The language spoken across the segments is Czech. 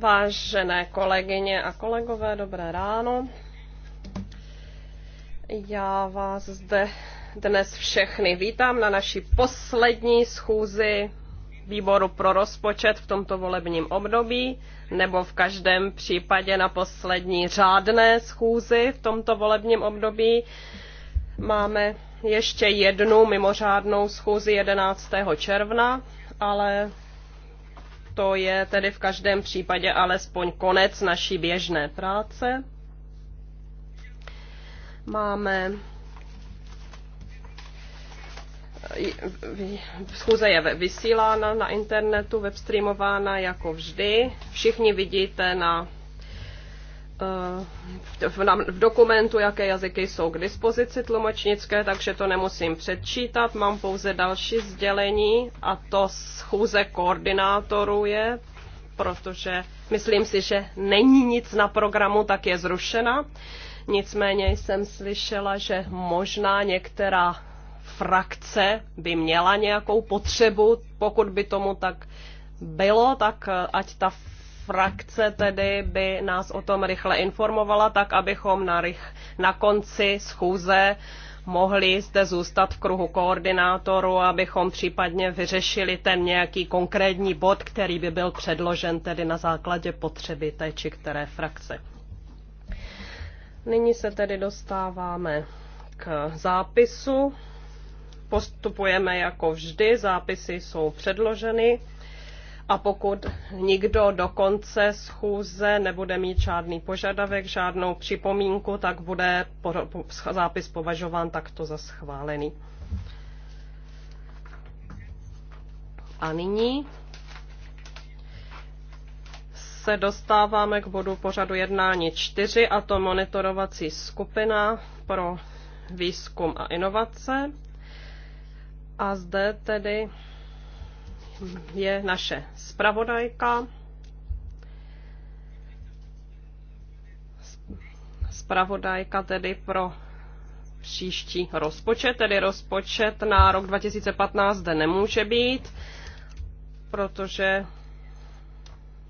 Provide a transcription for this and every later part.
vážené kolegyně a kolegové, dobré ráno. Já vás zde dnes všechny vítám na naší poslední schůzi výboru pro rozpočet v tomto volebním období, nebo v každém případě na poslední řádné schůzi v tomto volebním období. Máme ještě jednu mimořádnou schůzi 11. června, ale to je tedy v každém případě alespoň konec naší běžné práce. Máme eh, schůze je vysílána na internetu, webstreamována jako vždy. Všichni vidíte na v dokumentu, jaké jazyky jsou k dispozici tlumočnické, takže to nemusím předčítat. Mám pouze další sdělení a to schůze koordinátorů je, protože myslím si, že není nic na programu, tak je zrušena. Nicméně jsem slyšela, že možná některá frakce by měla nějakou potřebu, pokud by tomu tak bylo, tak eh, ať ta frakce tedy by nás o tom rychle informovala, tak abychom na, rych, na konci schůze mohli zde zůstat v kruhu koordinátoru, abychom případně vyřešili ten nějaký konkrétní bod, který by byl předložen tedy na základě potřeby té či které frakce. Nyní se tedy dostáváme k zápisu. Postupujeme jako vždy, zápisy jsou předloženy a pokud nikdo do konce schůze nebude mít žádný požadavek, žádnou připomínku, tak bude zápis považován takto za schválený. A nyní se dostáváme k bodu pořadu jednání 4, a to monitorovací skupina pro výzkum a inovace. A zde tedy je naše zpravodajka. Zpravodajka tedy pro příští rozpočet, tedy rozpočet na rok 2015 zde nemůže být, protože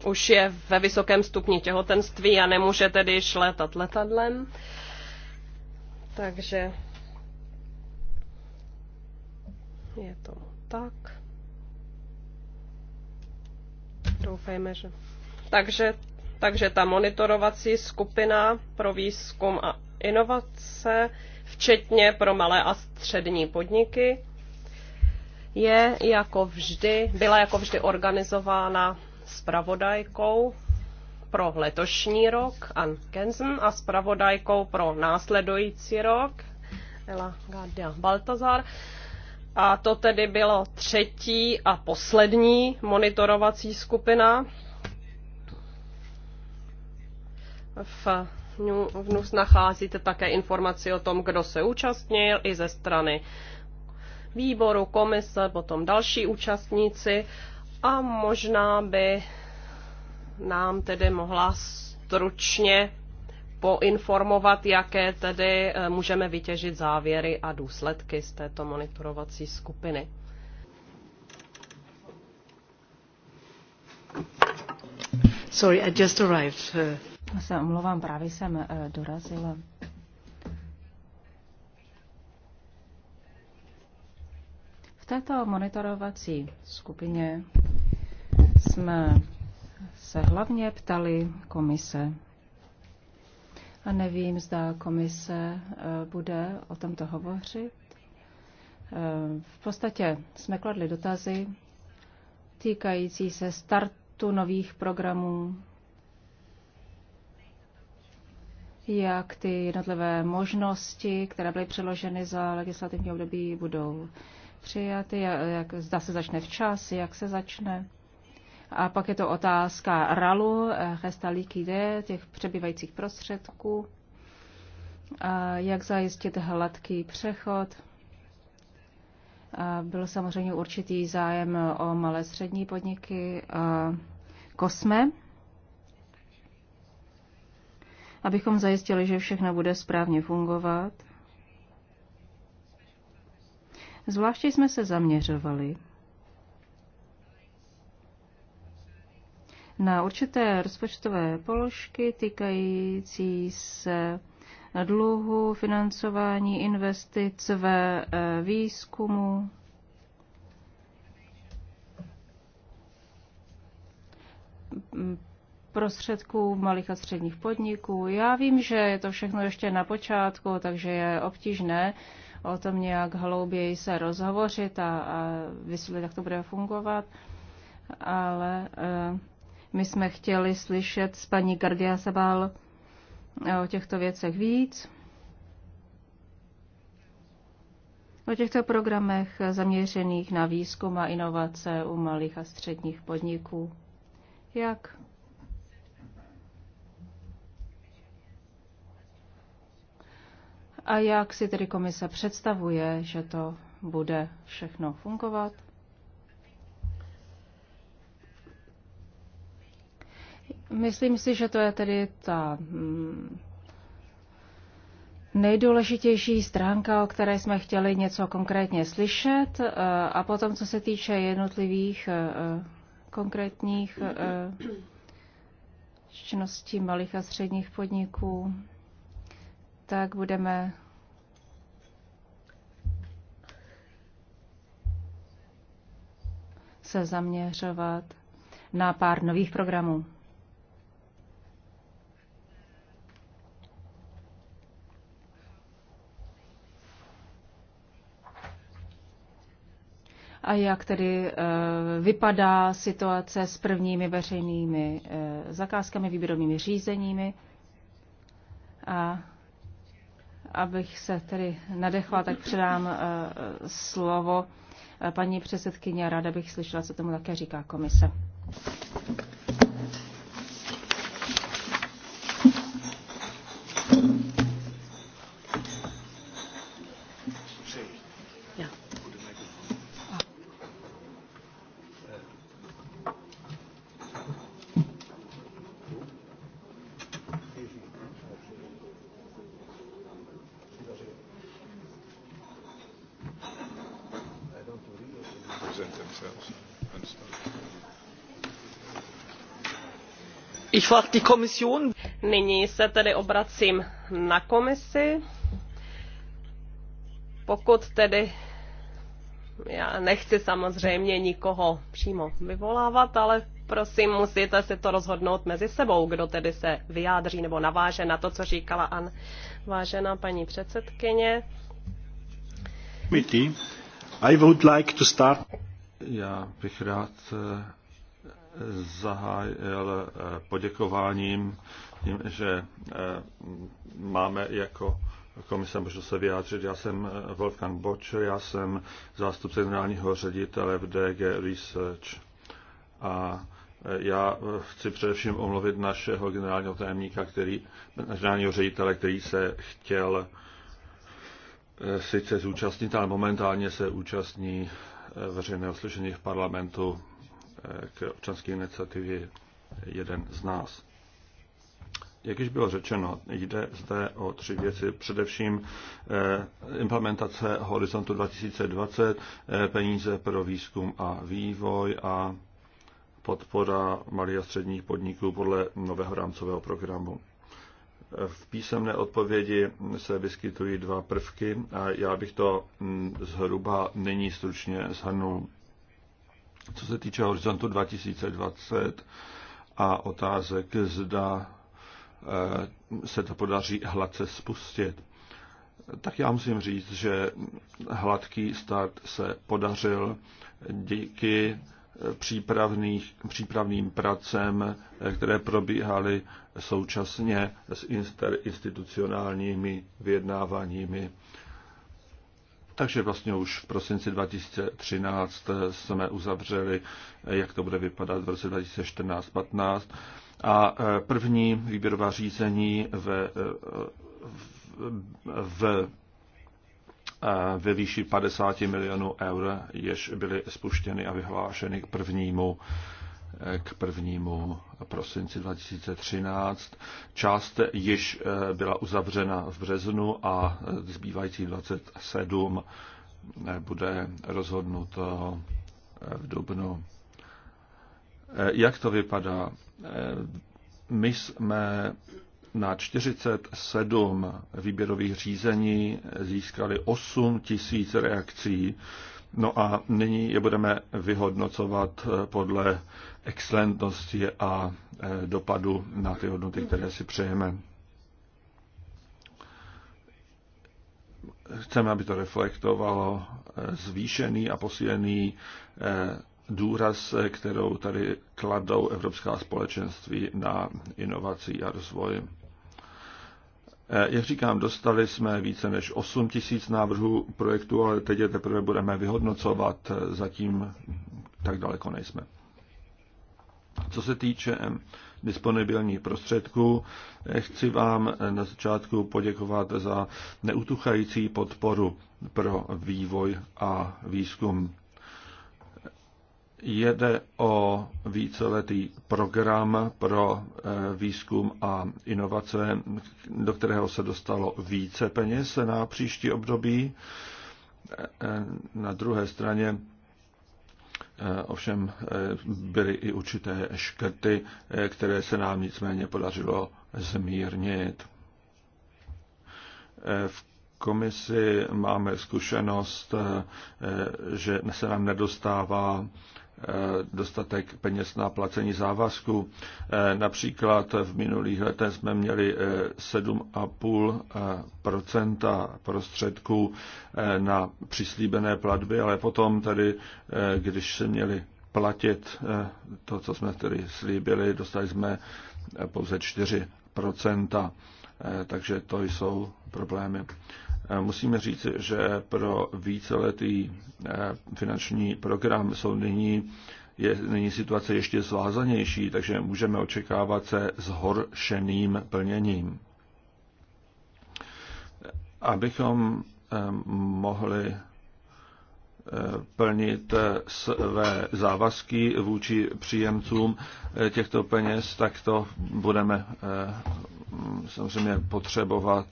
už je ve vysokém stupni těhotenství a nemůže tedy již létat letadlem. Takže je to tak. Doufejme, že. Takže, takže ta monitorovací skupina pro výzkum a inovace, včetně pro malé a střední podniky, je jako vždy, byla jako vždy organizována spravodajkou pro letošní rok Ann Kensen a spravodajkou pro následující rok Ela Gardia Baltazar. A to tedy bylo třetí a poslední monitorovací skupina. V NU nacházíte také informaci o tom, kdo se účastnil i ze strany výboru, komise, potom další účastníci a možná by nám tedy mohla stručně poinformovat, jaké tedy eh, můžeme vytěžit závěry a důsledky z této monitorovací skupiny. Sorry, I just arrived. Eh. Já se omlouvám, právě jsem eh, dorazila. V této monitorovací skupině jsme se hlavně ptali komise a nevím, zda komise eh, bude o tomto hovořit. Eh, v podstatě jsme kladli dotazy týkající se startu nových programů, jak ty jednotlivé možnosti, které byly přeloženy za legislativní období, budou přijaty, jak, jak, zda se začne včas, jak se začne. A pak je to otázka RALu, Hesta eh, těch přebývajících prostředků, a jak zajistit hladký přechod. A byl samozřejmě určitý zájem o malé střední podniky Kosme, abychom zajistili, že všechno bude správně fungovat. Zvláště jsme se zaměřovali na určité rozpočtové položky týkající se dluhu, financování investic ve e, výzkumu. prostředků malých a středních podniků. Já vím, že je to všechno ještě na počátku, takže je obtížné o tom nějak hlouběji se rozhovořit a, a vysvětlit, jak to bude fungovat, ale e, my jsme chtěli slyšet s paní Gardia Sabal eh, o těchto věcech víc. O těchto programech zaměřených na výzkum a inovace u malých a středních podniků. Jak A jak si tedy komise představuje, že to bude všechno fungovat? Myslím si, že to je tedy ta mm, nejdůležitější stránka, o které jsme chtěli něco konkrétně slyšet. Eh, a potom, co se týče jednotlivých eh, eh, konkrétních činností malých a středních podniků, tak budeme se zaměřovat na pár nových programů. a jak tedy eh, vypadá situace s prvními veřejnými eh, zakázkami, výběrovými řízeními. A abych se tedy nadechla, tak předám eh, slovo paní předsedkyně a ráda bych slyšela, co tomu také říká komise. Ich frage die Kommission. Nyní se tedy obracím na komisi. Pokud tedy já nechci samozřejmě nikoho přímo vyvolávat, ale prosím, musíte si to rozhodnout mezi sebou, kdo tedy se vyjádří nebo naváže na to, co říkala An, vážená paní předsedkyně. I would like to start. Já bych rád eh, zahájil eh, poděkováním tím, že eh, máme jako komise můžu se vyjádřit. Já jsem eh, Wolfgang Bočer, já jsem zástupce generálního ředitele v DG Research a já chci především omluvit našeho generálního tajemníka, který, generálního ředitele, který se chtěl sice zúčastnit, ale momentálně se účastní veřejného slyšení v parlamentu k občanské iniciativě jeden z nás. Jak již bylo řečeno, jde zde o tři věci. Především eh, implementace Horizontu 2020, eh, peníze pro výzkum a vývoj a podpora malých a středních podniků podle nového rámcového programu. V písemné odpovědi se vyskytují dva prvky a já bych to mm, zhruba nyní stručně zhrnul co se týče horizontu 2020 a otázek, zda eh, se to podaří hladce spustit. Tak já musím říct, že hladký start se podařil díky přípravných, přípravným pracem, eh, které probíhaly současně s institucionálními vyjednáváními. Takže vlastně už v prosinci 2013 jsme uzavřeli, jak to bude vypadat v roce 2014-15. A e, první výběrová řízení ve, e, v, e, ve výši 50 milionů eur, jež byly spuštěny a vyhlášeny k prvnímu k prvnímu prosinci 2013. Část již eh, byla uzavřena v březnu a eh, zbývající 27 eh, bude rozhodnuto v dubnu. Jak to vypadá? My jsme na 47 výběrových řízení získali 8 tisíc reakcí, No a nyní je budeme vyhodnocovat eh, podle excelentnosti a eh, dopadu na ty hodnoty, které si přejeme. Chceme, aby to reflektovalo eh, zvýšený a posílený důraz, kterou tady kladou evropská společenství na inovací a rozvoj. Eh, jak říkám, dostali jsme více než 8 tisíc návrhů projektu, ale teď je teprve budeme vyhodnocovat, eh, zatím tak daleko nejsme. Co se týče disponibilních prostředků, eh, chci vám na začátku poděkovat za neutuchající podporu pro vývoj a výzkum jede o víceletý program pro eh, výzkum a inovace, do kterého se dostalo více peněz na příští období. Eh, eh, na druhé straně ovšem byly i určité škrty, které se nám nicméně podařilo zmírnit. V komisi máme zkušenost, že se nám nedostává Eh, dostatek peněz na placení závazku. Eh, například v minulých letech jsme měli 7,5 eh, prostředků na přislíbené platby, ale potom tedy, když se měli platit to, co jsme tedy slíbili, dostali jsme pouze 4 takže to jsou problémy. Eh, musíme říct, že pro víceletý eh, finanční program jsou nyní, je nyní situace ještě zvázanější, takže můžeme očekávat se zhoršeným plněním. Eh, abychom mohli plnit své závazky vůči příjemcům těchto peněz, tak to budeme samozřejmě potřebovat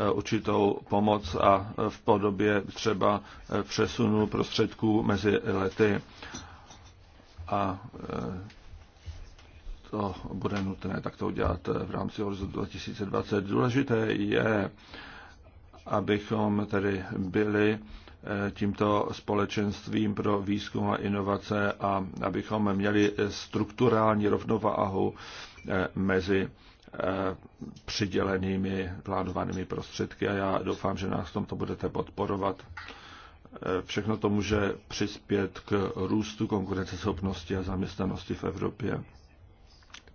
Eh, určitou pomoc a v podobě třeba eh, přesunu prostředků mezi lety. A eh, to bude nutné takto udělat v rámci horizontu 2020. Důležité je, abychom tedy byli tímto společenstvím pro výzkum a inovace a abychom měli strukturální rovnováhu mezi Eh, přidělenými plánovanými prostředky a já doufám, že nás v tomto budete podporovat. Eh, všechno to může přispět k růstu konkurenceschopnosti a zaměstnanosti v Evropě.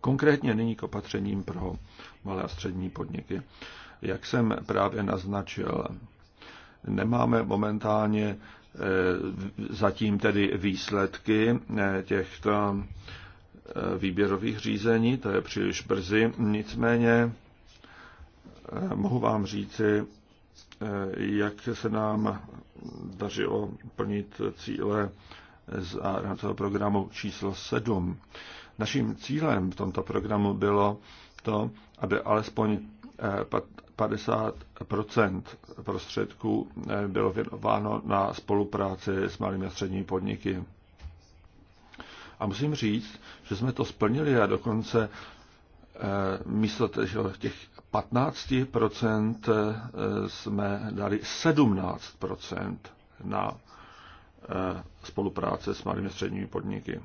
Konkrétně nyní k opatřením pro malé a střední podniky. Jak jsem právě naznačil, nemáme momentálně eh, zatím tedy výsledky těchto výběrových řízení, to je příliš brzy, nicméně eh, mohu vám říci, eh, jak se nám dařilo plnit cíle z toho programu číslo 7. Naším cílem v tomto programu bylo to, aby alespoň 50 eh, prostředků bylo věnováno na spolupráci s malými a středními podniky. A musím říct, že jsme to splnili a dokonce eh, místo těch 15% eh, jsme dali 17% na eh, spolupráce s malými středními podniky.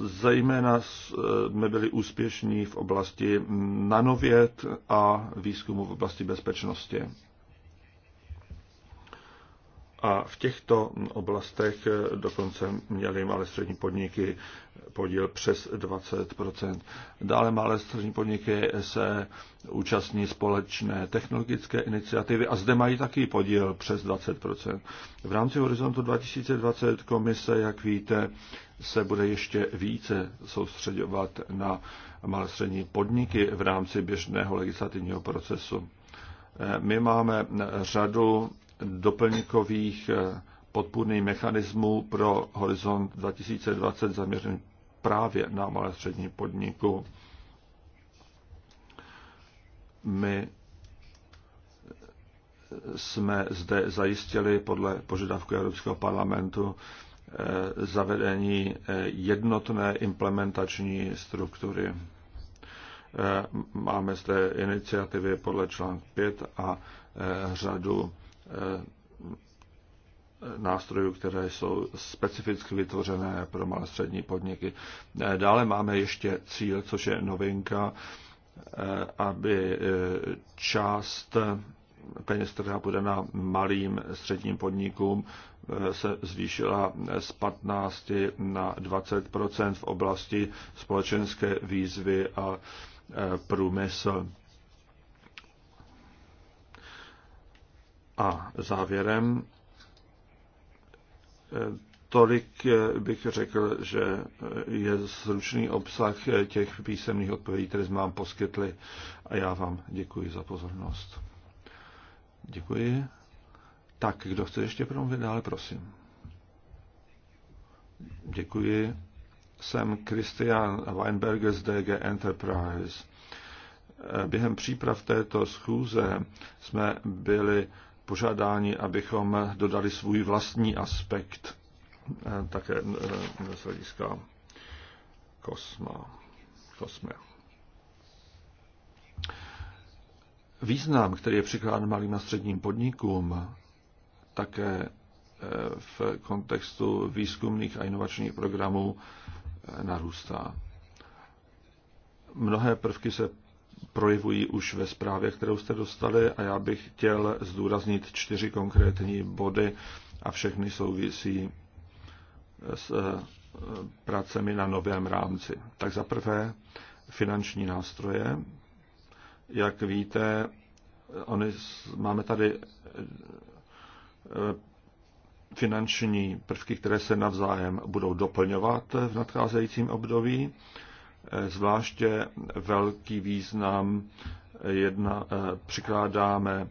Zejména jsme byli úspěšní v oblasti nanověd a výzkumu v oblasti bezpečnosti a v těchto oblastech dokonce měly malé střední podniky podíl přes 20 Dále malé střední podniky se účastní společné technologické iniciativy a zde mají taky podíl přes 20 V rámci Horizontu 2020 komise, jak víte, se bude ještě více soustředovat na malé střední podniky v rámci běžného legislativního procesu. My máme řadu doplňkových eh, podpůrných mechanismů pro Horizont 2020 zaměřený právě na malé střední podniku. My eh, jsme zde zajistili podle požadavku Evropského parlamentu eh, zavedení jednotné implementační struktury. Máme zde iniciativy podle článku 5 a řadu Eh, nástrojů, které jsou specificky vytvořené pro malé střední podniky. Eh, dále máme ještě cíl, což je novinka, eh, aby část peněz, která bude na malým středním podnikům, se zvýšila z 15 na 20 v oblasti společenské výzvy a průmysl. A závěrem eh, tolik eh, bych řekl, že eh, je zručný obsah těch písemných odpovědí, které jsme vám poskytli a já vám děkuji za pozornost. Děkuji. Tak, kdo chce ještě promluvit dále, prosím. Děkuji. Jsem Christian Weinberger z DG Enterprise. Během příprav této schůze jsme byli požádání, abychom dodali svůj vlastní aspekt eh, také eh, z hlediska kosma, kosme. Význam, který je přikládán malým a středním podnikům, také eh, v kontextu výzkumných a inovačních programů narůstá. Mnohé prvky se projevují už ve zprávě, kterou jste dostali a já bych chtěl zdůraznit čtyři konkrétní body a všechny souvisí s eh, pracemi na novém rámci. Tak za prvé finanční nástroje. Jak víte, oni, máme tady eh, finanční prvky, které se navzájem budou doplňovat v nadcházejícím období Zvláště velký význam jedna, eh, přikládáme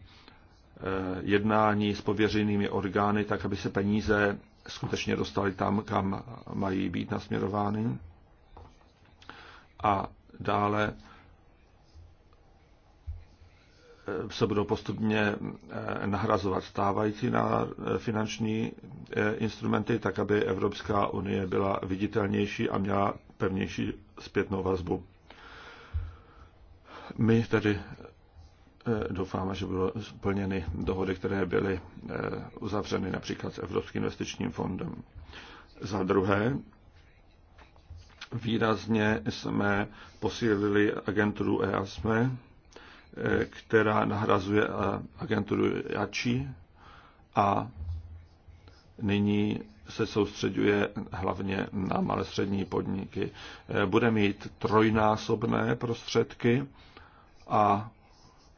eh, jednání s pověřenými orgány, tak aby se peníze skutečně dostaly tam, kam mají být nasměrovány. A dále eh, se budou postupně nahrazovat stávající na finanční instrumenty, tak aby Evropská unie byla viditelnější a měla pevnější zpětnou vazbu. My tedy eh, doufáme, že budou splněny dohody, které byly eh, uzavřeny například s Evropským investičním fondem. Za druhé, výrazně jsme posílili agenturu EASME, e, eh, která nahrazuje agenturu JAČI a nyní se soustředuje hlavně na malé střední podniky. Eh, bude mít trojnásobné prostředky a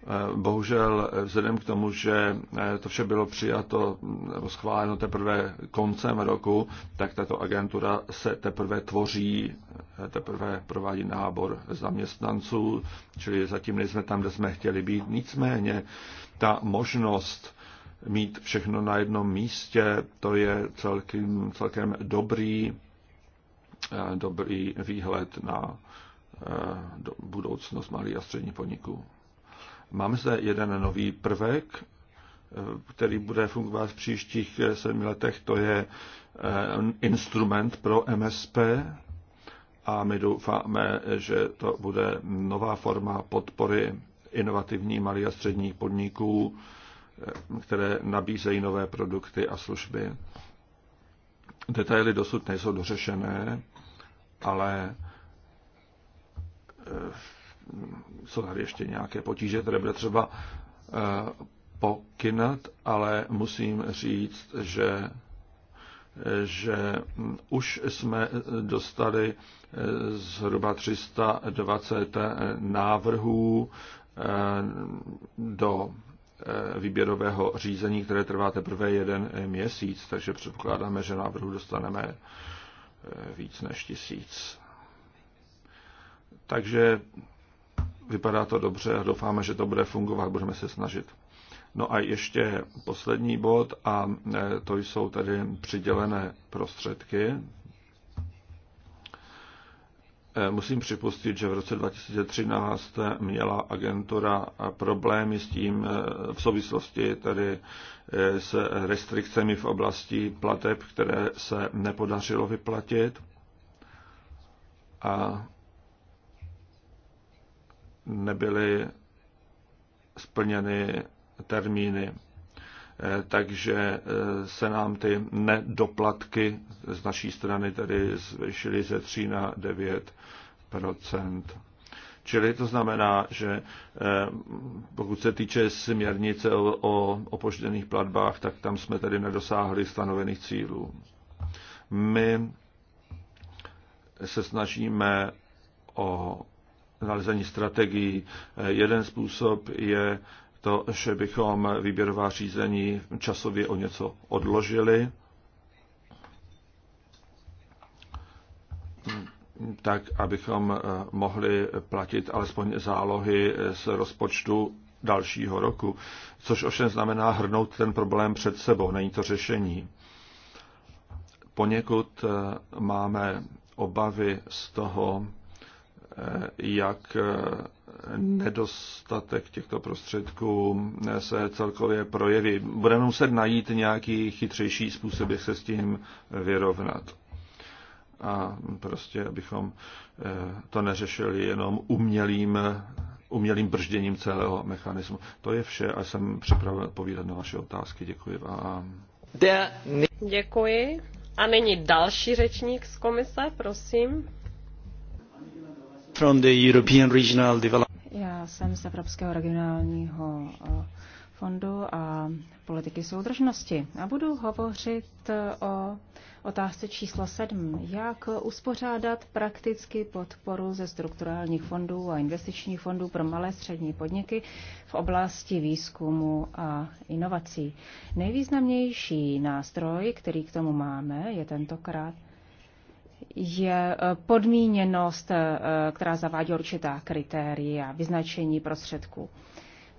eh, bohužel vzhledem k tomu, že eh, to vše bylo přijato nebo schváleno teprve koncem roku, tak tato agentura se teprve tvoří, teprve provádí nábor zaměstnanců, čili zatím nejsme tam, kde jsme chtěli být. Nicméně ta možnost mít všechno na jednom místě, to je celkem, celkem dobrý, eh, dobrý výhled na eh, budoucnost malých a středních podniků. Máme zde jeden nový prvek, eh, který bude fungovat v příštích sedmi letech, to je instrument pro MSP a my doufáme, že to bude nová forma podpory inovativních malých a středních podniků, které nabízejí nové produkty a služby. Detaily dosud nejsou dořešené, ale eh, jsou tady ještě nějaké potíže, které bude třeba eh, pokynat, ale musím říct, že, eh, že hm, už jsme dostali zhruba 320 návrhů do Eh, výběrového řízení, které trvá teprve jeden eh, měsíc, takže předpokládáme, že návrhu dostaneme eh, víc než tisíc. Takže vypadá to dobře a doufáme, že to bude fungovat, budeme se snažit. No a ještě poslední bod a to jsou tedy přidělené prostředky, Eh, musím připustit, že v roce 2013 měla agentura problémy s tím eh, v souvislosti tedy eh, s restrikcemi v oblasti plateb, které se nepodařilo vyplatit. A nebyly splněny termíny. Takže se nám ty nedoplatky z naší strany tedy zvýšily ze 3 na 9 Čili to znamená, že eh, pokud se týče směrnice o, o opožděných platbách, tak tam jsme tedy nedosáhli stanovených cílů. My se snažíme o nalezení strategií. Eh, jeden způsob je to, že bychom výběrová řízení časově o něco odložili, tak abychom eh, mohli platit alespoň zálohy z rozpočtu dalšího roku, což ovšem znamená hrnout ten problém před sebou, není to řešení. Poněkud eh, máme obavy z toho, eh, jak nedostatek těchto prostředků se celkově projeví. Budeme muset najít nějaký chytřejší způsob, jak se s tím vyrovnat a prostě, abychom eh, to neřešili jenom umělým, umělým bržděním celého mechanismu. To je vše a jsem připraven odpovídat na vaše otázky. Děkuji vám. Děkuji. A nyní další řečník z komise, prosím. From the European Regional Development. Já jsem z Evropského regionálního eh, fondu a politiky soudržnosti. A budu hovořit e, o otázce číslo 7. Jak uspořádat prakticky podporu ze strukturálních fondů a investičních fondů pro malé střední podniky v oblasti výzkumu a inovací. Nejvýznamnější nástroj, který k tomu máme, je tentokrát je e, podmíněnost, e, která zavádí určitá kritéria vyznačení prostředků.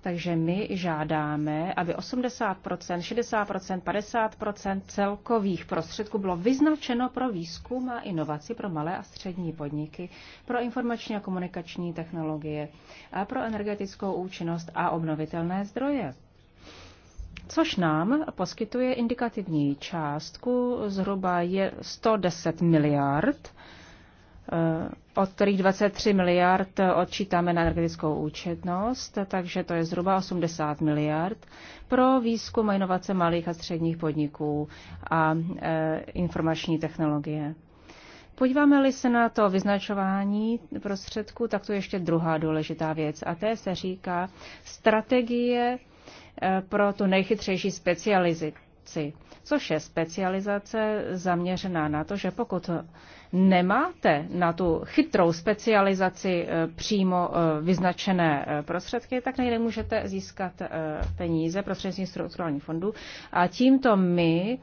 Takže my žádáme, aby 80%, 60%, 50% celkových prostředků bylo vyznačeno pro výzkum a inovaci pro malé a střední podniky, pro informační a komunikační technologie a pro energetickou účinnost a obnovitelné zdroje. Což nám poskytuje indikativní částku zhruba je 110 miliard Eh, od kterých 23 miliard odčítáme na energetickou účetnost, takže to je zhruba 80 miliard pro výzkum a inovace malých a středních podniků a eh, informační technologie. Podíváme-li se na to vyznačování prostředků, tak to je ještě druhá důležitá věc. A té se říká strategie eh, pro tu nejchytřejší specializaci což je specializace zaměřená na to, že pokud nemáte na tu chytrou specializaci eh, přímo eh, vyznačené eh, prostředky, tak nejde můžete získat peníze prostřednictvím strukturálních fondů. A tímto my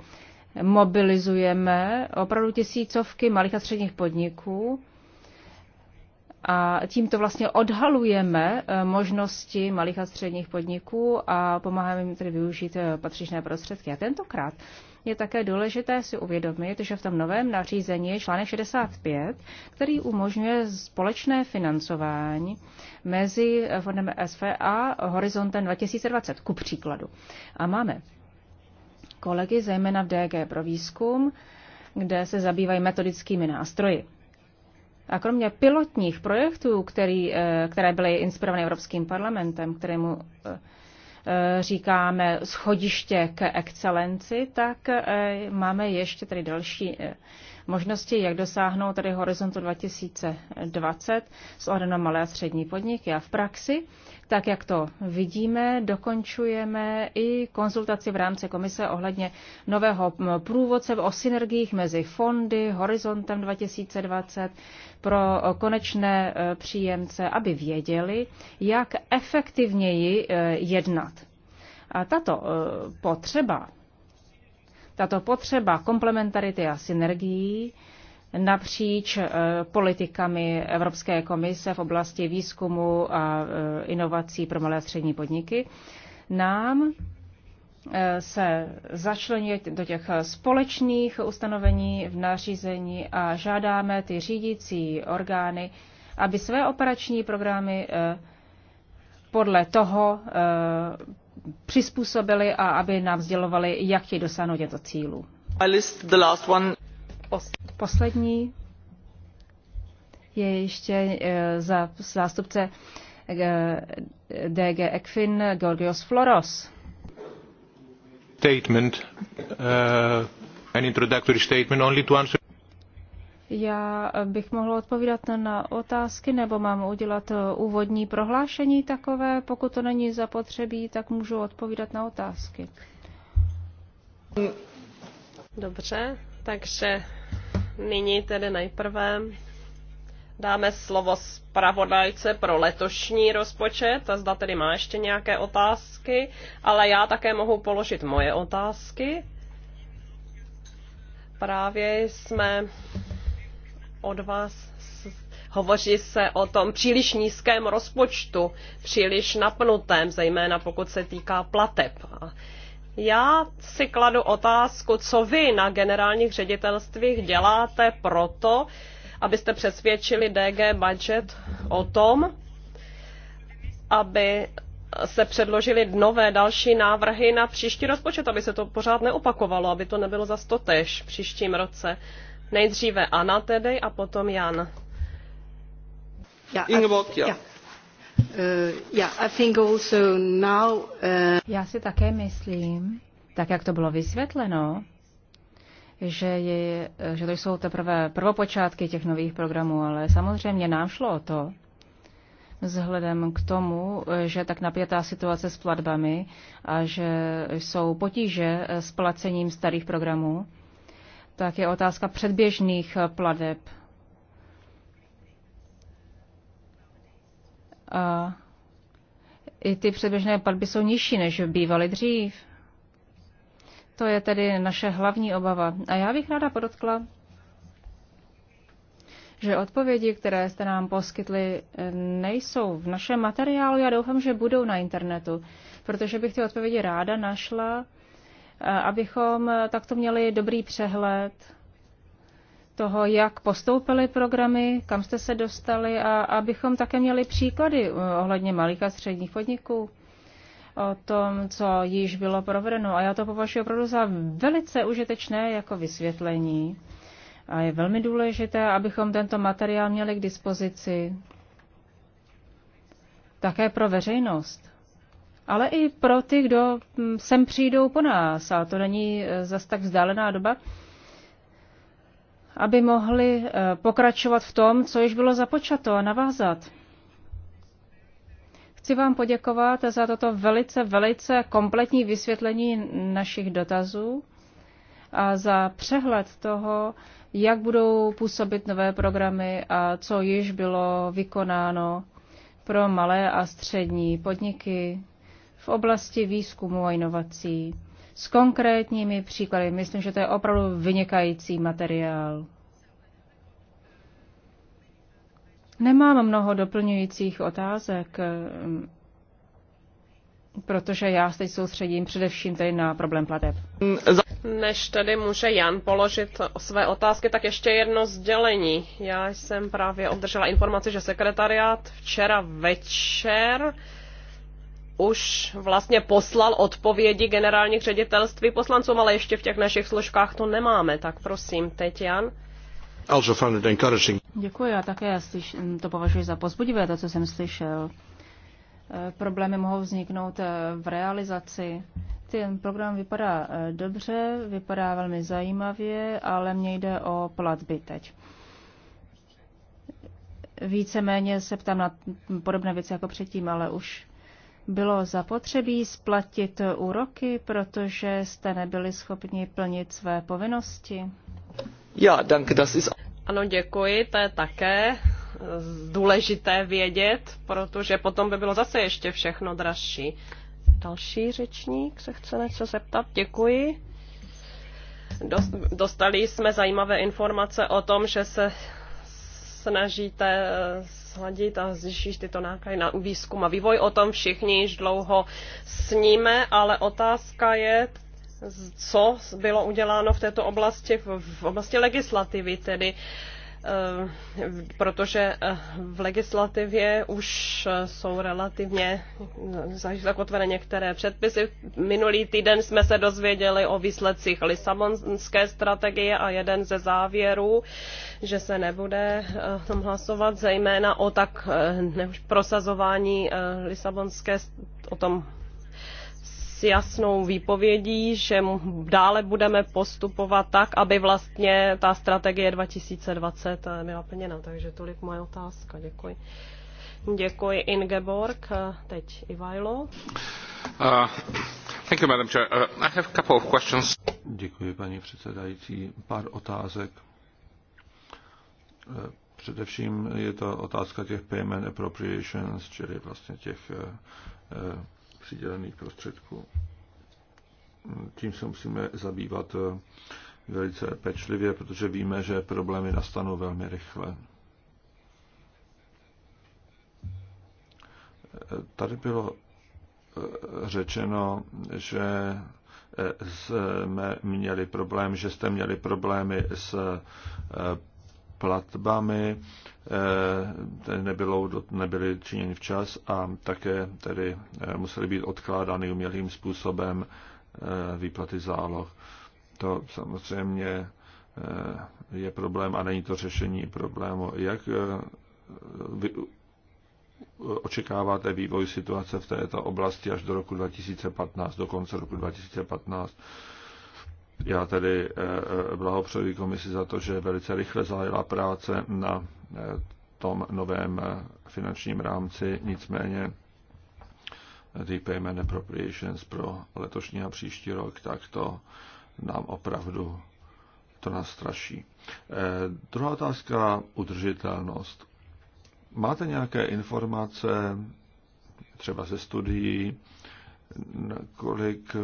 mobilizujeme opravdu tisícovky malých a středních podniků, a tímto vlastně odhalujeme eh, možnosti malých a středních podniků a pomáháme jim tedy využít eh, patřičné prostředky. A tentokrát je také důležité si uvědomit, že v tom novém nařízení je článek 65, který umožňuje společné financování mezi eh, fondem SV a horizontem 2020, ku příkladu. A máme kolegy, zejména v DG pro výzkum, kde se zabývají metodickými nástroji. A kromě pilotních projektů, který, eh, které byly inspirované Evropským parlamentem, kterému eh, eh, říkáme schodiště k excelenci, tak máme ještě tady další možnosti, jak dosáhnout tady horizontu 2020 s ohledem na malé a střední podniky. A v praxi tak jak to vidíme, dokončujeme i konzultaci v rámci komise ohledně nového průvodce o synergiích mezi fondy, horizontem 2020 pro konečné e, příjemce, aby věděli, jak efektivněji e, jednat. A tato e, potřeba, tato potřeba komplementarity a synergií napříč eh, politikami Evropské komise v oblasti výzkumu a eh, inovací pro malé a střední podniky, nám eh, se začlenit do těch společných ustanovení v nařízení a žádáme ty řídící orgány, aby své operační programy podle toho přizpůsobili a aby nám sdělovali, jak je dosáhnout těchto cílů. Poslední je ještě e, za zástupce e, DG Ekfin Georgios Floros. Statement, uh, an introductory statement only to answer. Já bych mohl odpovídat na otázky, nebo mám udělat e, úvodní prohlášení takové. Pokud to není zapotřebí, tak můžu odpovídat na otázky. Dobře, takže nyní tedy nejprve dáme slovo zpravodajce pro letošní rozpočet a zda tedy má ještě nějaké otázky, ale já také mohu položit moje otázky. Právě jsme od vás Hovoří se o tom příliš nízkém rozpočtu, příliš napnutém, zejména pokud se týká plateb. A já si kladu otázku, co vy na generálních ředitelstvích děláte proto, abyste přesvědčili DG Budget o tom, aby se předložili nové další návrhy na příští rozpočet, aby se to pořád neopakovalo, aby to nebylo za tež v příštím roce. Nejdříve Anna tedy a potom Jan. Ja, Ingeborg, ja. ja. Uh, uh, Já si také myslím, tak jak to bylo vysvětleno, že, je, že to jsou teprve prvopočátky těch nových programů, ale samozřejmě nám šlo o to, vzhledem k tomu, že tak napětá situace s platbami a že jsou potíže s placením starých programů, tak je otázka předběžných plateb A i ty předběžné platby jsou nižší, než bývaly dřív. To je tedy naše hlavní obava. A já bych ráda podotkla, že odpovědi, které jste nám poskytli, nejsou v našem materiálu. Já doufám, že budou na internetu, protože bych ty odpovědi ráda našla, abychom takto měli dobrý přehled toho, jak postoupily programy, kam jste se dostali a abychom také měli příklady uh, ohledně malých a středních podniků o tom, co již bylo provedeno. A já to považuji opravdu za velice užitečné jako vysvětlení. A je velmi důležité, abychom tento materiál měli k dispozici také pro veřejnost, ale i pro ty, kdo hm, sem přijdou po nás. A to není eh, zas tak vzdálená doba aby mohli eh, pokračovat v tom, co již bylo započato a navázat. Chci vám poděkovat za toto velice, velice kompletní vysvětlení našich dotazů a za přehled toho, jak budou působit nové programy a co již bylo vykonáno pro malé a střední podniky v oblasti výzkumu a inovací s konkrétními příklady. Myslím, že to je opravdu vynikající materiál. Nemám mnoho doplňujících otázek, mm, protože já se teď soustředím především tady na problém plateb. Než tedy může Jan položit své otázky, tak ještě jedno sdělení. Já jsem právě obdržela informaci, že sekretariát včera večer už vlastně poslal odpovědi generálních ředitelství poslancům, ale ještě v těch našich složkách to nemáme. Tak prosím, teď Jan. Also found it encouraging. Děkuji, já také slyš, to považuji za pozbudivé, to, co jsem slyšel. E, problémy mohou vzniknout e, v realizaci. Ten program vypadá e, dobře, vypadá velmi zajímavě, ale mně jde o platby teď. Víceméně se ptám na podobné věci jako předtím, ale už bylo zapotřebí splatit úroky, protože jste nebyli schopni plnit své povinnosti? Ja, danke, das ist... Ano, děkuji, to je také eh, důležité vědět, protože potom by bylo zase ještě všechno dražší. Další řečník se chce něco zeptat. Děkuji. Dostali jsme zajímavé informace o tom, že se snažíte sladit a zjištíš tyto náklady na výzkum a vývoj. O tom všichni již dlouho sníme, ale otázka je, co bylo uděláno v této oblasti, v oblasti legislativy, tedy uh, Eh, protože eh, v legislativě už eh, jsou relativně zakotvené některé předpisy. Minulý týden jsme se dozvěděli o výsledcích Lisabonské strategie a jeden ze závěrů, že se nebude tam hlasovat, zejména o tak prosazování Lisabonské o tom s jasnou výpovědí, že dále budeme postupovat tak, aby vlastně ta strategie 2020 eh, byla plněna. Takže tolik moje otázka. Děkuji. Děkuji Ingeborg. Eh, teď Ivajlo. Uh, thank you, Madam Chair. Uh, I have couple of questions. Děkuji, paní předsedající. Pár otázek. Eh, především je to otázka těch payment appropriations, čili vlastně těch přidělených prostředků. Tím se musíme zabývat eh, velice pečlivě, protože víme, že problémy nastanou velmi rychle. Tady bylo eh, řečeno, že eh, jsme měli problém, že jste měli problémy s platbami eh, nebylo, nebyly činěny včas a také tedy eh, musely být odkládány umělým způsobem eh, výplaty záloh. To samozřejmě je problém a není to řešení problému. Jak vy očekáváte vývoj situace v této oblasti až do roku 2015, do konce roku 2015? Já tedy eh, eh, blahopřeji komisi za to, že velice rychle zahájila práce na eh, tom novém finančním rámci, nicméně ty payment appropriations pro letošní a příští rok, tak to nám opravdu to nás straší. Druhá otázka, udržitelnost. Máte nějaké informace, třeba ze studií, kolik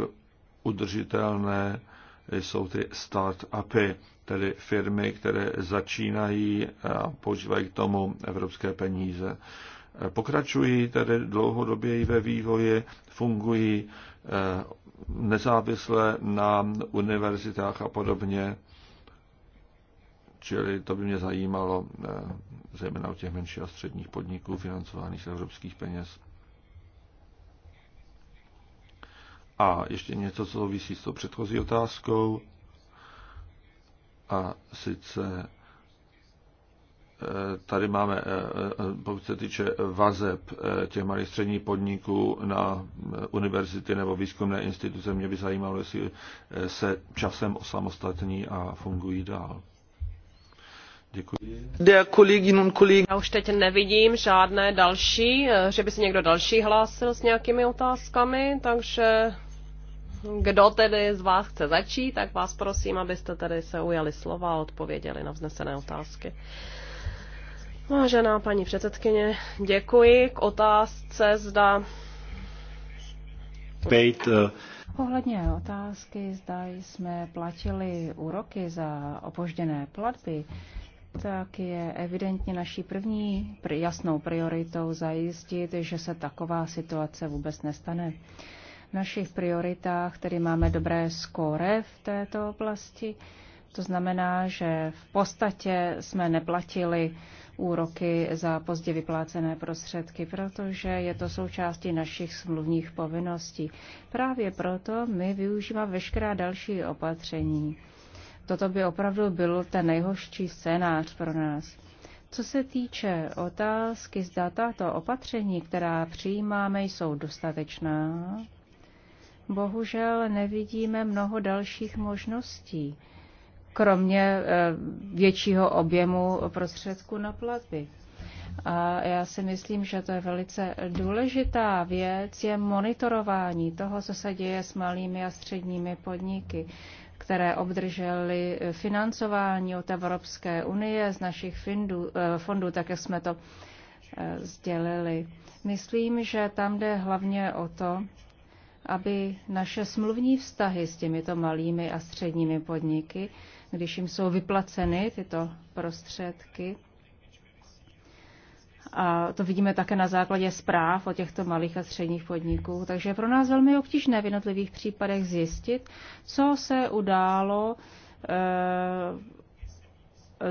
udržitelné jsou ty start-upy, tedy firmy, které začínají a používají k tomu evropské peníze. Pokračují tedy dlouhodobě ve vývoji, fungují eh, nezávisle na univerzitách a podobně. Čili to by mě zajímalo, eh, zejména u těch menších a středních podniků financovaných z evropských peněz. A ještě něco, co souvisí s tou předchozí otázkou. A sice eh, tady máme, eh, eh, pokud se týče vazeb těch malých středních podniků na univerzity nebo výzkumné instituce, mě by zajímalo, jestli se časem osamostatní a fungují dál. Děkuji. Já už teď nevidím žádné další, že by se někdo další hlásil s nějakými otázkami, takže kdo tedy z vás chce začít, tak vás prosím, abyste tedy se ujali slova a odpověděli na vznesené otázky. Vážená paní předsedkyně, děkuji k otázce, zda... Pejt, uh... Eh, Ohledně otázky, zda jsme platili úroky za opožděné platby, tak je evidentně naší první jasnou prioritou zajistit, že se taková situace vůbec nestane našich prioritách, tedy máme dobré skóre v této oblasti. To znamená, že v podstatě jsme neplatili úroky za pozdě vyplácené prostředky, protože je to součástí našich smluvních povinností. Právě proto my využíváme veškerá další opatření. Toto by opravdu byl ten nejhorší scénář pro nás. Co se týče otázky, zda tato opatření, která přijímáme, jsou dostatečná, bohužel nevidíme mnoho dalších možností, kromě eh, většího objemu prostředků na platby. A já si myslím, že to je velice důležitá věc, je monitorování toho, co se děje s malými a středními podniky, které obdržely financování od Evropské unie z našich findů, eh, fondů, tak jak jsme to eh, sdělili. Myslím, že tam jde hlavně o to, aby naše smluvní vztahy s těmito malými a středními podniky, když jim jsou vyplaceny tyto prostředky, a to vidíme také na základě zpráv o těchto malých a středních podniků. Takže je pro nás velmi obtížné v jednotlivých případech zjistit, co se událo eh,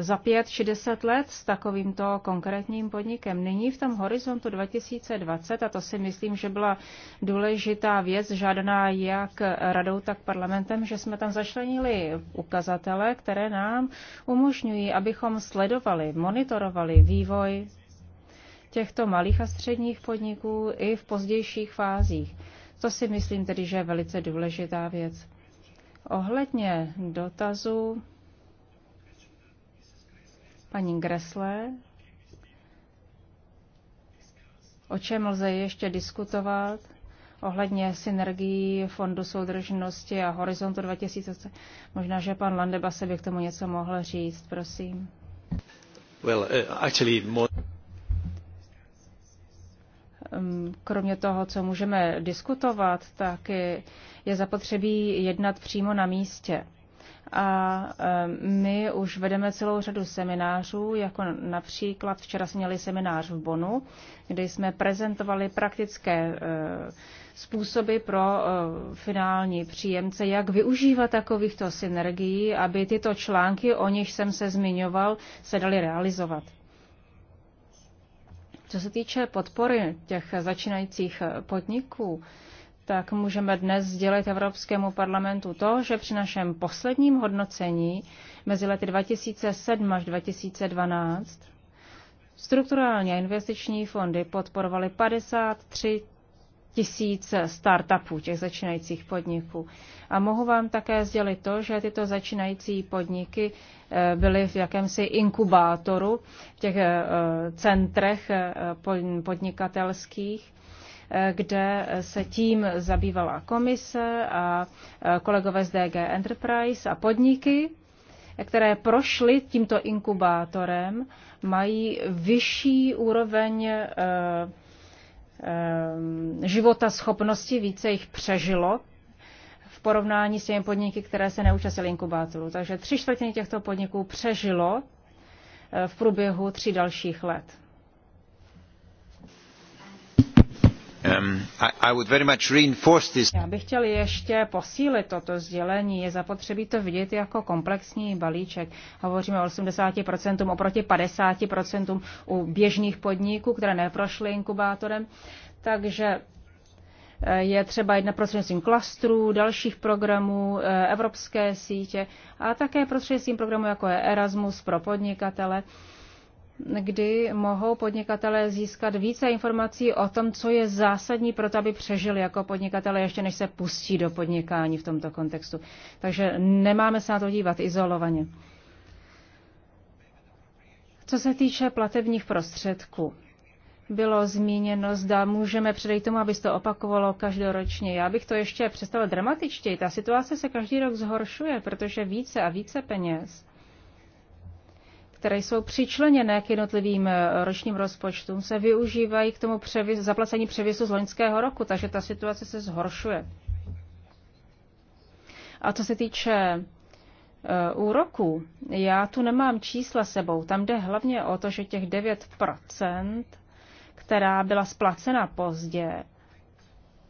za pět či deset let s takovýmto konkrétním podnikem. Nyní v tom horizontu 2020, a to si myslím, že byla důležitá věc, žádná jak radou, tak parlamentem, že jsme tam začlenili ukazatele, které nám umožňují, abychom sledovali, monitorovali vývoj těchto malých a středních podniků i v pozdějších fázích. To si myslím tedy, že je velice důležitá věc. Ohledně dotazu paní Gressle, o čem lze ještě diskutovat ohledně synergií Fondu soudržnosti a Horizontu 2000. Možná, že pan Landeba se by k tomu něco mohl říct, prosím. Well, uh, actually, more... Ehm, kromě toho, co můžeme diskutovat, tak je zapotřebí jednat přímo na místě. A my už vedeme celou řadu seminářů, jako například včera jsme měli seminář v Bonu, kde jsme prezentovali praktické e, způsoby pro e, finální příjemce, jak využívat takovýchto synergií, aby tyto články, o nich jsem se zmiňoval, se daly realizovat. Co se týče podpory těch začínajících podniků, tak můžeme dnes sdělit Evropskému parlamentu to, že při našem posledním hodnocení mezi lety 2007 až 2012 a investiční fondy podporovaly 53 tisíc startupů, těch začínajících podniků. A mohu vám také sdělit to, že tyto začínající podniky eh, byly v jakémsi inkubátoru, v těch eh, eh, centrech podnikatelských kde se tím zabývala komise a kolegové z DG Enterprise a podniky, které prošly tímto inkubátorem, mají vyšší úroveň e, e, života schopnosti, více jich přežilo v porovnání s těmi podniky, které se neúčastnily inkubátoru. Takže tři čtvrtiny těchto podniků přežilo e, v průběhu tří dalších let. Um, Já bych chtěl ještě posílit toto sdělení. Je zapotřebí to vidět jako komplexní balíček. Hovoříme o 80% oproti 50% u běžných podniků, které neprošly inkubátorem. Takže eh, je třeba jít prostřednictvím klastrů, dalších programů, eh, evropské sítě a také prostřednictvím programů jako je Erasmus pro podnikatele kdy mohou podnikatelé získat více informací o tom, co je zásadní pro to, aby přežili jako podnikatelé, ještě než se pustí do podnikání v tomto kontextu. Takže nemáme se na to dívat izolovaně. Co se týče platebních prostředků, bylo zmíněno, zda můžeme předejít tomu, aby se to opakovalo každoročně. Já bych to ještě představil dramatičtěji. Ta situace se každý rok zhoršuje, protože více a více peněz které jsou přičleněné k jednotlivým eh, ročním rozpočtům, se využívají k tomu převis, zaplacení převisu z loňského roku, takže ta situace se zhoršuje. A co se týče eh, úroků, já tu nemám čísla sebou. Tam jde hlavně o to, že těch 9%, která byla splacena pozdě,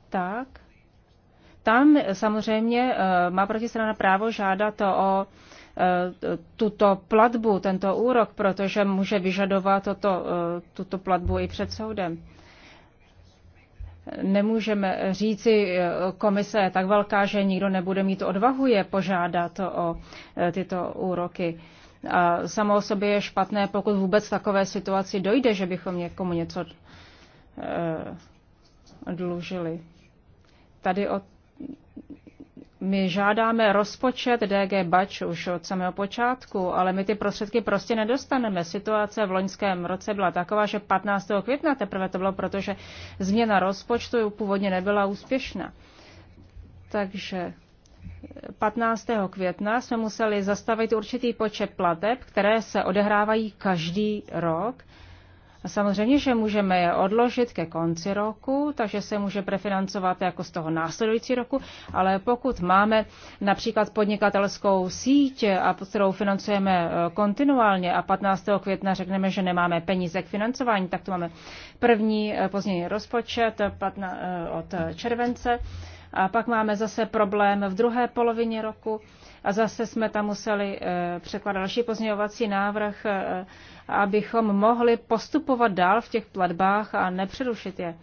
tak tam samozřejmě eh, má protistrana právo žádat o Eh, tuto platbu, tento úrok, protože může vyžadovat toto, eh, tuto platbu i před soudem. Nemůžeme říci, eh, komise je tak velká, že nikdo nebude mít odvahu je požádat o tyto úroky. A samo o sobě je špatné, pokud vůbec takové situaci dojde, že bychom někomu něco dlužili. Tady od my žádáme rozpočet DG Bač už od samého počátku, ale my ty prostředky prostě nedostaneme. Situace v loňském roce byla taková, že 15. května teprve to bylo, protože změna rozpočtu původně nebyla úspěšná. Takže 15. května jsme museli zastavit určitý počet plateb, které se odehrávají každý rok Samozřejmě, že můžeme je odložit ke konci roku, takže se může prefinancovat jako z toho následující roku, ale pokud máme například podnikatelskou síť, a kterou financujeme e, kontinuálně a 15. května řekneme, že nemáme peníze k financování, tak tu máme první e, pozdější rozpočet e, od července. A pak máme zase problém v druhé polovině roku a zase jsme tam museli překládat další pozměňovací návrh abychom mohli postupovat dál v těch platbách a nepřerušit je.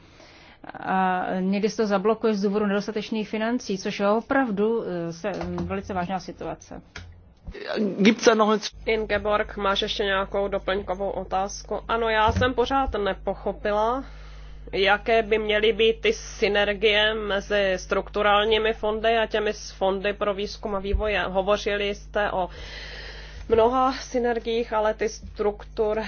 A někdy se to zablokuje z důvodu nedostatečných financí, což je opravdu e, se, velice vážná situace. Ingeborg, máš ještě nějakou doplňkovou otázku? Ano, já jsem pořád nepochopila, jaké by měly být ty synergie mezi strukturálními fondy a těmi fondy pro výzkum a vývoj. Hovořili jste o mnoha synergiích, ale ty struktur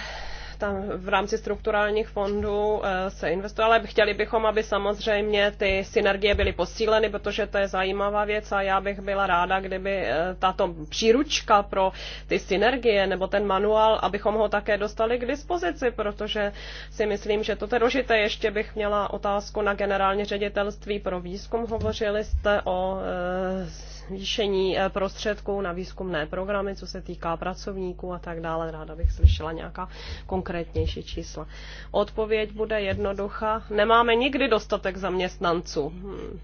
tam v rámci strukturálních fondů eh, se investuje, ale chtěli bychom, aby samozřejmě ty synergie byly posíleny, protože to je zajímavá věc a já bych byla ráda, kdyby eh, tato příručka pro ty synergie nebo ten manuál, abychom ho také dostali k dispozici, protože si myslím, že to je důležité. Ještě bych měla otázku na generální ředitelství pro výzkum. Hovořili jste o eh, zvýšení eh, prostředků na výzkumné programy, co se týká pracovníků a tak dále. Ráda bych slyšela nějaká konkrétnější čísla. Odpověď bude jednoduchá. Nemáme nikdy dostatek zaměstnanců. Hmm.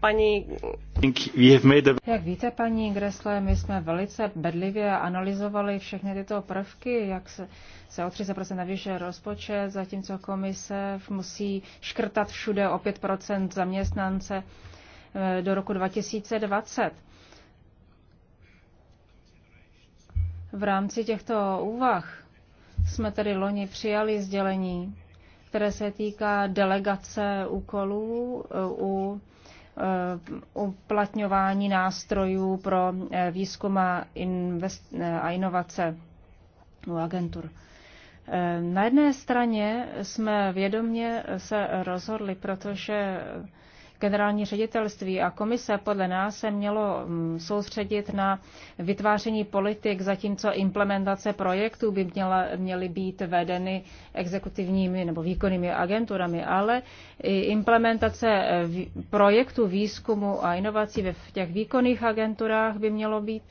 Paní... Jak víte, paní Gresle, my jsme velice bedlivě analyzovali všechny tyto prvky, jak se, se o 30% navýšil rozpočet, zatímco komise musí škrtat všude o 5% zaměstnance. Eh, do roku 2020. V rámci těchto úvah jsme tedy loni přijali sdělení, které se týká delegace úkolů eh, u eh, uplatňování nástrojů pro výzkum a, a inovace u agentur. Na jedné straně jsme vědomě se rozhodli, protože generální ředitelství a komise podle nás se mělo mm, soustředit na vytváření politik, zatímco implementace projektů by měla, měly být vedeny exekutivními nebo výkonnými agenturami, ale i implementace eh, projektů výzkumu a inovací v těch výkonných agenturách by mělo být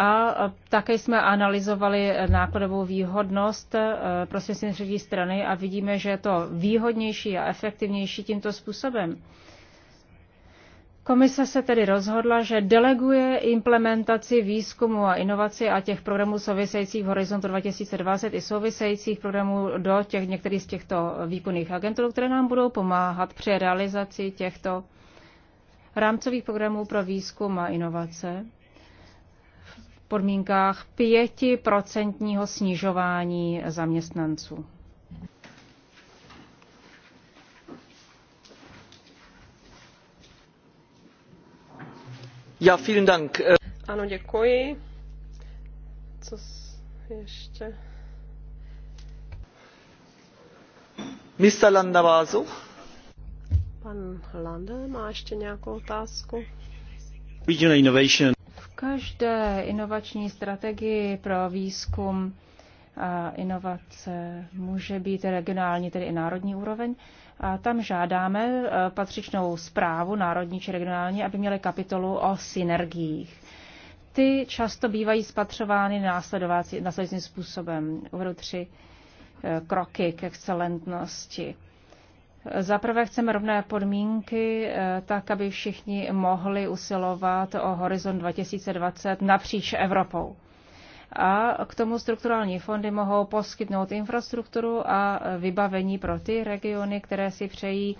a také jsme analyzovali nákladovou výhodnost eh, prostřednictvím třetí strany a vidíme, že je to výhodnější a efektivnější tímto způsobem. Komise se tedy rozhodla, že deleguje implementaci výzkumu a inovaci a těch programů souvisejících v Horizontu 2020 i souvisejících programů do těch některých z těchto výkonných agentur, které nám budou pomáhat při realizaci těchto rámcových programů pro výzkum a inovace podmínkách pětiprocentního snižování zaměstnanců. Ja, vielen Dank. Ano, děkuji. Co ještě? Mr. Landavazu. Pan Landa má ještě nějakou otázku. Regional innovation každé inovační strategii pro výzkum a inovace může být regionální, tedy i národní úroveň. A tam žádáme e, patřičnou zprávu národní či regionální, aby měly kapitolu o synergiích. Ty často bývají spatřovány následujícím způsobem. Uvedu tři e, kroky k excelentnosti. Zaprvé chceme rovné podmínky, eh, tak aby všichni mohli usilovat o horizont 2020 napříč Evropou. A k tomu strukturální fondy mohou poskytnout infrastrukturu a vybavení pro ty regiony, které si přejí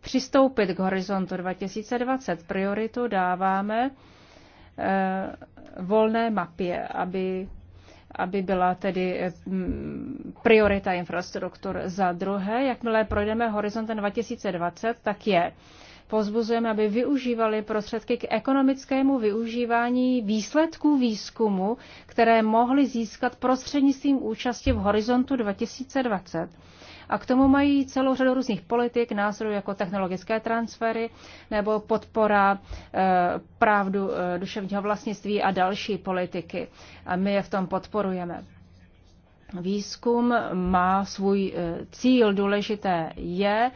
přistoupit k horizontu 2020. Prioritu dáváme eh, volné mapě, aby aby byla tedy eh, priorita infrastruktur. Za druhé, jakmile projdeme horizontem 2020, tak je pozbuzujeme, aby využívali prostředky k ekonomickému využívání výsledků výzkumu, které mohly získat prostřednictvím účasti v horizontu 2020 a k tomu mají celou řadu různých politik, nástrojů jako technologické transfery nebo podpora eh, právdu eh, duševního vlastnictví a další politiky. A my je v tom podporujeme. Výzkum má svůj eh, cíl, důležité je,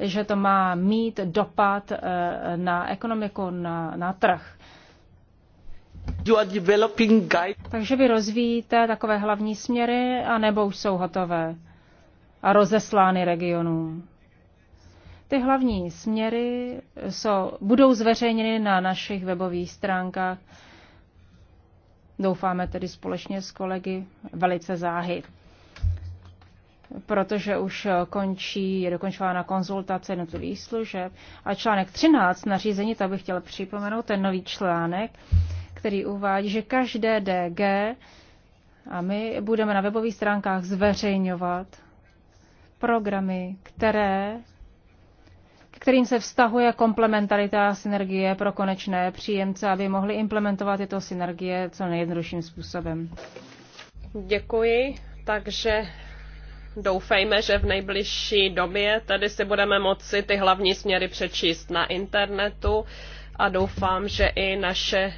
že to má mít dopad na ekonomiku, na, na trh. Takže vy rozvíjíte takové hlavní směry, anebo už jsou hotové? a rozeslány regionům. Ty hlavní směry jsou, budou zveřejněny na našich webových stránkách. Doufáme tedy společně s kolegy velice záhy. Protože už končí, je dokončována konzultace jednotlivých služeb. A článek 13 nařízení, tak bych chtěl připomenout, ten nový článek, který uvádí, že každé DG a my budeme na webových stránkách zveřejňovat programy, které, k kterým se vztahuje komplementarita a synergie pro konečné příjemce, aby mohli implementovat tyto synergie co nejjednodušším způsobem. Děkuji. Takže doufejme, že v nejbližší době tady si budeme moci ty hlavní směry přečíst na internetu a doufám, že i naše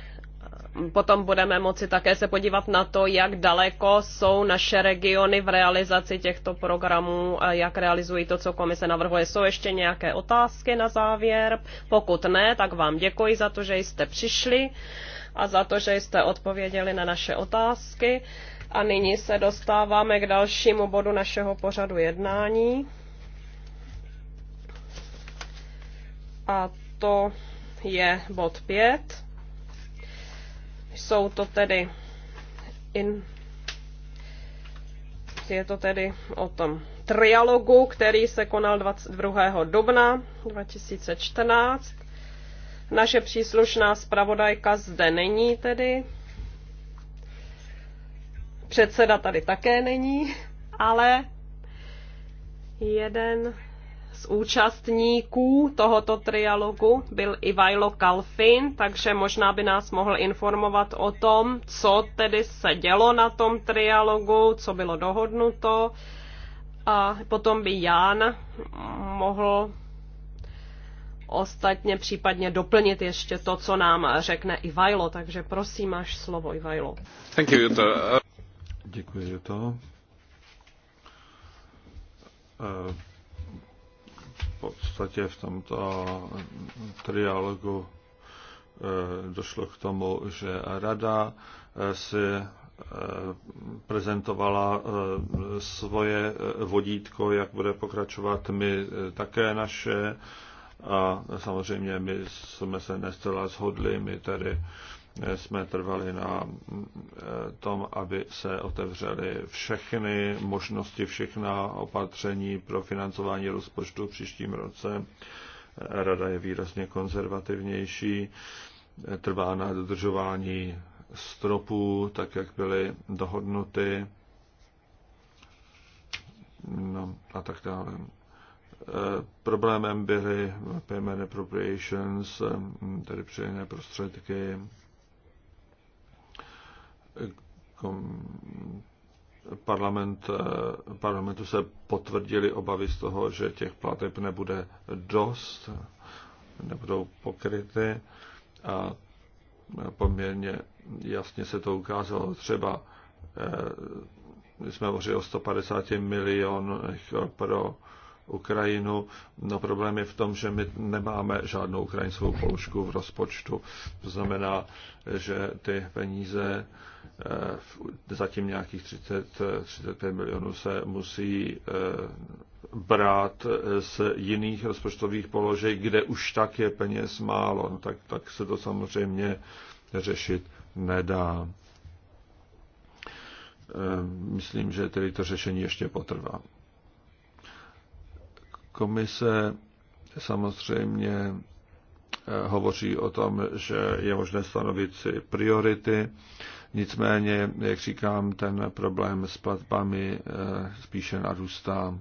potom budeme moci také se podívat na to, jak daleko jsou naše regiony v realizaci těchto programů, a jak realizují to, co komise navrhuje. Jsou ještě nějaké otázky na závěr? Pokud ne, tak vám děkuji za to, že jste přišli a za to, že jste odpověděli na naše otázky. A nyní se dostáváme k dalšímu bodu našeho pořadu jednání. A to je bod 5 jsou to tedy in, je to tedy o tom trialogu, který se konal 22. dubna 2014. Naše příslušná zpravodajka zde není tedy. Předseda tady také není, ale jeden z účastníků tohoto trialogu byl Ivajlo Kalfin, takže možná by nás mohl informovat o tom, co tedy se dělo na tom trialogu, co bylo dohodnuto a potom by Jan mohl ostatně případně doplnit ještě to, co nám řekne Ivajlo, takže prosím, máš slovo Ivajlo. Thank you, Juto. Děkuji, Juto. Eh, podstatě v tomto trialogu eh, došlo k tomu, že rada eh, si eh, prezentovala svoje vodítko, jak bude pokračovat my také naše. A samozřejmě my jsme se nestala shodli, my tady jsme trvali na eh, tom, aby se otevřely všechny možnosti, všechna opatření pro financování rozpočtu v příštím roce. Rada je výrazně konzervativnější, trvá na dodržování stropů, tak jak byly dohodnuty no, a tak dále. Eh, problémem byly payment appropriations, eh, tedy přejené prostředky, parlament, eh, parlamentu se potvrdili obavy z toho, že těch plateb nebude dost, nebudou pokryty a poměrně jasně se to ukázalo. Třeba my eh, jsme hovořili o 150 milionech pro Ukrajinu. No problém je v tom, že my nemáme žádnou ukrajinskou položku v rozpočtu. To znamená, že ty peníze Eh, zatím nějakých 30-35 eh, milionů se musí eh, brát z jiných rozpočtových položek, kde už tak je peněz málo, no tak, tak se to samozřejmě řešit nedá. Myslím, že tedy to řešení ještě potrvá. Komise samozřejmě hovoří o tom, že je možné stanovit si priority, Nicméně, jak říkám, ten problém s platbami eh, spíše narůstá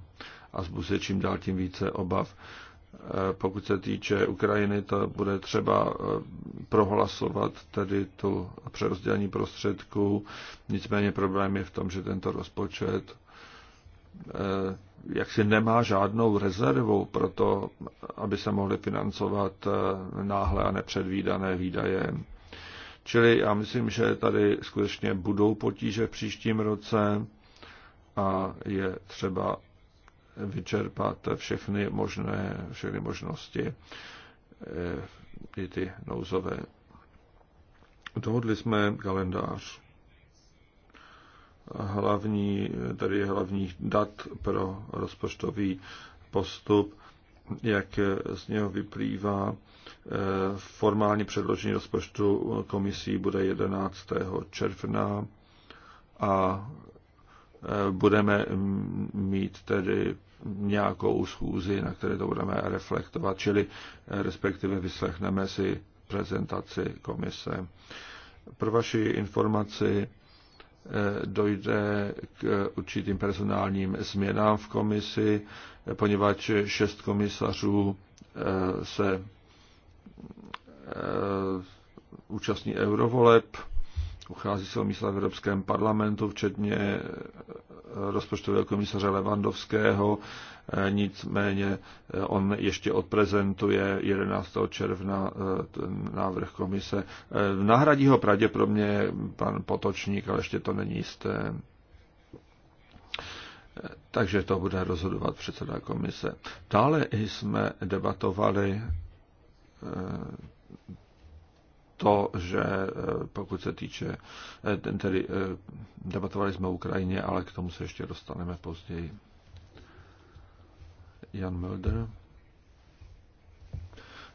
a zbuzuje čím dál tím více obav. Eh, pokud se týče Ukrajiny, to bude třeba eh, prohlasovat tedy tu přerozdělení prostředků. Nicméně problém je v tom, že tento rozpočet jaksi nemá žádnou rezervu pro to, aby se mohly financovat náhle a nepředvídané výdaje Čili já myslím, že tady skutečně budou potíže v příštím roce a je třeba vyčerpat všechny možné, všechny možnosti, eh, i ty nouzové. Dohodli jsme kalendář hlavní, tady je hlavních dat pro rozpočtový postup, jak z něho vyplývá, Formální předložení rozpočtu komisí bude 11. června a e, budeme mít tedy nějakou schůzi, na které to budeme reflektovat, čili e, respektive vyslechneme si prezentaci komise. Pro vaši informaci e, dojde k určitým personálním změnám v komisi, poněvadž šest komisařů se Eh, účastní eurovoleb, uchází se o místa v Evropském parlamentu, včetně eh, rozpočtového komisaře Levandovského. Eh, nicméně on ještě odprezentuje 11. června ten návrh komise. Nahradí ho pravděpodobně pan Potočník, ale ještě to není jisté. Takže to bude rozhodovat předseda komise. Dále jsme debatovali to, že eh, pokud se týče, eh, tedy eh, debatovali jsme o Ukrajině, ale k tomu se ještě dostaneme později. Jan Mölder.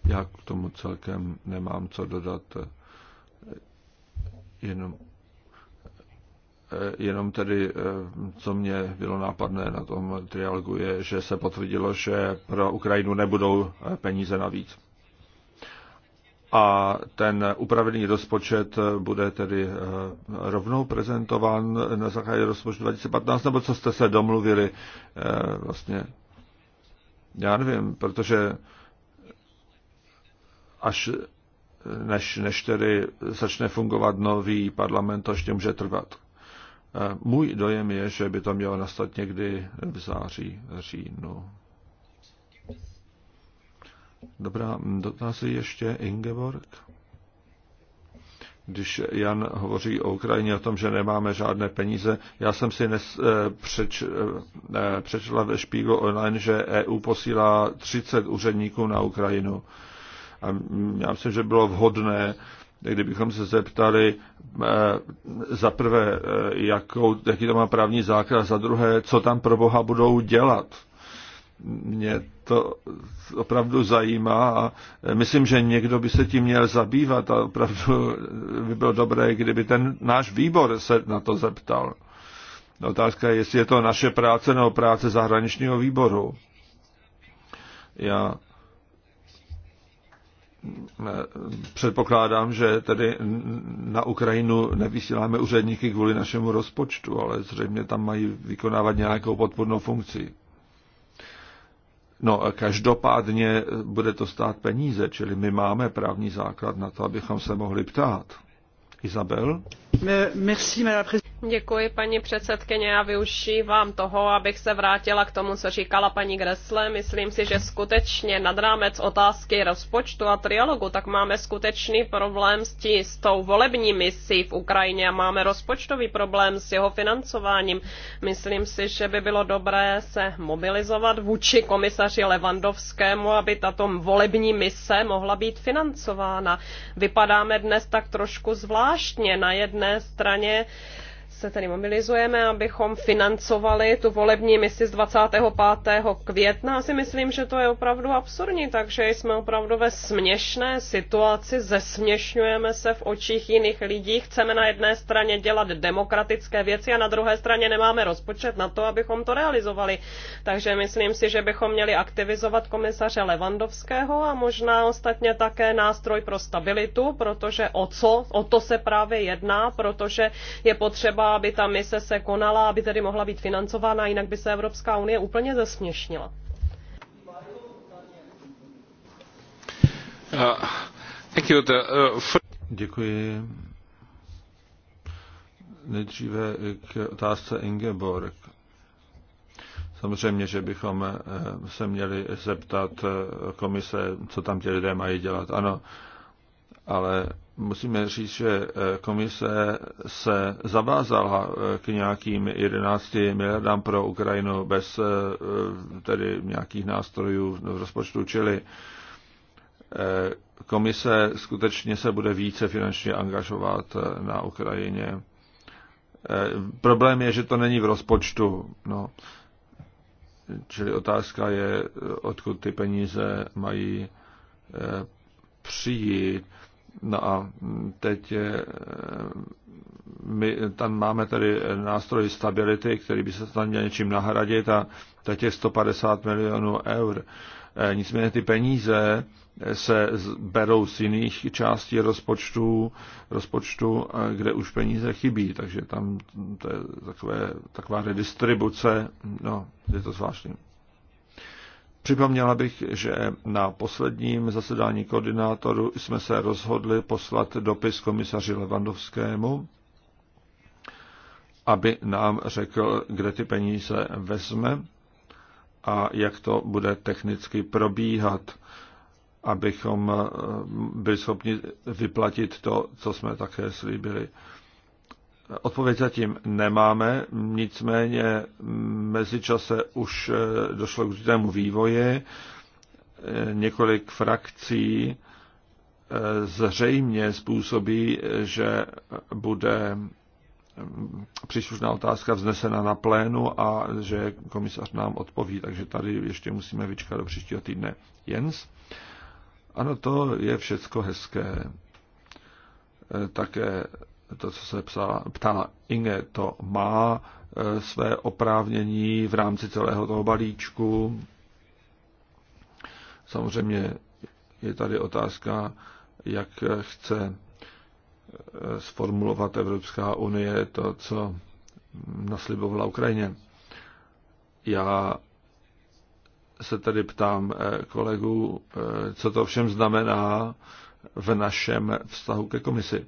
Já k tomu celkem nemám co dodat, jenom, jenom tedy, co mě bylo nápadné na tom trialogu, je, že se potvrdilo, že pro Ukrajinu nebudou peníze navíc a ten upravený rozpočet bude tedy eh, rovnou prezentován na základě rozpočtu 2015, nebo co jste se domluvili eh, vlastně? Já nevím, protože až než, než tedy začne fungovat nový parlament, to ještě může trvat. Eh, můj dojem je, že by to mělo nastat někdy v září, říjnu. Dobrá, dotazy ještě Ingeborg? Když Jan hovoří o Ukrajině o tom, že nemáme žádné peníze, já jsem si nes, eh, přeč, eh, přečetla ve Špígu online, že EU posílá 30 úředníků na Ukrajinu. A já myslím, že bylo vhodné, kdybychom se zeptali eh, za prvé, jakou, jaký to má právní základ, za druhé, co tam pro Boha budou dělat mě to opravdu zajímá a myslím, že někdo by se tím měl zabývat a opravdu by bylo dobré, kdyby ten náš výbor se na to zeptal. Otázka je, jestli je to naše práce nebo práce zahraničního výboru. Já eh, předpokládám, že tedy na Ukrajinu nevysíláme úředníky kvůli našemu rozpočtu, ale zřejmě tam mají vykonávat nějakou podpůrnou funkci. No, každopádně bude to stát peníze, čili my máme právní základ na to, abychom se mohli ptát. Isabel? Merci, Děkuji, paní předsedkyně. Já využívám toho, abych se vrátila k tomu, co říkala paní Gresle. Myslím si, že skutečně nad rámec otázky rozpočtu a trialogu, tak máme skutečný problém s, tí, s tou volební misí v Ukrajině a máme rozpočtový problém s jeho financováním. Myslím si, že by bylo dobré se mobilizovat vůči komisaři Levandovskému, aby tato volební mise mohla být financována. Vypadáme dnes tak trošku zvláštně. Na jedné straně se tedy mobilizujeme, abychom financovali tu volební misi z 25. května. Já si myslím, že to je opravdu absurdní, takže jsme opravdu ve směšné situaci, zesměšňujeme se v očích jiných lidí, chceme na jedné straně dělat demokratické věci a na druhé straně nemáme rozpočet na to, abychom to realizovali. Takže myslím si, že bychom měli aktivizovat komisaře Levandovského a možná ostatně také nástroj pro stabilitu, protože o co, o to se právě jedná, protože je potřeba aby ta mise se konala, aby tedy mohla být financována, jinak by se Evropská unie úplně zesměšnila. Uh, uh, Děkuji. Nejdříve k otázce Ingeborg. Samozřejmě, že bychom eh, se měli zeptat eh, komise, co tam ti lidé mají dělat. Ano, ale musíme říct, že eh, komise se zavázala eh, k nějakým 11 miliardám pro Ukrajinu bez eh, tedy nějakých nástrojů v rozpočtu, čili komise skutečně se bude více finančně angažovat na Ukrajině. Problém je, že to není v rozpočtu. No. Čili otázka je, odkud ty peníze mají přijít No a teď eh, my tam máme tady nástroj stability, který by se tam měl něčím nahradit a teď je 150 milionů eur. Eh, nicméně ty peníze eh, se berou z jiných částí rozpočtu, rozpočtu, kde už peníze chybí, takže tam to je takové, taková redistribuce, no, je to zvláštní. Připomněla bych, že na posledním zasedání koordinátoru jsme se rozhodli poslat dopis komisaři Levandovskému, aby nám řekl, kde ty peníze vezme a jak to bude technicky probíhat, abychom eh, byli schopni vyplatit to, co jsme také slíbili. Odpověď zatím nemáme, nicméně mezičase už eh, došlo k určitému vývoji. Eh, několik frakcí eh, zřejmě způsobí, že bude příslušná otázka vznesena na plénu a že komisař nám odpoví, takže tady ještě musíme vyčkat do příštího týdne. Jens? Ano, to je všecko hezké. Také to, co se psala, ptala Inge, to má e, své oprávnění v rámci celého toho balíčku. Samozřejmě je tady otázka, jak chce e, sformulovat Evropská unie to, co naslibovala Ukrajině. Já se tedy ptám e, kolegů, co to všem znamená v našem vztahu ke komisi.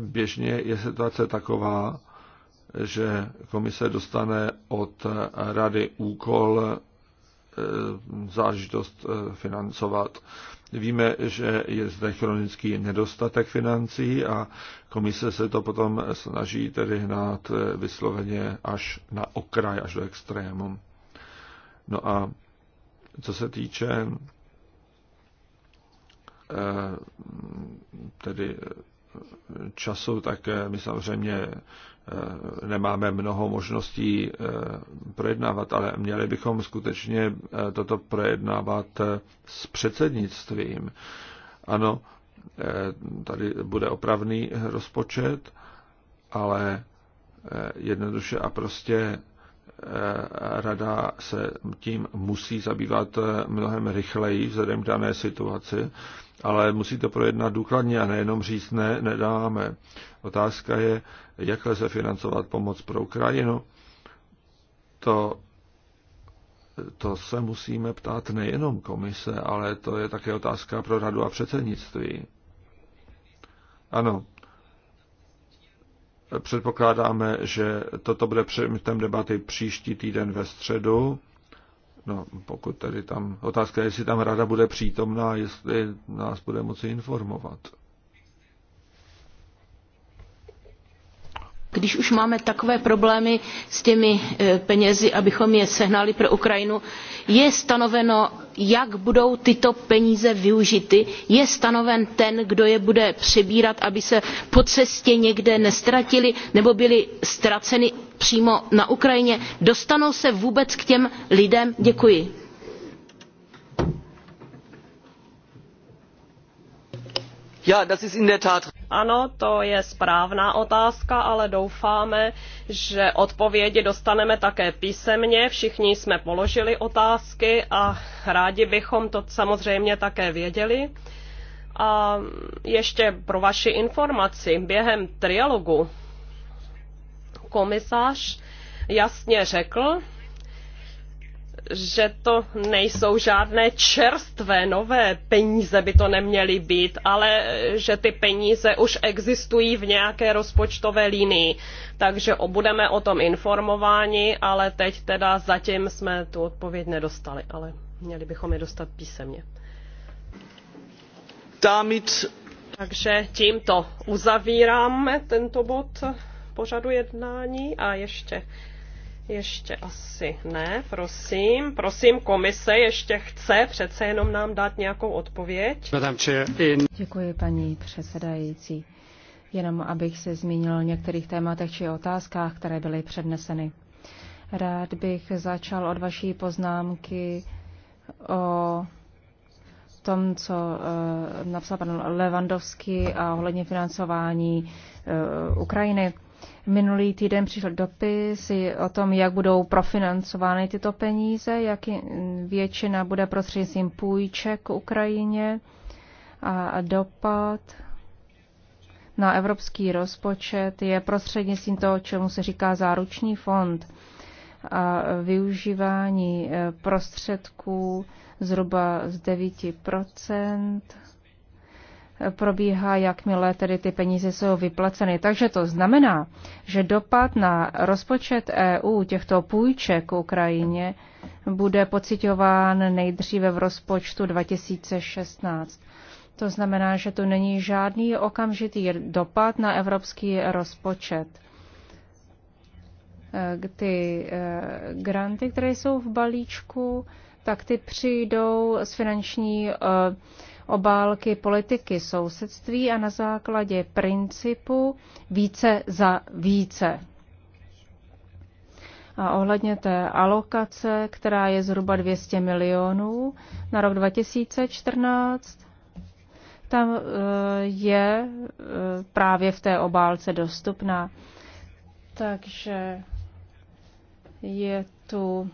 běžně je situace taková, že komise dostane od rady úkol eh, zážitost eh, financovat. Víme, že je zde chronický nedostatek financí a komise se to potom snaží tedy hnát eh, vysloveně až na okraj, až do extrému. No a co se týče tedy času, tak eh, my samozřejmě eh, nemáme mnoho možností eh, projednávat, ale měli bychom skutečně toto projednávat s předsednictvím. Ano, tady bude opravný rozpočet, ale jednoduše a prostě rada se tím musí zabývat mnohem rychleji vzhledem k dané situaci ale musí to projednat důkladně a nejenom říct ne, nedáme. Otázka je, jak lze financovat pomoc pro Ukrajinu. To, to se musíme ptát nejenom komise, ale to je také otázka pro radu a předsednictví. Ano, předpokládáme, že toto bude předmětem debaty příští týden ve středu No, pokud tedy tam, otázka je, jestli tam rada bude přítomná, jestli nás bude moci informovat. Když už máme takové problémy s těmi e, penězi, abychom je sehnali pro Ukrajinu, je stanoveno, jak budou tyto peníze využity? Je stanoven ten, kdo je bude přebírat, aby se po cestě někde nestratili nebo byly ztraceny přímo na Ukrajině? Dostanou se vůbec k těm lidem? Děkuji. Ja, das ist in der Tat. Ano, to je správná otázka, ale doufáme, že odpovědi dostaneme také písemně. Všichni jsme položili otázky a rádi bychom to samozřejmě také věděli. A ještě pro vaši informaci, během trialogu komisář jasně řekl, že to nejsou žádné čerstvé, nové peníze by to neměly být, ale že ty peníze už existují v nějaké rozpočtové linii. Takže budeme o tom informováni, ale teď teda zatím jsme tu odpověď nedostali, ale měli bychom je dostat písemně. Damit. Takže tímto uzavíráme tento bod pořadu jednání a ještě ještě asi ne, prosím. Prosím, komise ještě chce přece jenom nám dát nějakou odpověď. Děkuji, paní předsedající. Jenom abych se zmínil o některých tématech či otázkách, které byly předneseny. Rád bych začal od vaší poznámky o tom, co eh, napsal pan Levandovský a ohledně financování eh, Ukrajiny. Minulý týden přišel dopis o tom, jak budou profinancovány tyto peníze, jak většina bude prostřednictvím půjček k Ukrajině a dopad na evropský rozpočet je prostřednictvím toho, čemu se říká záruční fond a využívání eh, prostředků zhruba z 9 probíhá, jakmile tedy ty peníze jsou vyplaceny. Takže to znamená, že dopad na rozpočet EU těchto půjček Ukrajině bude pocitován nejdříve v rozpočtu 2016. To znamená, že tu není žádný okamžitý dopad na evropský rozpočet. E, ty e, granty, které jsou v balíčku, tak ty přijdou z finanční e, obálky politiky sousedství a na základě principu více za více. A ohledně té alokace, která je zhruba 200 milionů na rok 2014, tam e, je e, právě v té obálce dostupná. Takže je tu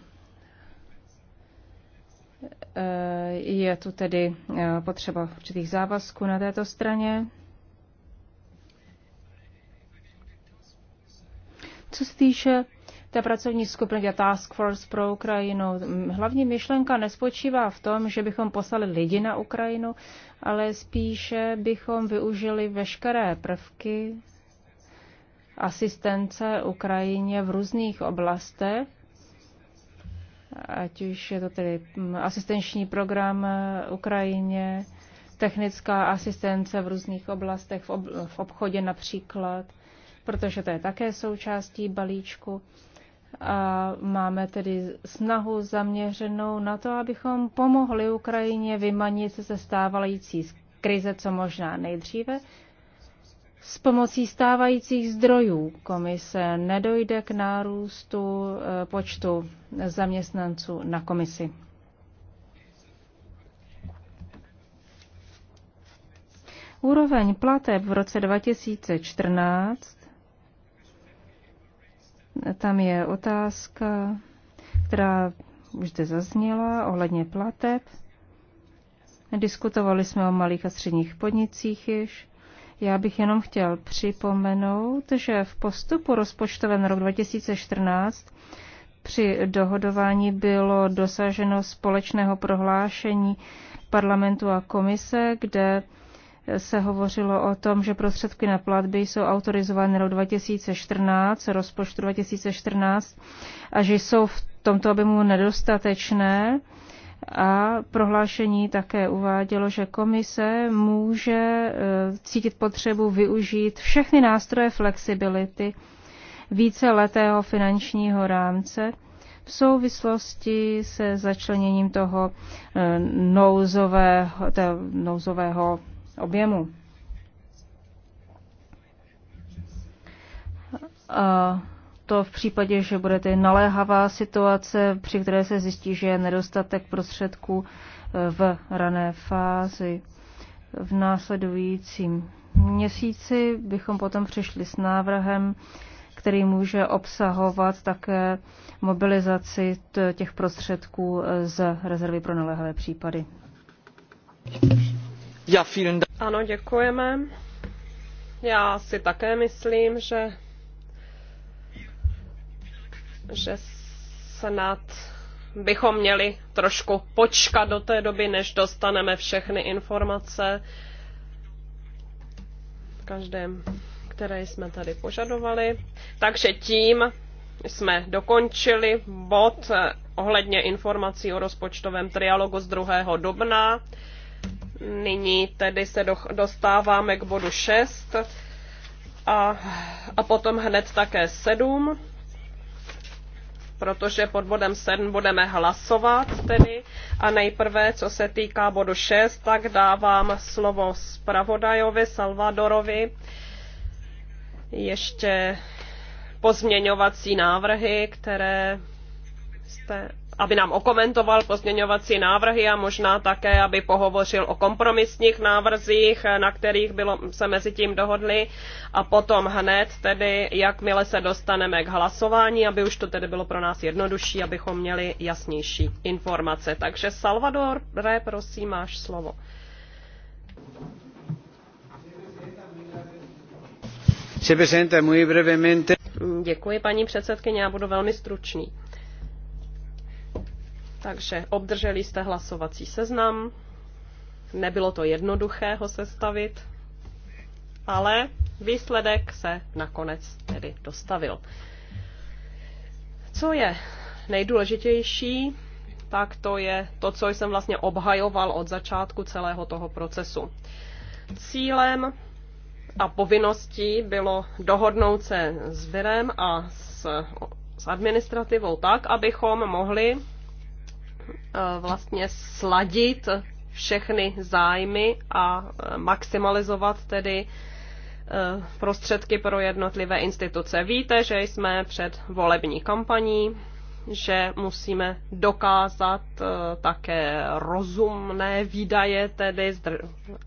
Eh, je tu tedy eh, potřeba určitých závazků na této straně. Co se týče té pracovní skupiny Task Force pro Ukrajinu, mm, hlavní myšlenka nespočívá v tom, že bychom poslali lidi na Ukrajinu, ale spíše bychom využili veškeré prvky asistence Ukrajině v různých oblastech, ať už je to tedy hm, asistenční program eh, Ukrajině, technická asistence v různých oblastech, v, ob, v obchodě například, protože to je také součástí balíčku. A máme tedy snahu zaměřenou na to, abychom pomohli Ukrajině vymanit se stávající krize co možná nejdříve s pomocí stávajících zdrojů komise nedojde k nárůstu eh, počtu zaměstnanců na komisi. Úroveň plateb v roce 2014, tam je otázka, která už zde zazněla ohledně plateb. Diskutovali jsme o malých a středních podnicích již. Já bych jenom chtěl připomenout, že v postupu rozpočtovém rok 2014 při dohodování bylo dosaženo společného prohlášení parlamentu a komise, kde se hovořilo o tom, že prostředky na platby jsou autorizovány rok 2014, rozpočtu 2014, a že jsou v tomto objemu nedostatečné a prohlášení také uvádělo, že komise může eh, cítit potřebu využít všechny nástroje flexibility víceletého finančního rámce v souvislosti se začleněním toho eh, nouzového, té nouzového objemu. A to v případě, že bude ty naléhavá situace, při které se zjistí, že je nedostatek prostředků e, v rané fázi. V následujícím měsíci bychom potom přišli s návrhem, který může obsahovat také mobilizaci těch prostředků e, z rezervy pro naléhavé případy. Ano, děkujeme. Já si také myslím, že že snad bychom měli trošku počkat do té doby, než dostaneme všechny informace v každém, které jsme tady požadovali. Takže tím jsme dokončili bod eh, ohledně informací o rozpočtovém trialogu z 2. dubna. Nyní tedy se dostáváme k bodu 6 a, a potom hned také 7 protože pod bodem 7 budeme hlasovat tedy. A nejprve, co se týká bodu 6, tak dávám slovo zpravodajovi Salvadorovi. Ještě pozměňovací návrhy, které jste aby nám okomentoval pozměňovací návrhy a možná také, aby pohovořil o kompromisních návrzích, na kterých bylo, se mezi tím dohodli a potom hned tedy, jakmile se dostaneme k hlasování, aby už to tedy bylo pro nás jednodušší, abychom měli jasnější informace. Takže Salvador, re, prosím, máš slovo. Děkuji, paní předsedkyně, já budu velmi stručný. Takže obdrželi jste hlasovací seznam. Nebylo to jednoduché ho sestavit, ale výsledek se nakonec tedy dostavil. Co je nejdůležitější, tak to je to, co jsem vlastně obhajoval od začátku celého toho procesu. Cílem a povinností bylo dohodnout se s Virem a s, s administrativou tak, abychom mohli Eh, vlastně sladit všechny zájmy a maximalizovat tedy eh, prostředky pro jednotlivé instituce. Víte, že jsme před volební kampaní, že musíme dokázat eh, také rozumné výdaje tedy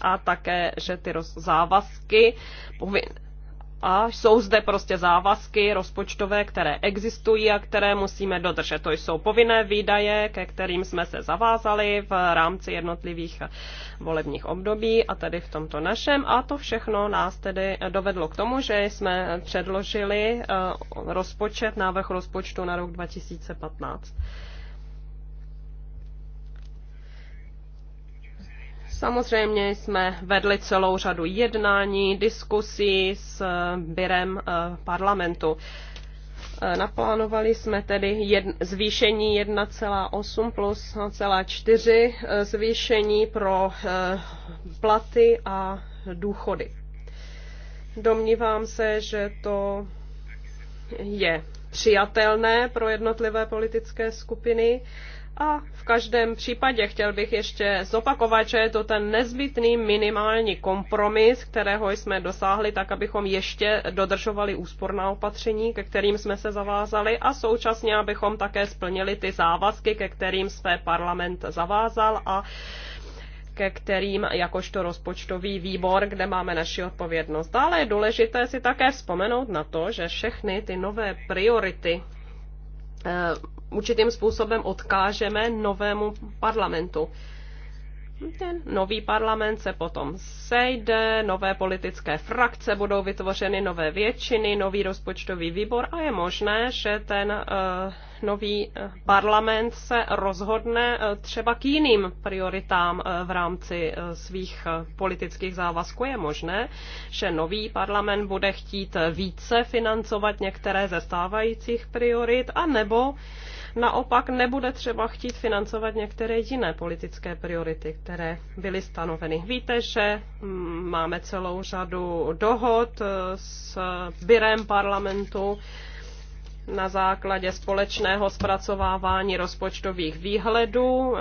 a také, že ty závazky a jsou zde prostě závazky rozpočtové, které existují a které musíme dodržet. To jsou povinné výdaje, ke kterým jsme se zavázali v rámci jednotlivých volebních období a tedy v tomto našem. A to všechno nás tedy dovedlo k tomu, že jsme předložili eh, rozpočet, návrh rozpočtu na rok 2015. Samozřejmě jsme vedli celou řadu jednání, diskusí s eh, Birem eh, parlamentu. Eh, naplánovali jsme tedy jed, zvýšení 1,8 plus 1,4 zvýšení pro platy a důchody. Domnívám se, že to je přijatelné pro jednotlivé politické skupiny a v každém případě chtěl bych ještě zopakovat, že je to ten nezbytný minimální kompromis, kterého jsme dosáhli, tak abychom ještě dodržovali úsporná opatření, ke kterým jsme se zavázali a současně abychom také splnili ty závazky, ke kterým své parlament zavázal a ke kterým jakožto rozpočtový výbor, kde máme naši odpovědnost. Dále je důležité si také vzpomenout na to, že všechny ty nové priority eh, určitým způsobem odkážeme novému parlamentu. Ten nový parlament se potom sejde, nové politické frakce budou vytvořeny, nové většiny, nový rozpočtový výbor a je možné, že ten eh, nový eh, parlament se rozhodne eh, třeba k jiným prioritám eh, v rámci svých politických závazků. Je možné, že nový parlament bude chtít více financovat některé ze stávajících priorit, nebo naopak nebude třeba chtít financovat některé jiné politické priority, které byly stanoveny. Víte, že mm, máme celou řadu dohod s Birem parlamentu, na základě společného zpracovávání rozpočtových výhledů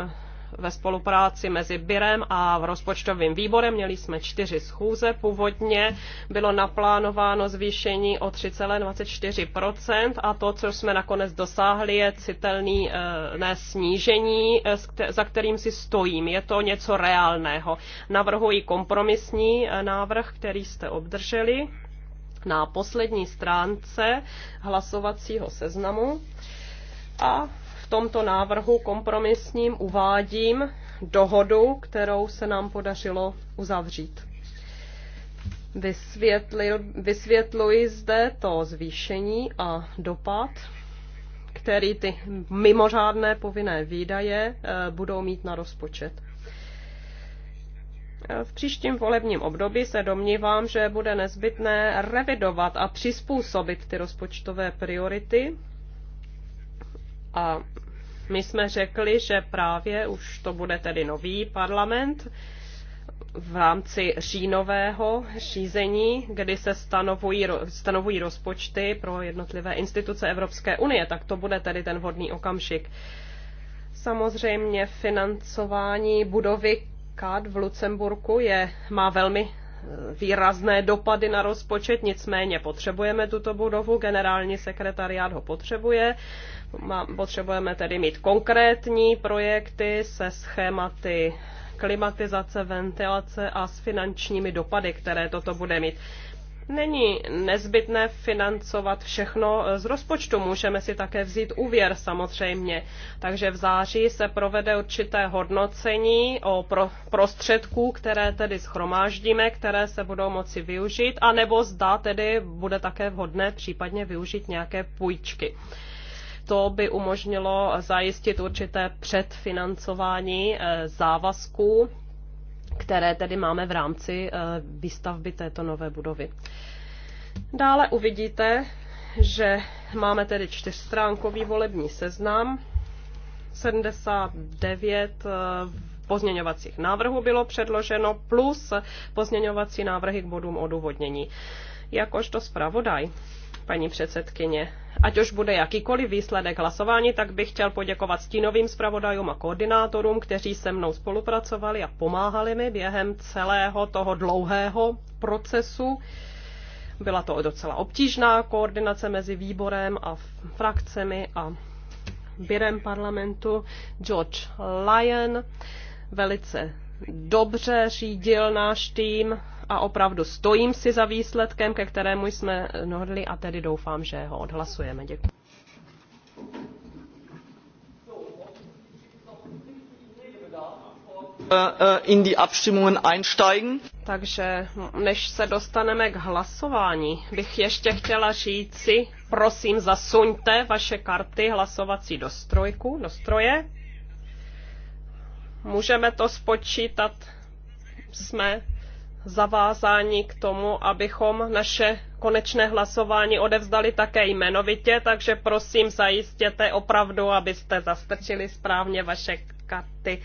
ve spolupráci mezi Birem a v rozpočtovým výborem. Měli jsme čtyři schůze. Původně bylo naplánováno zvýšení o 3,24% a to, co jsme nakonec dosáhli, je citelný eh, ne, snížení, eh, za kterým si stojím. Je to něco reálného. Navrhuji kompromisní eh, návrh, který jste obdrželi na poslední stránce hlasovacího seznamu a v tomto návrhu kompromisním uvádím dohodu, kterou se nám podařilo uzavřít. Vysvětlil, vysvětluji zde to zvýšení a dopad, který ty mimořádné povinné výdaje eh, budou mít na rozpočet. E, v příštím volebním období se domnívám, že bude nezbytné revidovat a přizpůsobit ty rozpočtové priority. A my jsme řekli, že právě už to bude tedy nový parlament v rámci říjnového řízení, kdy se stanovují, stanovují rozpočty pro jednotlivé instituce Evropské unie, tak to bude tedy ten vhodný okamžik. Samozřejmě financování budovy Kád v Lucemburku je, má velmi eh, výrazné dopady na rozpočet, nicméně potřebujeme tuto budovu, generální sekretariát ho potřebuje. Potřebujeme tedy mít konkrétní projekty se schématy klimatizace, ventilace a s finančními dopady, které toto bude mít. Není nezbytné financovat všechno z rozpočtu, můžeme si také vzít úvěr samozřejmě. Takže v září se provede určité hodnocení o pro, prostředků, které tedy schromáždíme, které se budou moci využít, anebo zda tedy bude také vhodné případně využít nějaké půjčky to by umožnilo zajistit určité předfinancování eh, závazků které tedy máme v rámci eh, výstavby této nové budovy. Dále uvidíte, že máme tedy čtyřstránkový volební seznam. 79 eh, pozměňovacích návrhů bylo předloženo plus pozměňovací návrhy k bodům odůvodnění. Jakožto zpravodaj paní předsedkyně. Ať už bude jakýkoliv výsledek hlasování, tak bych chtěl poděkovat stínovým zpravodajům a koordinátorům, kteří se mnou spolupracovali a pomáhali mi během celého toho dlouhého procesu. Byla to docela obtížná koordinace mezi výborem a frakcemi a Birem parlamentu. George Lyon velice dobře řídil náš tým, a opravdu stojím si za výsledkem, ke kterému jsme nohli a tedy doufám, že ho odhlasujeme. Děkuji. Äh, äh, in die Abstimmungen einsteigen. Takže než se dostaneme k hlasování, bych ještě chtěla říci, prosím zasuňte vaše karty hlasovací do strojku, do stroje. Můžeme to spočítat, jsme zavázáni k tomu, abychom naše konečné hlasování odevzdali také jmenovitě, takže prosím zajistěte opravdu, abyste zastrčili správně vaše karty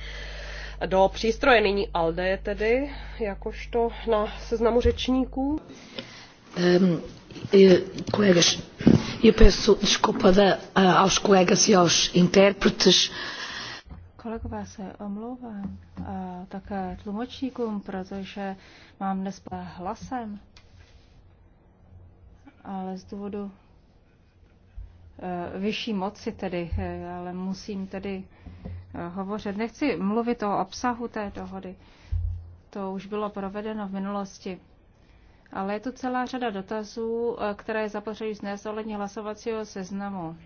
do přístroje. Nyní Alde je tedy jakožto na seznamu řečníků. Um, ehm, colegas, e, eu peço desculpa da, aos colegas e aos intérpretes. Kolegové, se omlouvám a také tlumočníkům, protože mám dnes hlasem, ale z důvodu e, vyšší moci tedy, e, ale musím tedy e, hovořit. Nechci mluvit o obsahu té dohody, to už bylo provedeno v minulosti. Ale je tu celá řada dotazů, které je zapotřebí vznést ohledně hlasovacího seznamu,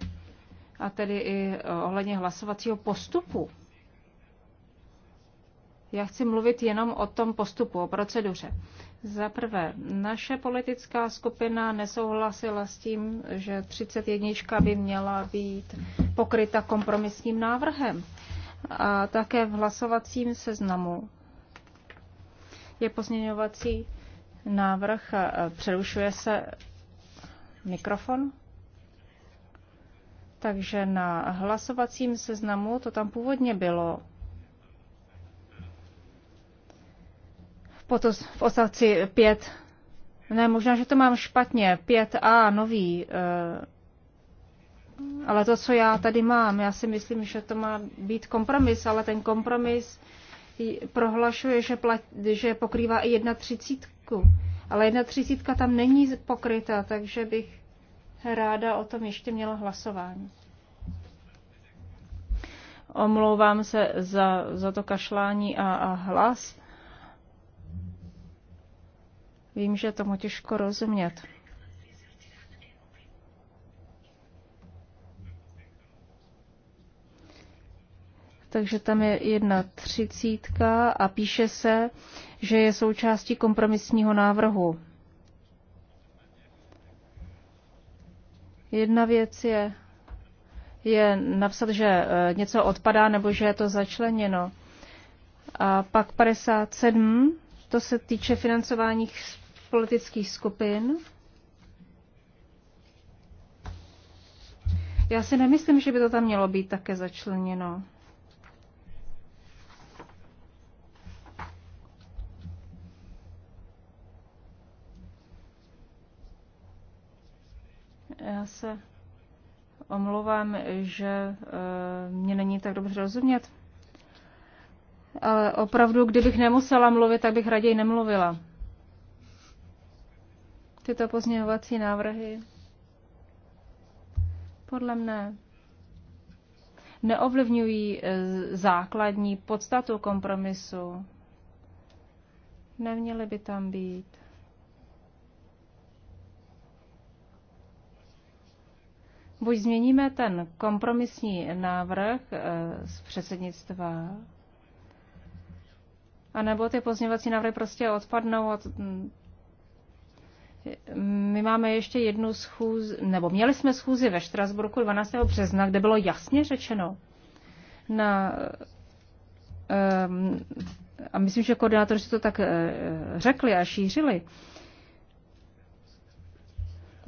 a tedy i ohledně hlasovacího postupu. Já chci mluvit jenom o tom postupu, o proceduře. Za prvé, naše politická skupina nesouhlasila s tím, že 31 by měla být pokryta kompromisním návrhem. A také v hlasovacím seznamu je pozměňovací návrh, přerušuje se mikrofon. Takže na hlasovacím seznamu to tam původně bylo Potom v odstavci 5, ne, možná, že to mám špatně, 5a, nový, eh, ale to, co já tady mám, já si myslím, že to má být kompromis, ale ten kompromis prohlašuje, že, plat, že pokrývá i jedna třicítku. Ale jedna třicítka tam není pokryta, takže bych ráda o tom ještě měla hlasování. Omlouvám se za, za to kašlání a, a hlas. Vím, že tomu těžko rozumět. takže tam je jedna třicítka a píše se, že je součástí kompromisního návrhu. Jedna věc je, je napsat, že eh, něco odpadá nebo že je to začleněno. A pak 57 to se týče financování politických skupin. Já si nemyslím, že by to tam mělo být také začleněno. Já se omlouvám, že eh, mě není tak dobře rozumět ale opravdu, kdybych nemusela mluvit, tak bych raději nemluvila. Tyto pozměňovací návrhy podle mne neovlivňují e, základní podstatu kompromisu. Neměly by tam být. Buď změníme ten kompromisní návrh e, z předsednictva, a nebo ty pozměňovací návrhy prostě odpadnou od mm, my máme ještě jednu schůzi, nebo měli jsme schůzi ve Štrasburku 12. března, kde bylo jasně řečeno na, um, a myslím, že koordinátoři to tak uh, řekli a šířili,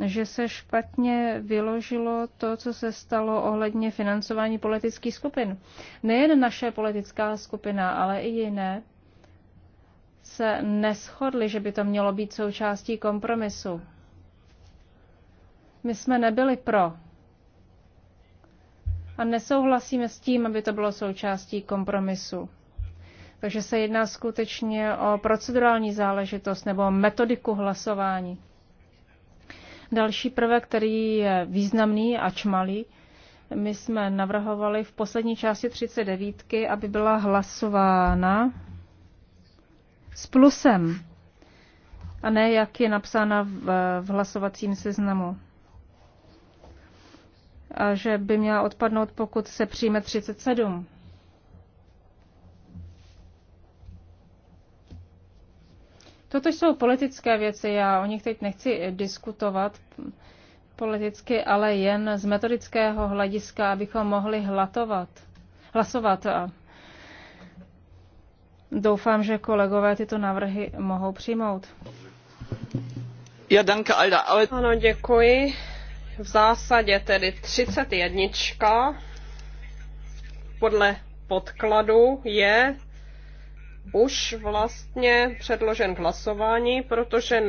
že se špatně vyložilo to, co se stalo ohledně financování politických skupin. Nejen naše politická skupina, ale i jiné se neschodli, že by to mělo být součástí kompromisu. My jsme nebyli pro. A nesouhlasíme s tím, aby to bylo součástí kompromisu. Takže se jedná skutečně o procedurální záležitost nebo metodiku hlasování. Další prvek, který je významný a čmalý, my jsme navrhovali v poslední části 39, aby byla hlasována s plusem a ne jak je napsána v, v hlasovacím seznamu. A že by měla odpadnout, pokud se přijme 37. Toto jsou politické věci, já o nich teď nechci diskutovat politicky, ale jen z metodického hlediska, abychom mohli hlatovat, hlasovat a Doufám, že kolegové tyto návrhy mohou přijmout. Ja, danke, Alda. Ale... Ano, děkuji. V zásadě tedy 31 podle podkladu je už vlastně předložen k hlasování, protože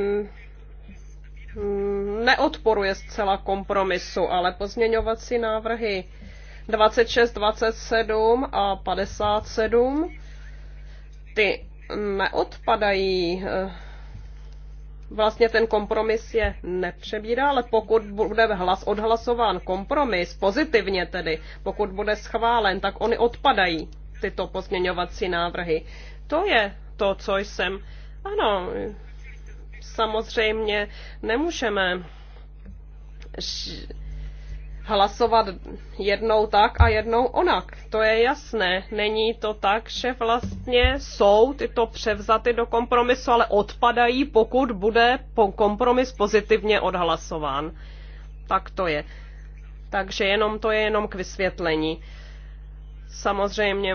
neodporuje zcela kompromisu, ale pozměňovací návrhy 26, 27 a 57 ty neodpadají. Eh, vlastně ten kompromis je nepřebírá, ale pokud bude hlas odhlasován kompromis, pozitivně tedy, pokud bude schválen, tak oni odpadají, tyto pozměňovací návrhy. To je to, co jsem. Ano, samozřejmě nemůžeme hlasovat jednou tak a jednou onak. To je jasné. Není to tak, že vlastně jsou tyto převzaty do kompromisu, ale odpadají, pokud bude po kompromis pozitivně odhlasován. Tak to je. Takže jenom to je jenom k vysvětlení. Samozřejmě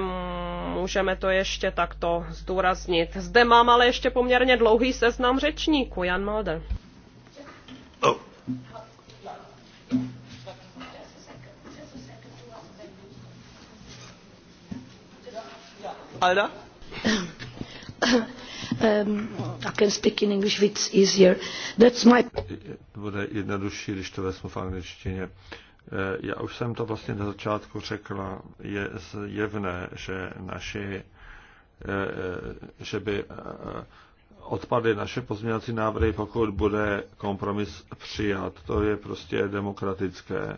můžeme to ještě takto zdůraznit. Zde mám ale ještě poměrně dlouhý seznam řečníků. Jan Malder. Oh. Alda? um, I can speak in English it's easier. That's my... Bude jednodušší, když to vezmu v angličtině. Eh, já už jsem to vlastně na začátku řekla. Je zjevné, že naši, eh, eh, že by odpadly naše pozměňovací návrhy, pokud bude kompromis přijat. To je prostě demokratické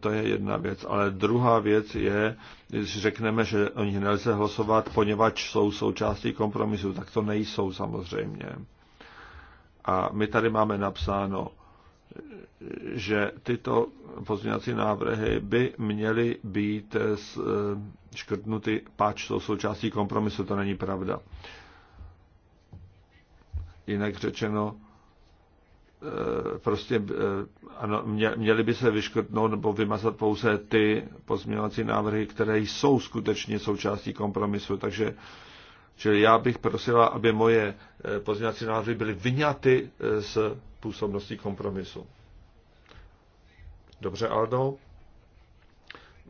to je jedna věc. Ale druhá věc je, když řekneme, že o nich nelze hlasovat, poněvadž jsou součástí kompromisu, tak to nejsou samozřejmě. A my tady máme napsáno, že tyto pozměňovací návrhy by měly být eh, eh, škrtnuty, páč jsou součástí kompromisu, to není pravda. Jinak řečeno, Eh, prostě eh, ano, měly by se vyškrtnout nebo vymazat pouze ty pozměňovací návrhy, které jsou skutečně součástí kompromisu. Takže čili já bych prosila, aby moje eh, pozměňovací návrhy byly vyňaty z působnosti kompromisu. Dobře, Aldo?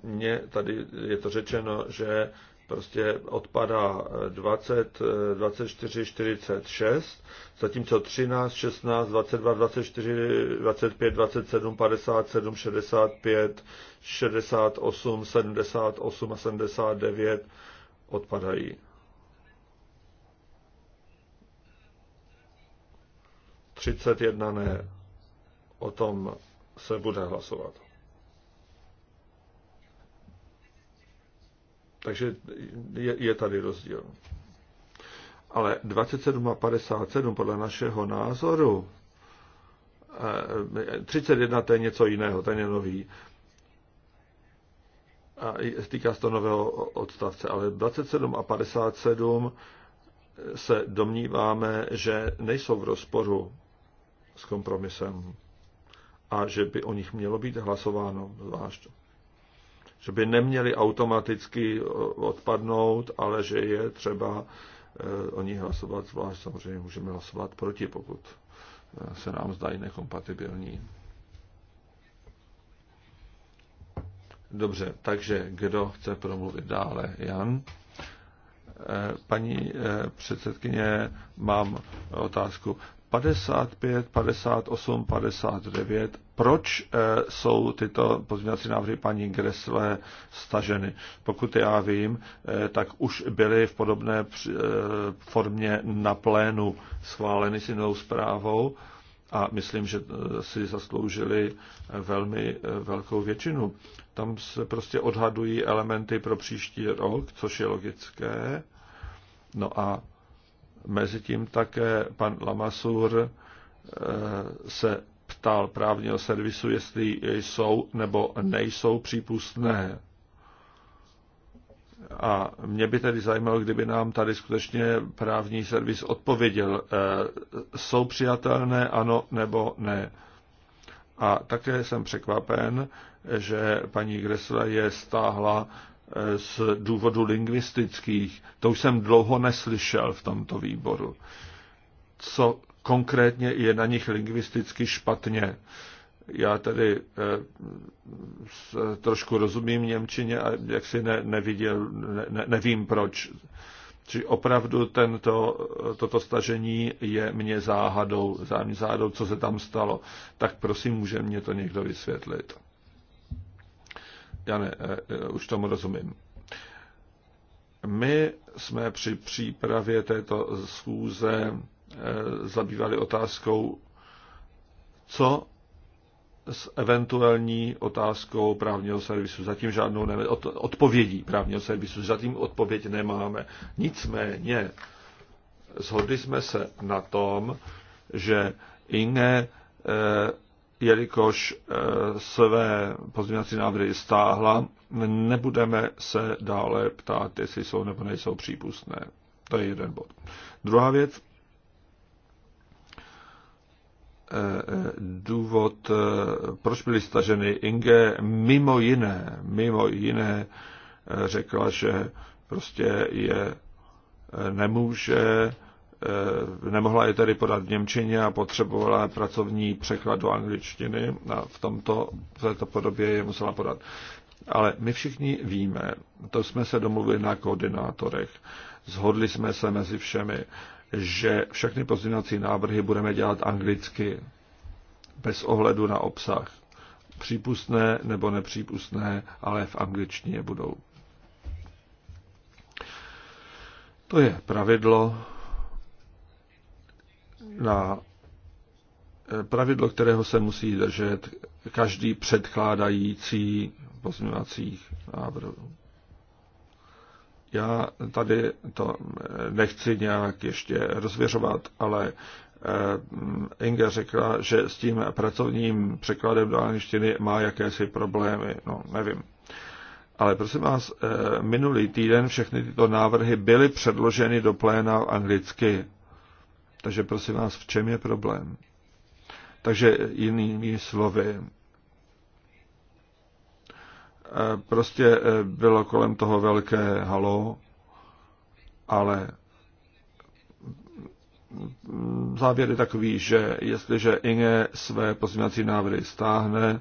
Mně tady je to řečeno, že prostě odpadá 20, 24, 46, zatímco 13, 16, 22, 24, 25, 27, 57, 65, 68, 78 a 79 odpadají. Třicet jedna ne. O tom se bude hlasovat. Takže je, je tady rozdíl. Ale 27 a 57 podle našeho názoru, 31 eh, to je něco jiného, ten je nový. A týká se to nového odstavce, ale 27 a 57 se domníváme, že nejsou v rozporu s kompromisem a že by o nich mělo být hlasováno zvlášť že by neměli automaticky eh, odpadnout, ale že je třeba eh, o nich hlasovat zvlášť. Samozřejmě můžeme hlasovat proti, pokud eh, se nám zdají nekompatibilní. Dobře, takže kdo chce promluvit dále? Jan? Paní předsedkyně, mám otázku. 55, 58, 59. Proč eh, jsou tyto pozměňovací návrhy paní Gresle staženy? Pokud já vím, eh, tak už byly v podobné eh, formě na plénu schváleny s jinou zprávou a myslím, že si zasloužili velmi velkou většinu. Tam se prostě odhadují elementy pro příští rok, což je logické. No a Mezitím také pan Lamasur eh, se ptal právního servisu, jestli jsou nebo nejsou přípustné. A mě by tedy zajímalo, kdyby nám tady skutečně právní servis odpověděl, eh, jsou přijatelné ano nebo ne. A také jsem překvapen, že paní Gressler je stáhla z důvodu lingvistických, to už jsem dlouho neslyšel v tomto výboru. Co konkrétně je na nich lingvisticky špatně? Já tedy eh, trošku rozumím Němčině a jak si ne, neviděl, ne, nevím proč. Či opravdu tento, toto stažení je mně záhadou, záhadou, co se tam stalo. Tak prosím, může mě to někdo vysvětlit já ne, eh, eh, už tomu rozumím. My jsme při přípravě této schůze eh, zabývali otázkou, co s eventuální otázkou právního servisu. Zatím žádnou ne- odpovědí právního servisu, zatím odpověď nemáme. Nicméně zhodli jsme se na tom, že jiné jelikož e, své pozměňovací návrhy stáhla, nebudeme se dále ptát, jestli jsou nebo nejsou přípustné. To je jeden bod. Druhá věc. E, e, důvod, proč byly staženy Inge, mimo jiné, mimo jiné řekla, že prostě je nemůže Eh, nemohla je tedy podat v Němčině a potřebovala pracovní překlad do angličtiny a v, tomto, v této podobě je musela podat. Ale my všichni víme, to jsme se domluvili na koordinátorech, zhodli jsme se mezi všemi, že všechny pozdinací návrhy budeme dělat anglicky, bez ohledu na obsah. Přípustné nebo nepřípustné, ale v angličtině budou. To je pravidlo, na eh, pravidlo, kterého se musí držet každý předkládající pozměňovacích návrhů. Já tady to eh, nechci nějak ještě rozvěřovat, ale eh, Inge řekla, že s tím pracovním překladem do angličtiny má jakési problémy. No, nevím. Ale prosím vás, minulý týden všechny tyto návrhy byly předloženy do pléna anglicky. Takže prosím vás, v čem je problém? Takže jinými slovy, eh, prostě eh, bylo kolem toho velké halo, ale závěr je takový, že jestliže Inge své pozměňovací návrhy stáhne, eh,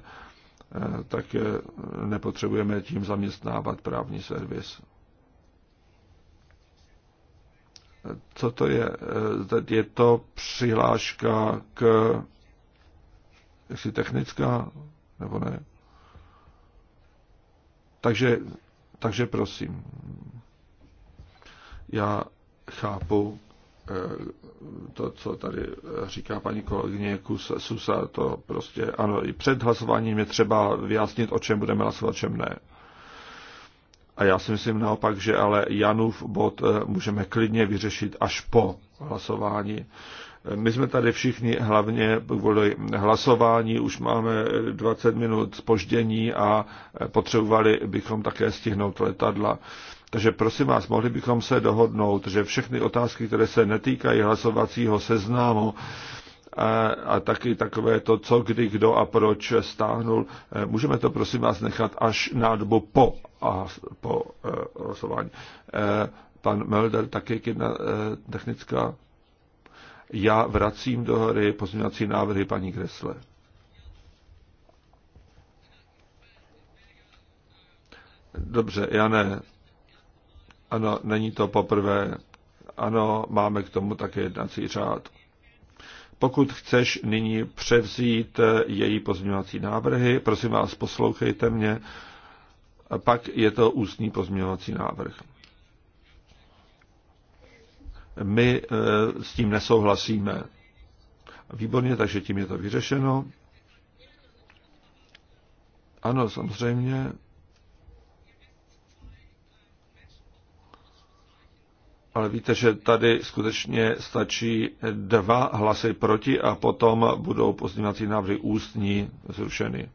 tak nepotřebujeme tím zaměstnávat právní servis. co to je? Eh, je to přihláška k jaksi technická, nebo ne. Takže, takže prosím. Já chápu eh, to, co tady říká paní kolegyně Susa, to prostě ano, i před hlasováním je třeba vyjasnit, o čem budeme hlasovat, o čem ne. A já si myslím naopak, že ale Janův bod eh, můžeme klidně vyřešit až po hlasování. My jsme tady všichni hlavně kvůli hlasování, už máme 20 minut spoždění a eh, potřebovali bychom také stihnout letadla. Takže prosím vás, mohli bychom se dohodnout, že všechny otázky, které se netýkají hlasovacího seznámu, a, a taky takové to, co, kdy, kdo a proč stáhnul. E, můžeme to prosím vás nechat až na dobu po, a, po e, hlasování. E, pan Melder, také jedna e, technická. Já vracím do hry pozměňovací návrhy paní Kresle. Dobře, já ne. Ano, není to poprvé. Ano, máme k tomu také jednací řád. Pokud chceš nyní převzít eh, její pozměňovací návrhy, prosím vás, poslouchejte mě, pak je to ústní pozměňovací návrh. My eh, s tím nesouhlasíme. Výborně, takže tím je to vyřešeno. Ano, samozřejmě. Ale víte, že tady skutečně stačí dva hlasy proti a potom budou pozměňovací návrhy ústní zrušeny.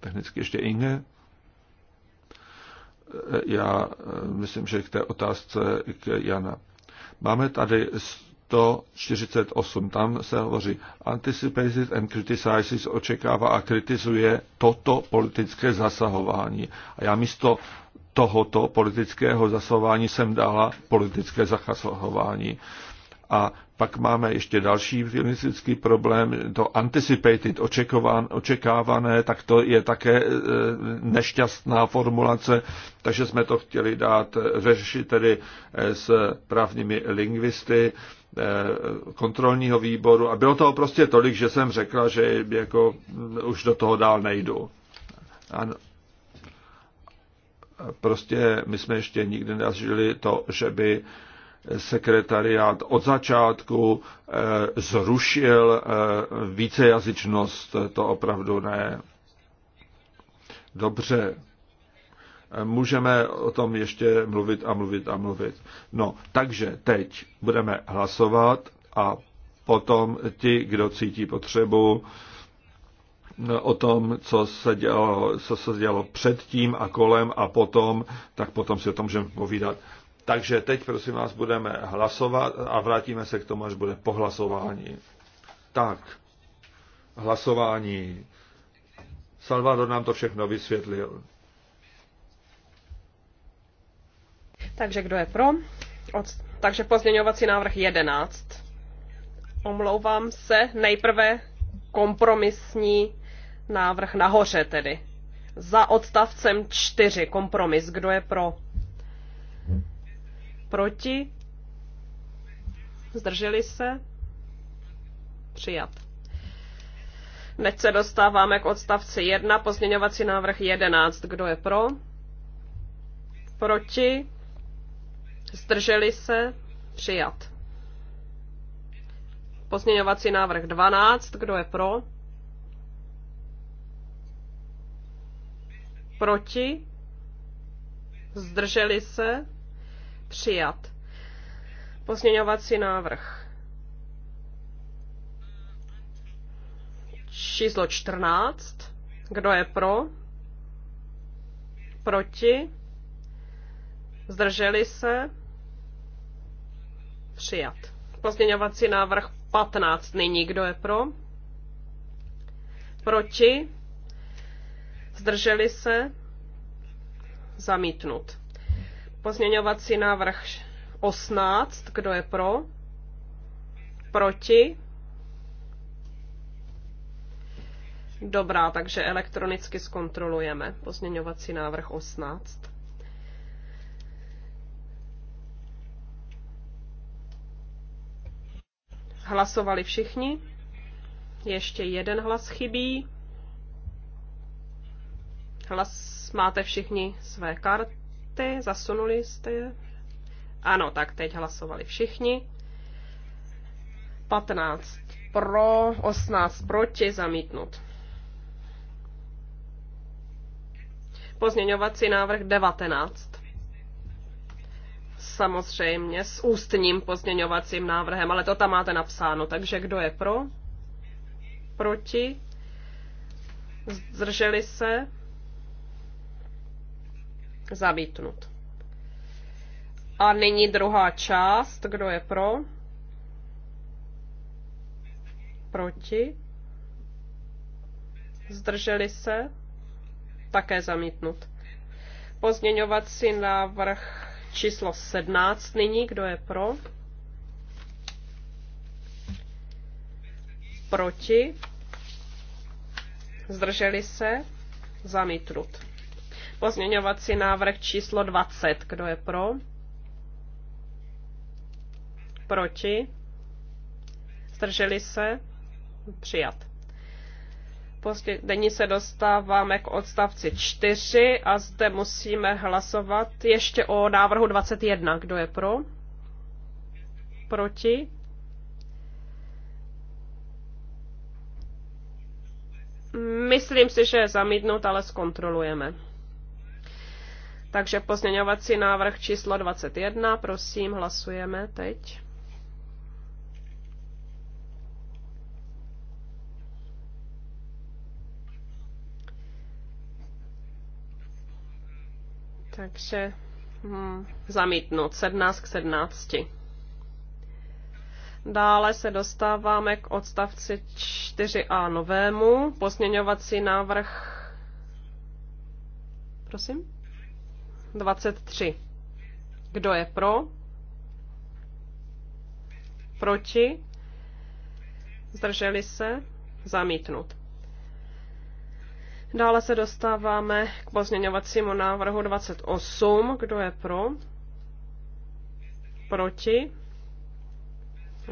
Technicky ještě Inge. Já eh, myslím, že k té otázce k Jana. Máme tady 148, tam se hovoří anticipated and criticizes, očekává a kritizuje toto politické zasahování. A já místo tohoto politického zasahování jsem dala politické zasahování. A pak máme ještě další feministický problém, to anticipated, očekován, očekávané, tak to je také e, nešťastná formulace, takže jsme to chtěli dát e, řešit tedy e, s právními lingvisty kontrolního výboru a bylo toho prostě tolik, že jsem řekla, že jako už do toho dál nejdu. Ano, prostě my jsme ještě nikdy nezažili to, že by sekretariát od začátku eh, zrušil eh, vícejazyčnost, to opravdu ne. Dobře, můžeme o tom ještě mluvit a mluvit a mluvit. No, takže teď budeme hlasovat a potom ti, kdo cítí potřebu, o tom, co se, dělo, co se dělo předtím a kolem a potom, tak potom si o tom můžeme povídat. Takže teď, prosím vás, budeme hlasovat a vrátíme se k tomu, až bude po hlasování. Tak, hlasování. Salvador nám to všechno vysvětlil. Takže kdo je pro? Od... Takže pozměňovací návrh 11. Omlouvám se. Nejprve kompromisní návrh nahoře tedy. Za odstavcem 4 kompromis. Kdo je pro? Proti? Zdrželi se? Přijat. Neď se dostáváme k odstavci 1, pozměňovací návrh 11. Kdo je pro? Proti? Zdrželi se? Přijat. Pozměňovací návrh 12. Kdo je pro? proti, zdrželi se, přijat. Pozměňovací návrh. Číslo 14. Kdo je pro? Proti? Zdrželi se? Přijat. Pozměňovací návrh 15. Nyní kdo je pro? Proti? Zdrželi se? Zamítnut. Pozměňovací návrh 18. Kdo je pro? Proti? Dobrá, takže elektronicky zkontrolujeme pozměňovací návrh 18. Hlasovali všichni? Ještě jeden hlas chybí. Hlas máte všichni své karty, zasunuli jste je. Ano, tak teď hlasovali všichni. 15 pro, 18 proti, zamítnut. Pozměňovací návrh 19. Samozřejmě s ústním pozměňovacím návrhem, ale to tam máte napsáno. Takže kdo je pro? Proti? Zdrželi se? Zamítnut. A nyní druhá část. Kdo je pro? Proti? Zdrželi se? Také zamítnut. Pozměňovací návrh číslo 17 nyní. Kdo je pro? Proti? Zdrželi se? Zamítnut Pozměňovací návrh číslo 20. Kdo je pro? Proti? Zdrželi se? Přijat. Denní se dostáváme k odstavci 4 a zde musíme hlasovat ještě o návrhu 21. Kdo je pro? Proti? Myslím si, že je zamítnout, ale zkontrolujeme. Takže pozměňovací návrh číslo 21, prosím, hlasujeme teď. Takže hmm, zamítnout 17 k 17. Dále se dostáváme k odstavci 4a novému. Pozměňovací návrh. Prosím? 23. Kdo je pro? Proti? Zdrželi se? Zamítnut. Dále se dostáváme k pozměňovacímu návrhu 28. Kdo je pro? Proti?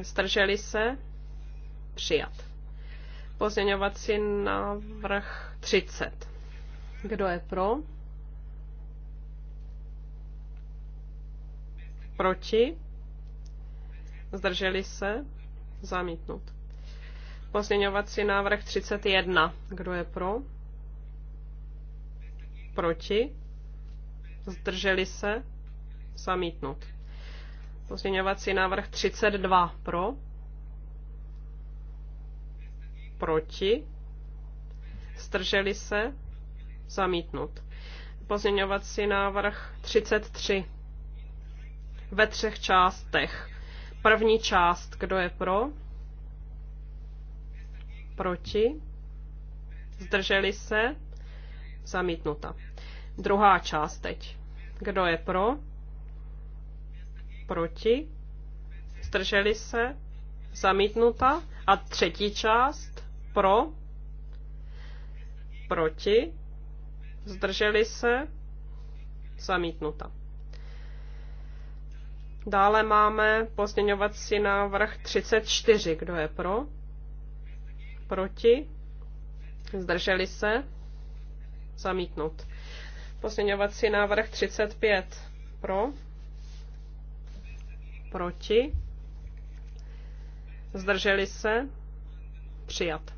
Zdrželi se? Přijat. Pozměňovací návrh 30. Kdo je pro? Proti? Zdrželi se? Zamítnut. Pozměňovací návrh 31. Kdo je pro? Proti? Zdrželi se? Zamítnut. Pozměňovací návrh 32. Pro? Proti? Zdrželi se? Zamítnut. Pozměňovací návrh 33 ve třech částech. První část, kdo je pro? Proti? Zdrželi se? Zamítnuta. Druhá část teď. Kdo je pro? Proti? Zdrželi se? Zamítnuta. A třetí část? Pro? Proti? Zdrželi se? Zamítnuta. Dále máme pozměňovací návrh 34. Kdo je pro? Proti? Zdrželi se? Zamítnut. Pozměňovací návrh 35. Pro? Proti? Zdrželi se? Přijat.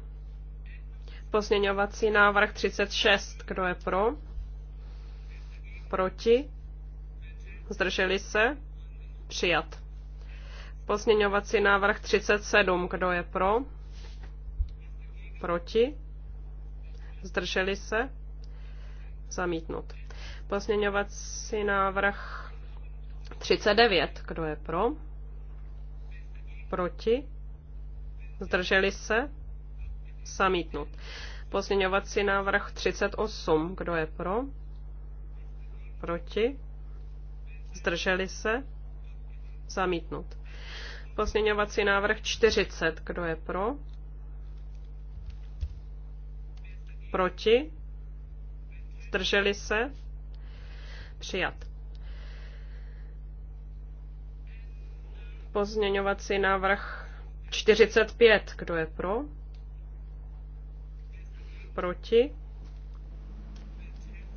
Pozměňovací návrh 36. Kdo je pro? Proti? Zdrželi se? Přijat. Pozměňovací návrh 37. Kdo je pro? Proti? Zdrželi se? Zamítnut. Pozměňovací návrh 39. Kdo je pro? Proti? Zdrželi se? Zamítnut. Pozměňovací návrh 38. Kdo je pro? Proti? Zdrželi se? Zamítnut. Pozměňovací návrh 40. Kdo je pro? Proti? Zdrželi se? Přijat. Pozměňovací návrh 45. Kdo je pro? Proti?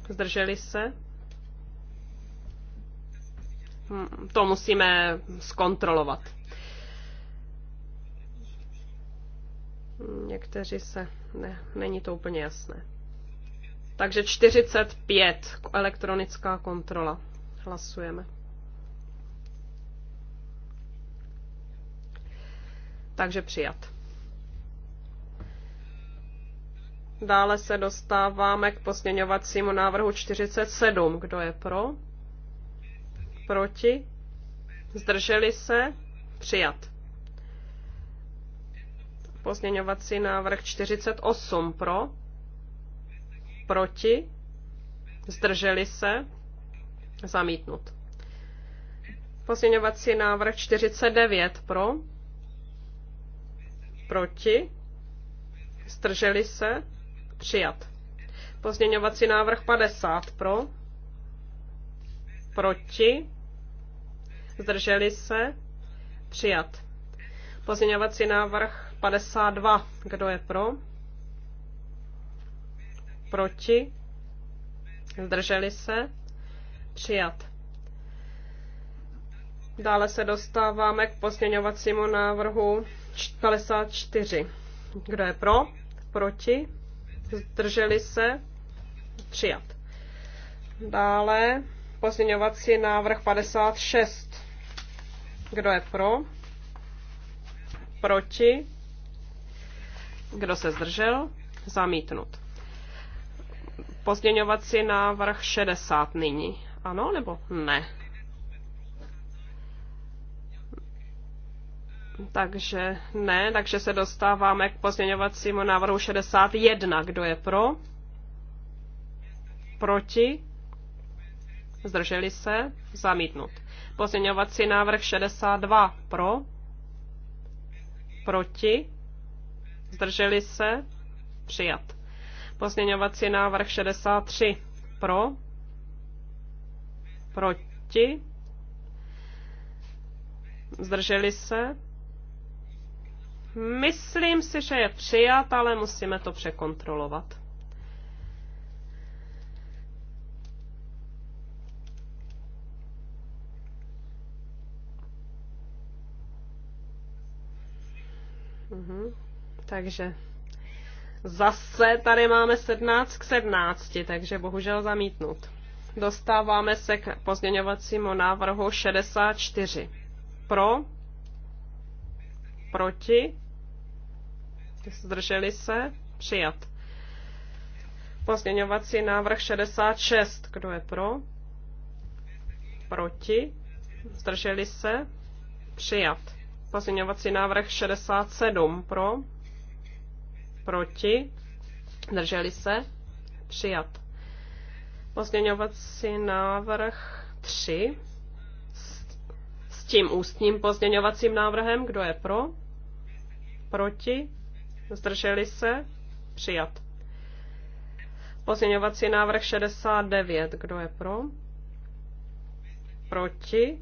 Zdrželi se? Hm, to musíme zkontrolovat. Někteří se... Ne, není to úplně jasné. Takže 45, elektronická kontrola. Hlasujeme. Takže přijat. Dále se dostáváme k posměňovacímu návrhu 47. Kdo je pro? proti, zdrželi se, přijat. Pozměňovací návrh 48 pro, proti, zdrželi se, zamítnut. Pozměňovací návrh 49 pro, proti, zdrželi se, přijat. Pozměňovací návrh 50 pro, proti, zdrželi se, přijat. Pozměňovací návrh 52, kdo je pro, proti, zdrželi se, přijat. Dále se dostáváme k pozměňovacímu návrhu 54. Kdo je pro? Proti? Zdrželi se? Přijat. Dále pozměňovací návrh 56. Kdo je pro? Proti? Kdo se zdržel? Zamítnut. Pozděňovací návrh 60 nyní. Ano nebo ne? Takže ne, takže se dostáváme k pozměňovacímu návrhu 61. Kdo je pro? Proti? Zdrželi se? Zamítnut. Pozměňovací návrh 62 pro, proti, zdrželi se, přijat. Pozměňovací návrh 63 pro, proti, zdrželi se. Myslím si, že je přijat, ale musíme to překontrolovat. Mhm. Takže zase tady máme 17 k 17, takže bohužel zamítnut. Dostáváme se k pozměňovacímu návrhu 64. Pro? Proti? Zdrželi se? Přijat. Pozměňovací návrh 66. Kdo je pro? Proti? Zdrželi se? Přijat. Pozměňovací návrh 67 pro, proti, drželi se, přijat. Pozměňovací návrh 3 s tím ústním pozměňovacím návrhem, kdo je pro, proti, zdrželi se, přijat. Pozměňovací návrh 69, kdo je pro, proti,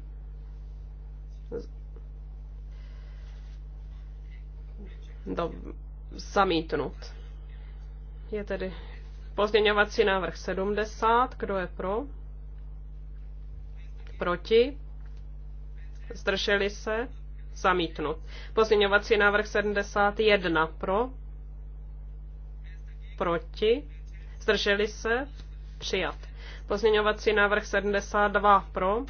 do, zamítnut. Je tedy pozměňovací návrh 70. Kdo je pro? Proti? Zdrželi se? Zamítnut. Pozměňovací návrh 71. Pro? Proti? Zdrželi se? Přijat. Pozměňovací návrh 72. Pro?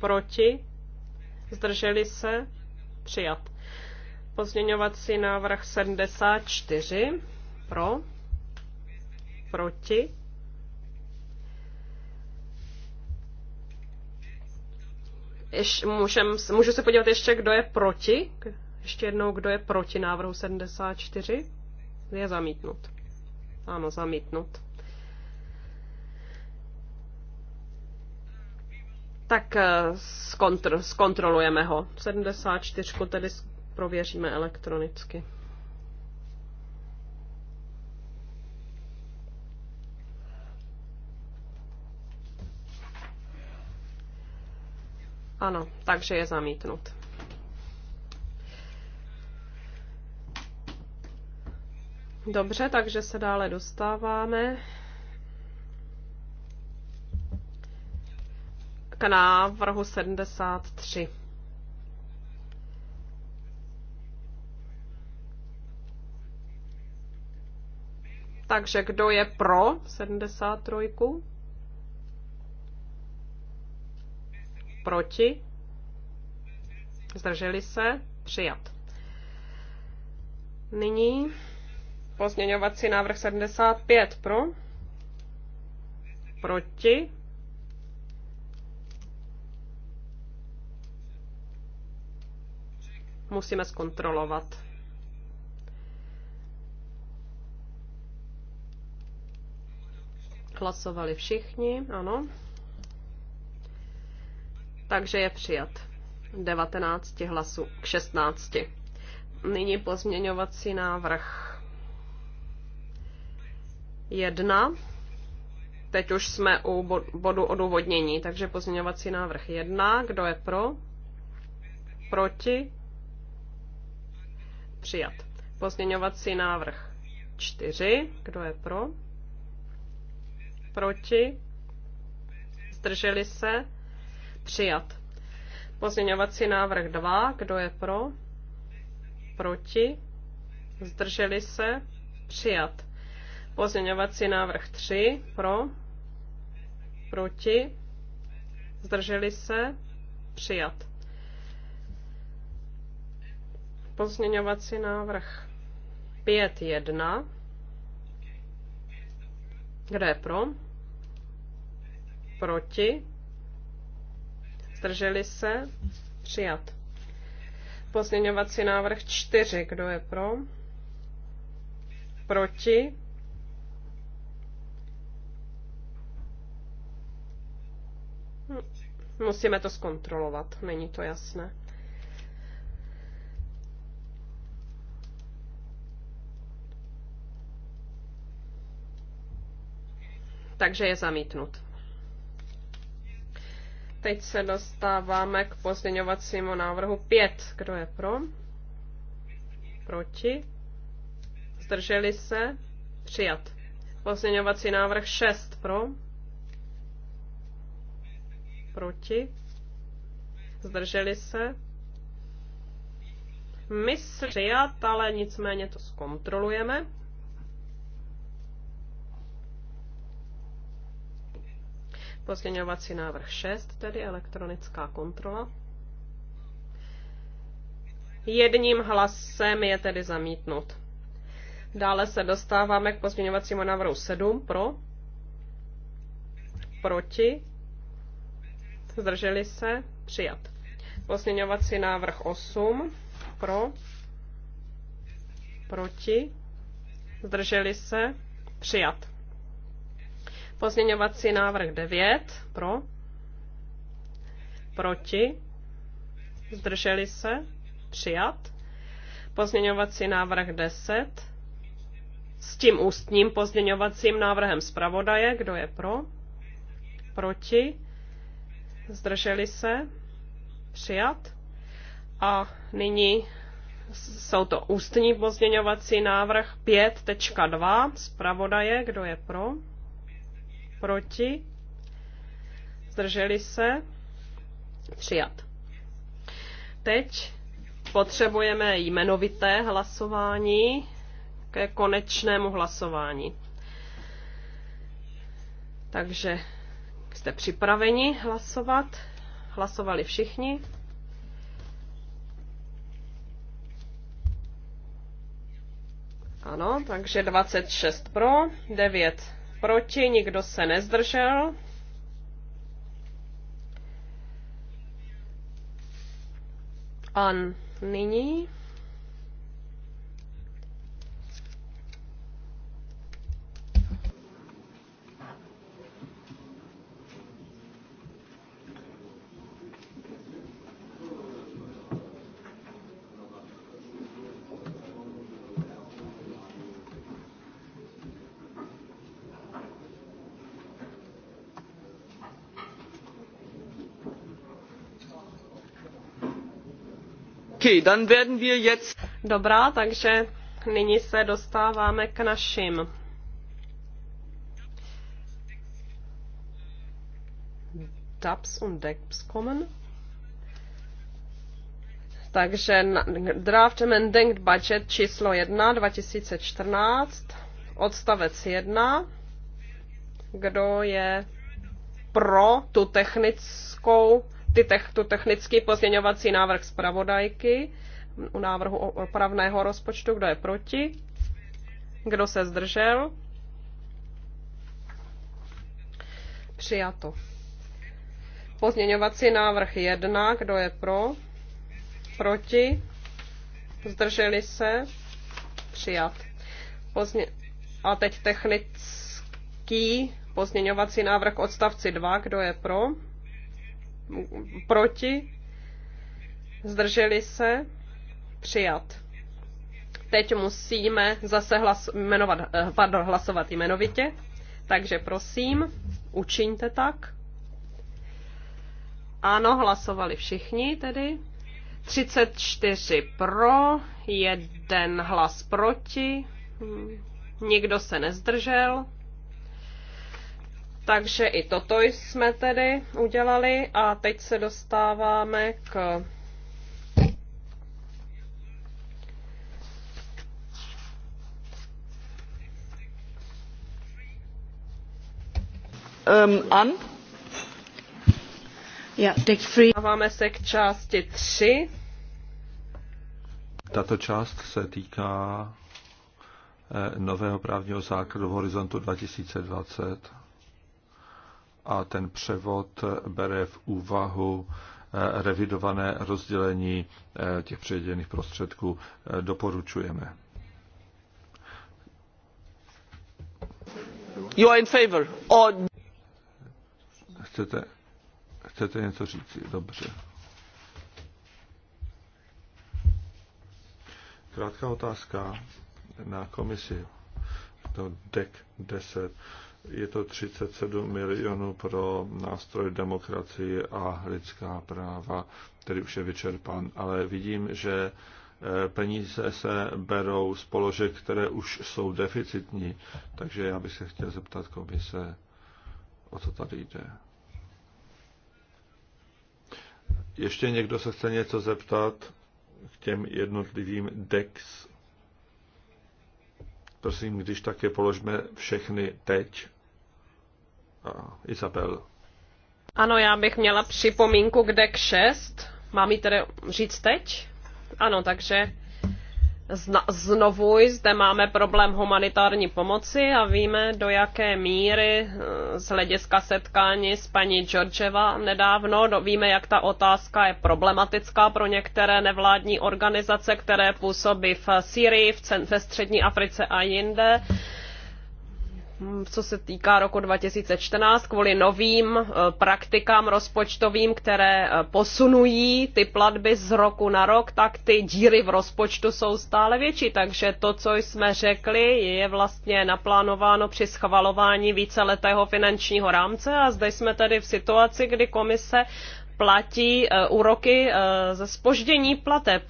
Proti? Zdrželi se? Přijat. Pozměňovací návrh 74 pro, proti. Jež můžem, můžu se podívat ještě, kdo je proti? Ještě jednou, kdo je proti návrhu 74? Je zamítnut. Ano, zamítnut. Tak zkontr- eh, zkontrolujeme ho. 74 tedy prověříme elektronicky. Ano, takže je zamítnut. Dobře, takže se dále dostáváme k návrhu 73. takže kdo je pro 73? Proti? Zdrželi se? Přijat. Nyní pozměňovací návrh 75 pro, proti, musíme zkontrolovat. Hlasovali všichni, ano. Takže je přijat. 19 hlasů k 16. Nyní pozměňovací návrh 1. Teď už jsme u bodu odůvodnění, takže pozměňovací návrh 1. Kdo je pro? Proti? Přijat. Pozměňovací návrh 4. Kdo je pro? proti, zdrželi se, přijat. Pozměňovací návrh 2, kdo je pro, proti, zdrželi se, přijat. Pozměňovací návrh 3, pro, proti, zdrželi se, přijat. Pozměňovací návrh 5.1. Kdo je pro? proti, zdrželi se, přijat. Pozměňovací návrh 4, kdo je pro, proti, Musíme to zkontrolovat, není to jasné. Takže je zamítnut teď se dostáváme k pozměňovacímu návrhu 5. Kdo je pro? Proti? Zdrželi se? Přijat. Pozměňovací návrh 6 pro? Proti? Zdrželi se? Mysl přijat, ale nicméně to zkontrolujeme. Pozměňovací návrh 6, tedy elektronická kontrola. Jedním hlasem je tedy zamítnut. Dále se dostáváme k pozměňovacímu návrhu 7 pro, proti, zdrželi se, přijat. Pozměňovací návrh 8 pro, proti, zdrželi se, přijat. Pozměňovací návrh 9 pro, proti, zdrželi se, přijat. Pozměňovací návrh 10 s tím ústním pozměňovacím návrhem zpravodaje, kdo je pro, proti, zdrželi se, přijat. A nyní jsou to ústní pozměňovací návrh 5.2 zpravodaje, kdo je pro, proti, zdrželi se, přijat. Teď potřebujeme jmenovité hlasování ke konečnému hlasování. Takže jste připraveni hlasovat? Hlasovali všichni? Ano, takže 26 pro, 9 proti, nikdo se nezdržel. A nyní Okay, dann werden wir jetzt... Dobrá, takže nyní se dostáváme k našim Dubs und DEPS kommen. Takže Draft Amending Budget číslo 1 2014, odstavec 1. Kdo je pro tu technickou ty tech, tu technický pozměňovací návrh zpravodajky u návrhu opravného rozpočtu. Kdo je proti? Kdo se zdržel? Přijato. Pozměňovací návrh 1. Kdo je pro? Proti? Zdrželi se? Přijat. Pozně... A teď technický pozměňovací návrh odstavci 2. Kdo je pro? proti, zdrželi se, přijat. Teď musíme zase hlas, jmenovat, eh, pardon, hlasovat jmenovitě, takže prosím, učiňte tak. Ano, hlasovali všichni tedy. 34 pro, jeden hlas proti, hm, nikdo se nezdržel, takže i toto jsme tedy udělali a teď se dostáváme k um, an. Dáváme se k části 3. Tato část se týká eh, nového právního základu v horizontu 2020 a ten převod bere v úvahu eh, revidované rozdělení eh, těch přejeděných prostředků. Eh, doporučujeme. You are in favor. Or... Chcete, chcete něco říct? Dobře. Krátká otázka na komisi. To DEC 10 je to 37 milionů pro nástroj demokracie a lidská práva, který už je vyčerpán. Ale vidím, že eh, peníze se berou z položek, které už jsou deficitní. Takže já bych se chtěl zeptat komise, o co tady jde. Ještě někdo se chce něco zeptat k těm jednotlivým DEX? Prosím, když také položme všechny teď. Isabel. Ano, já bych měla připomínku k deck 6. Mám ji tedy říct teď? Ano, takže zna, znovu zde máme problém humanitární pomoci a víme, do jaké míry eh, z hlediska setkání s paní Georgeva nedávno, do, víme, jak ta otázka je problematická pro některé nevládní organizace, které působí v Syrii, v, v Střední Africe a jinde co se týká roku 2014, kvůli novým eh, praktikám rozpočtovým, které eh, posunují ty platby z roku na rok, tak ty díry v rozpočtu jsou stále větší. Takže to, co jsme řekli, je vlastně naplánováno při schvalování víceletého finančního rámce a zde jsme tedy v situaci, kdy komise platí eh, úroky ze spoždění plateb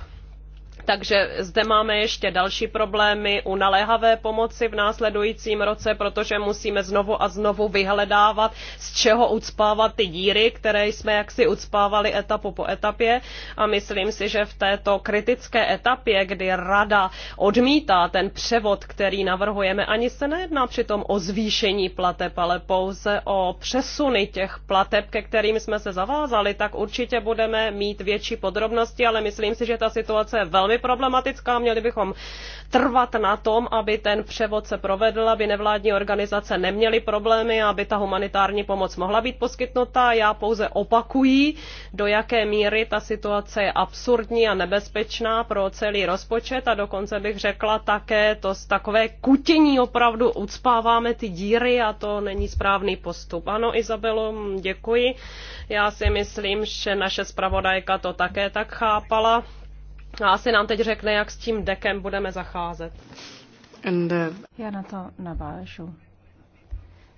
takže zde máme ještě další problémy u naléhavé pomoci v následujícím roce, protože musíme znovu a znovu vyhledávat, z čeho ucpávat ty díry, které jsme jaksi ucpávali etapu po etapě. A myslím si, že v této kritické etapě, kdy rada odmítá ten převod, který navrhujeme, ani se nejedná přitom o zvýšení plateb, ale pouze o přesuny těch plateb, ke kterým jsme se zavázali, tak určitě budeme mít větší podrobnosti, ale myslím si, že ta situace je velmi velmi problematická. Měli bychom trvat na tom, aby ten převod se provedl, aby nevládní organizace neměly problémy, aby ta humanitární pomoc mohla být poskytnuta. Já pouze opakuji, do jaké míry ta situace je absurdní a nebezpečná pro celý rozpočet a dokonce bych řekla také to takové kutění opravdu ucpáváme ty díry a to není správný postup. Ano, Izabelo, děkuji. Já si myslím, že naše zpravodajka to také tak chápala a no, asi nám teď řekne, jak s tím dekem budeme zacházet. And, uh... Já na to navážu.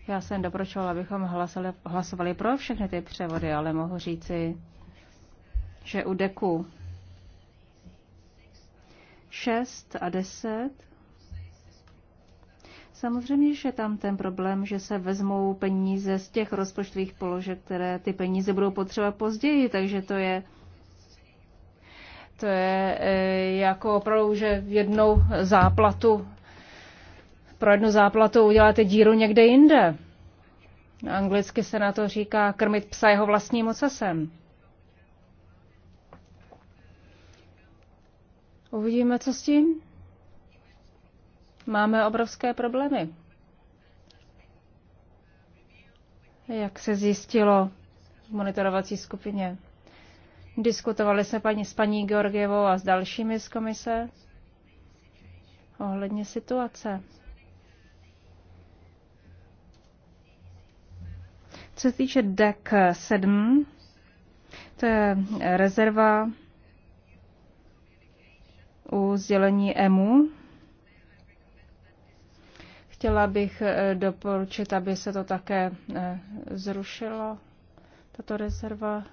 Já jsem doporučovala, abychom hlasali, hlasovali pro všechny ty převody, ale mohu říci, že u deku 6 a 10 Samozřejmě, že tam ten problém, že se vezmou peníze z těch rozpočtových položek, které ty peníze budou potřeba později, takže to je to je e, jako opravdu, že jednou záplatu, pro jednu záplatu uděláte díru někde jinde. Anglicky se na to říká krmit psa jeho vlastním ocasem. Uvidíme, co s tím. Máme obrovské problémy. Jak se zjistilo v monitorovací skupině. Diskutovali se paní, s paní Georgievou a s dalšími z komise ohledně situace. Co se týče DEC 7, to je rezerva u sdělení EMU. Chtěla bych eh, doporučit, aby se to také eh, zrušilo, tato rezerva.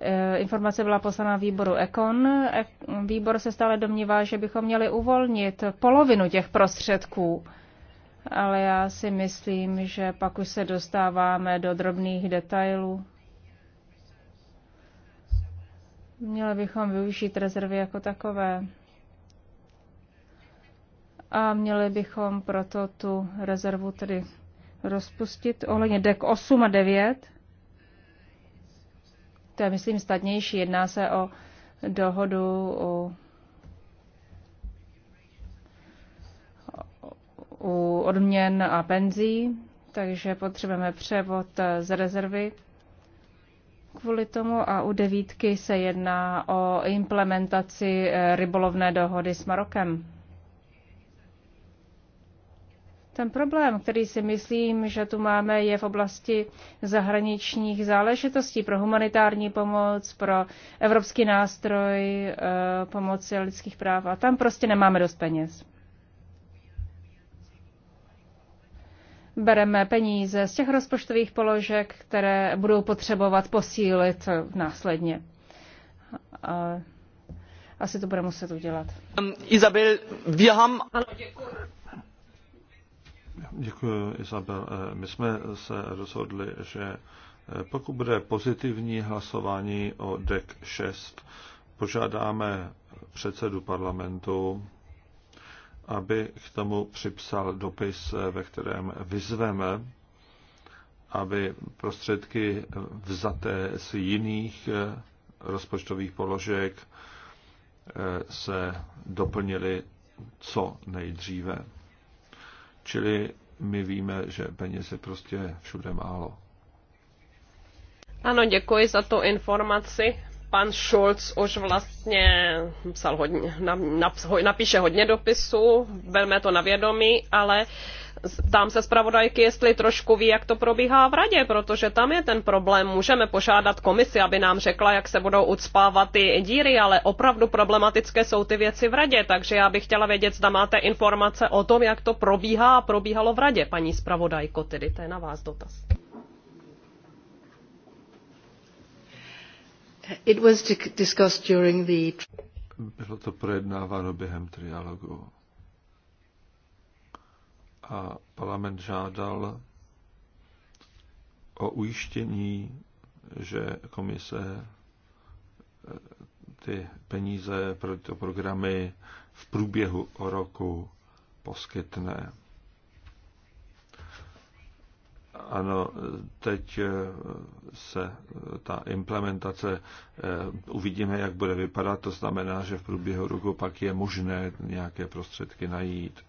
Eh, informace byla poslána výboru Econ. Výbor se stále domnívá, že bychom měli uvolnit polovinu těch prostředků, ale já si myslím, že pak už se dostáváme do drobných detailů. Měli bychom využít rezervy jako takové. A měli bychom proto tu rezervu tedy rozpustit ohledně DEC 8 a 9. To je, myslím, statnější. Jedná se o dohodu o, u odměn a penzí, takže potřebujeme převod z rezervy kvůli tomu a u devítky se jedná o implementaci rybolovné dohody s Marokem. Ten problém, který si myslím, že tu máme, je v oblasti zahraničních záležitostí pro humanitární pomoc, pro evropský nástroj eh, pomoci lidských práv a tam prostě nemáme dost peněz. Bereme peníze z těch rozpočtových položek, které budou potřebovat posílit následně. A asi to bude muset udělat. Um, Isabel, wir haben... Děkuji, Izabel. Eh, my jsme se rozhodli, že eh, pokud bude pozitivní hlasování o DEC 6, požádáme předsedu parlamentu, aby k tomu připsal dopis, eh, ve kterém vyzveme, aby prostředky vzaté z jiných rozpočtových položek se doplnily co nejdříve. Čili my víme, že peněz je prostě všude málo. Ano, děkuji za tu informaci. Pan Schulz už vlastně psal hodně, napíše hodně dopisů, Velmi to na vědomí, ale tam se zpravodajky, jestli trošku ví, jak to probíhá v radě, protože tam je ten problém. Můžeme požádat komisi, aby nám řekla, jak se budou ucpávat ty díry, ale opravdu problematické jsou ty věci v radě, takže já bych chtěla vědět, zda máte informace o tom, jak to probíhá a probíhalo v radě, paní zpravodajko, tedy to je na vás dotaz. It was discussed during the... Bylo to projednáváno během trialogu a parlament žádal o ujištění, že komise eh, ty peníze pro tyto programy v průběhu roku poskytne. Ano, teď eh, se eh, ta implementace, uvidíme, jak bude vypadat, to znamená, že v průběhu roku pak je možné nějaké prostředky najít.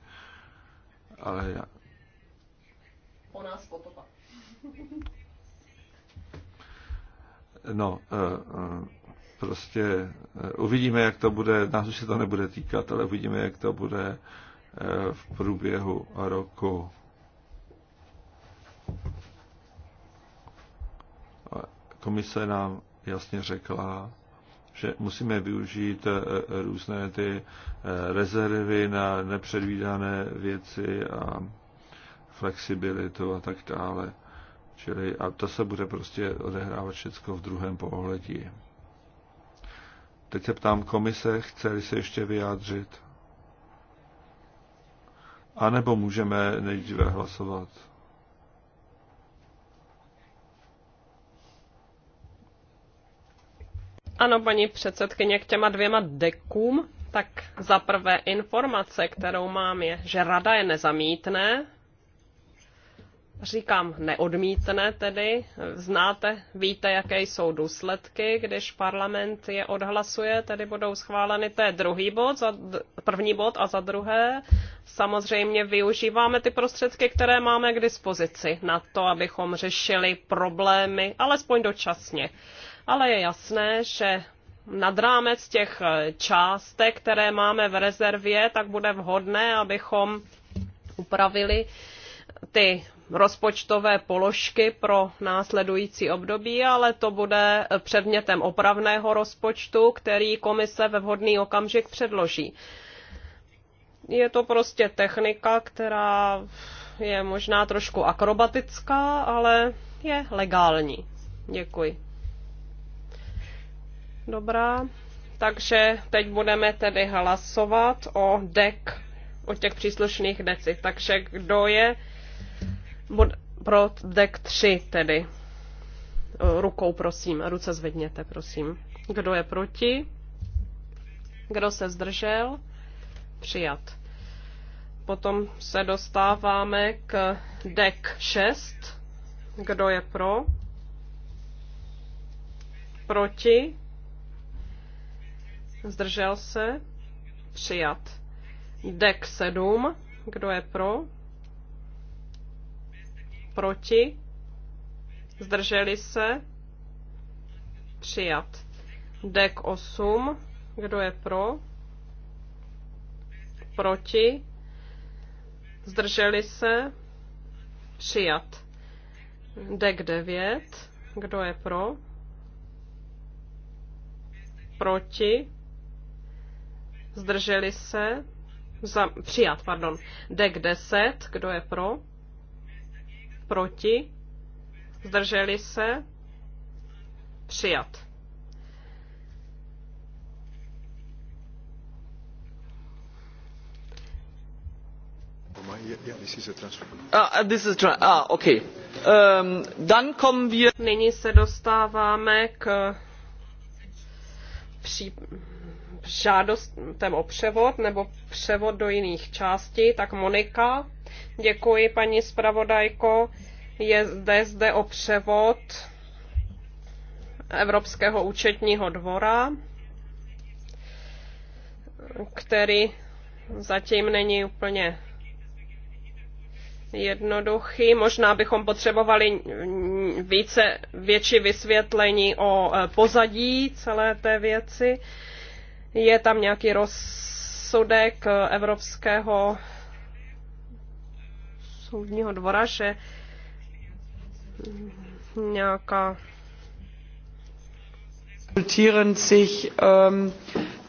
Ale já... Po nás potopa. No, eh, eh, prostě eh, uvidíme, jak to bude, nás už se to nebude týkat, ale uvidíme, jak to bude v průběhu roku. Komise nám jasně řekla, že musíme využít eh, eh, různé ty eh, rezervy na nepředvídané věci a flexibilitu a tak dále. Čili a to se bude prostě odehrávat všechno v druhém pohledí. Teď se ptám komise, chce se ještě vyjádřit? A nebo můžeme nejdříve hlasovat? Ano, paní předsedkyně, k těma dvěma dekům, tak za prvé informace, kterou mám, je, že rada je nezamítne. Říkám neodmítne tedy. Znáte, víte, jaké jsou důsledky, když parlament je odhlasuje, tedy budou schváleny. To je druhý bod, za první bod a za druhé. Samozřejmě využíváme ty prostředky, které máme k dispozici na to, abychom řešili problémy, alespoň dočasně ale je jasné, že nad rámec těch eh, částek, které máme v rezervě, tak bude vhodné, abychom upravili ty rozpočtové položky pro následující období, ale to bude předmětem opravného rozpočtu, který komise ve vhodný okamžik předloží. Je to prostě technika, která je možná trošku akrobatická, ale je legální. Děkuji. Dobrá, takže teď budeme tedy hlasovat o dek, o těch příslušných decích. Takže kdo je pro dek 3 tedy? Rukou prosím, ruce zvedněte prosím. Kdo je proti? Kdo se zdržel? Přijat. Potom se dostáváme k dek 6. Kdo je pro? Proti? Zdržel se? Přijat. Dek 7. Kdo je pro? Proti? Zdrželi se? Přijat. Dek 8. Kdo je pro? Proti? Zdrželi se? Přijat. Dek 9. Kdo je pro? Proti? zdrželi se, za, přijat, pardon, dek 10, kdo je pro, proti, zdrželi se, přijat. Ah, uh, this is trans- ah, okay. um, dann kommen wir Nyní se dostáváme k pří- žádostem o převod nebo převod do jiných částí, tak Monika, děkuji paní zpravodajko, je zde, zde o převod Evropského účetního dvora, který zatím není úplně jednoduchý. Možná bychom potřebovali více, větší vysvětlení o eh, pozadí celé té věci. Je tam nějaký rozsudek Evropského soudního dvora, že nějaká. Sich, ähm,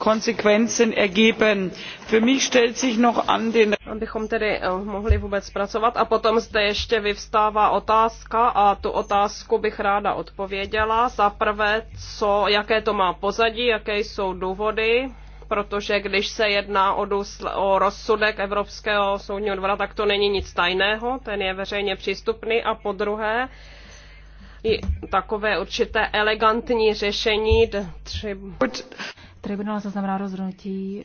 konsequenzen ergeben. Für mich stellt sich noch an den... Abychom tedy eh, mohli vůbec pracovat a potom zde ještě vyvstává otázka a tu otázku bych ráda odpověděla. Za prvé, co, jaké to má pozadí, jaké jsou důvody, protože když se jedná o, důsl- o rozsudek Evropského soudního dvora, tak to není nic tajného, ten je veřejně přístupný a po druhé, takové určité elegantní řešení. Tři... Tribunál zaznamená rozhodnutí eh,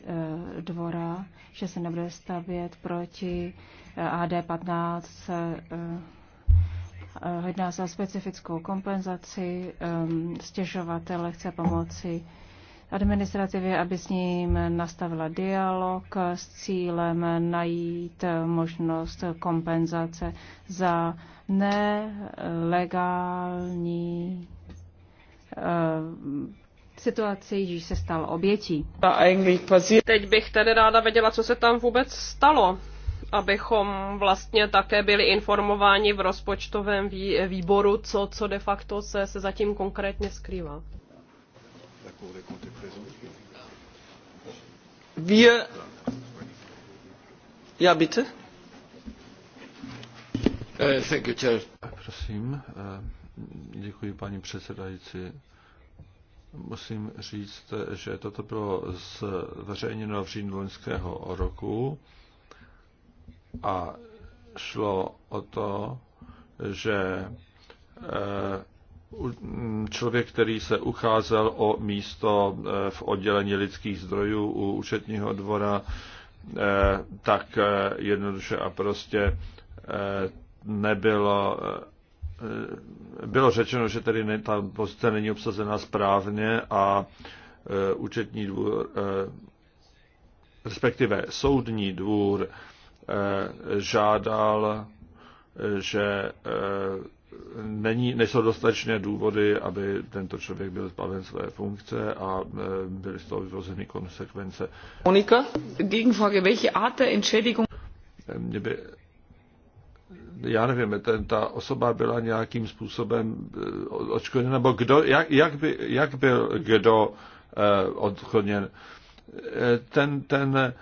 dvora, že se nebude stavět proti eh, AD15. Eh, jedná se o specifickou kompenzaci. Stěžovatele chce pomoci administrativě, aby s ním nastavila dialog s cílem najít možnost kompenzace za nelegální situaci, již se stal obětí. Teď bych tedy ráda věděla, co se tam vůbec stalo, abychom vlastně také byli informováni v rozpočtovém výboru, co, co de facto se, se zatím konkrétně skrývá. Wir, ja bitte. Uh, thank you, Chair. Prosím, uh, děkuji paní předsedající musím říct, že toto bylo zveřejněno v říjnu loňského roku a šlo o to, že eh, člověk, který se ucházel o místo eh, v oddělení lidských zdrojů u účetního dvora, eh, tak jednoduše a prostě nebylo Eh, bylo řečeno, že tedy ne, ta pozice není obsazená správně a e, účetní dvůr, e, respektive soudní dvůr e, žádal, že e, není, nejsou dostatečné důvody, aby tento člověk byl zbaven své funkce a e, byly z toho vyvozeny konsekvence. Monika, gegenfrage, welche Art der Entschädigung? já nevím, ten, ta osoba byla nějakým způsobem eh, odškodněna, nebo kdo, jak, jak, by, jak byl kdo eh, odškodněn. Eh, ten, ten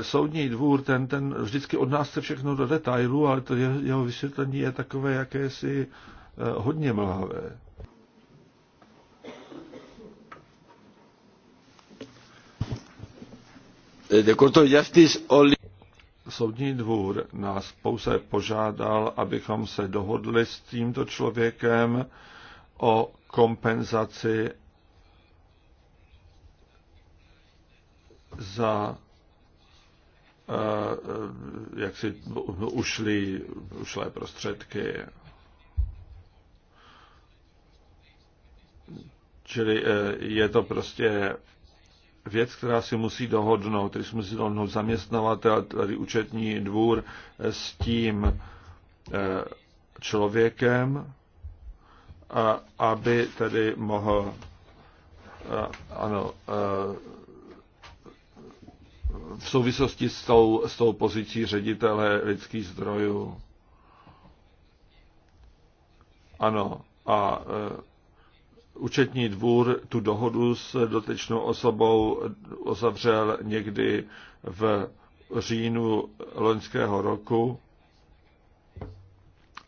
soudní dvůr, ten, ten vždycky od nás se všechno do detailu, ale to jeho vysvětlení je takové jakési hodně mlhavé. The Court of Justice only soudní dvůr nás pouze požádal, abychom se dohodli s tímto člověkem o kompenzaci za eh, jak si ušli, ušlé prostředky. Čili eh, je to prostě věc, která si musí dohodnout, jsme si musí dohodnout zaměstnavatel, tady účetní dvůr eh, s tím eh, člověkem, a aby tedy mohl eh, ano, v souvislosti s tou, s tou pozicí ředitele lidských zdrojů. Ano, a Účetní dvůr tu dohodu s dotečnou osobou uzavřel někdy v říjnu loňského roku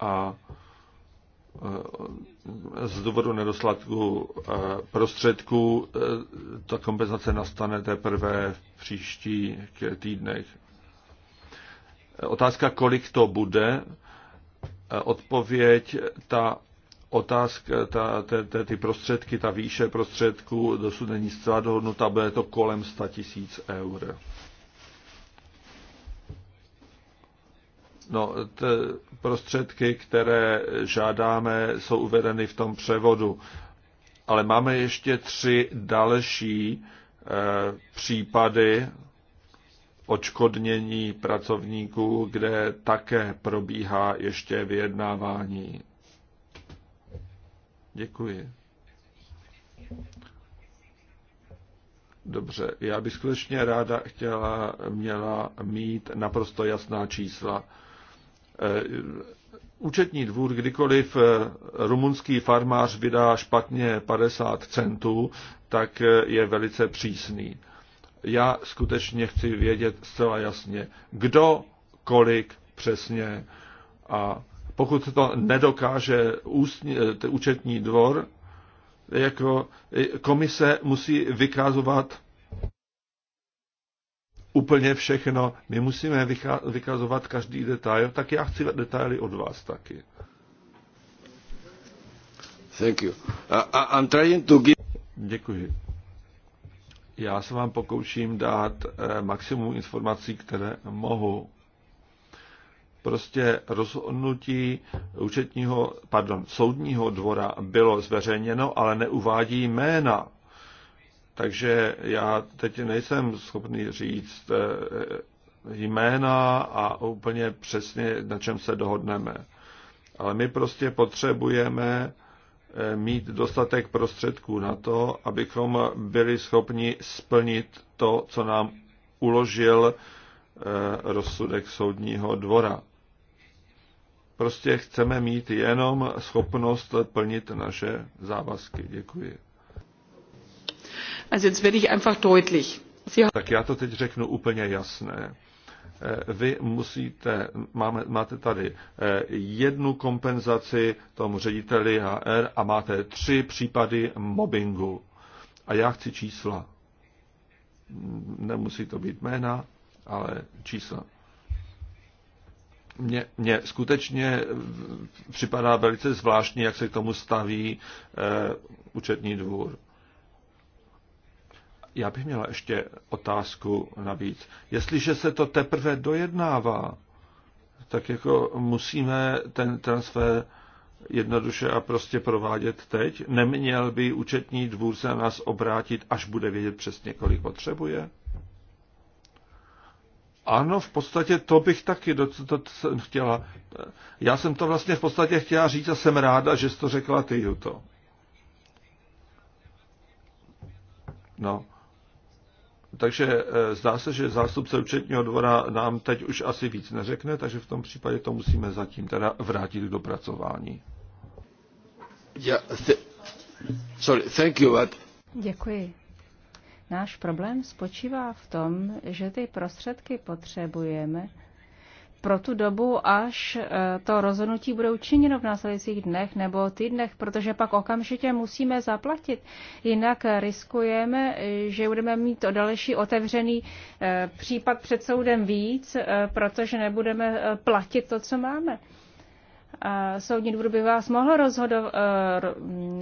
a e, z důvodu nedostatku e, prostředků e, ta kompenzace nastane teprve v příštích týdnech. Otázka, kolik to bude, odpověď ta otázka, ta, te, te, ty prostředky, ta výše prostředků dosud není zcela dohodnuta, bude to kolem 100 tisíc eur. No, t, prostředky, které žádáme, jsou uvedeny v tom převodu. Ale máme ještě tři další e, případy očkodnění pracovníků, kde také probíhá ještě vyjednávání. Děkuji. Dobře, já bych skutečně ráda chtěla, měla mít naprosto jasná čísla. Eh, účetní dvůr, kdykoliv eh, rumunský farmář vydá špatně 50 centů, tak eh, je velice přísný. Já skutečně chci vědět zcela jasně, kdo kolik přesně a pokud to nedokáže ústní, eh, účetní dvor, jako eh, komise musí vykazovat úplně všechno. My musíme vykazovat každý detail, tak já chci detaily od vás taky. Thank you. I'm trying to give... Děkuji. Já se vám pokouším dát eh, maximum informací, které mohu prostě rozhodnutí účetního, pardon, soudního dvora bylo zveřejněno, ale neuvádí jména. Takže já teď nejsem schopný říct eh, eh, jména a úplně přesně, na čem se dohodneme. Ale my prostě potřebujeme eh, mít dostatek prostředků na to, abychom byli schopni splnit to, co nám uložil rozsudek soudního dvora. Prostě chceme mít jenom schopnost plnit naše závazky. Děkuji. Also jetzt werde ich einfach deutlich. Sie... Tak já to teď řeknu úplně jasné eh, vy musíte, máme, máte tady eh, jednu kompenzaci tomu řediteli HR a máte tři případy mobbingu. A já chci čísla. Nemusí to být jména, ale čísla mě, mě skutečně eh, připadá velice zvláštní, jak se k tomu staví eh, účetní dvůr. Já bych měla ještě otázku navíc. Jestliže se to teprve dojednává, tak jako musíme ten transfer jednoduše a prostě provádět teď? Neměl by účetní dvůr se na nás obrátit, až bude vědět přesně, kolik potřebuje? Ano, v podstatě to bych taky do, to, to jsem chtěla. Já jsem to vlastně v podstatě chtěla říct a jsem ráda, že jsi to řekla ty, Juto. No. Takže e, zdá se, že zástupce účetního dvora nám teď už asi víc neřekne, takže v tom případě to musíme zatím teda vrátit k dopracování. Yeah, th- sorry, thank you, but... Děkuji. Náš problém spočívá v tom, že ty prostředky potřebujeme pro tu dobu, až e, to rozhodnutí budou učiněno v následujících dnech nebo týdnech, protože pak okamžitě musíme zaplatit. Jinak riskujeme, že budeme mít o další otevřený e, případ před soudem víc, e, protože nebudeme platit to, co máme soudní dvůr by vás mohl rozhodo, eh,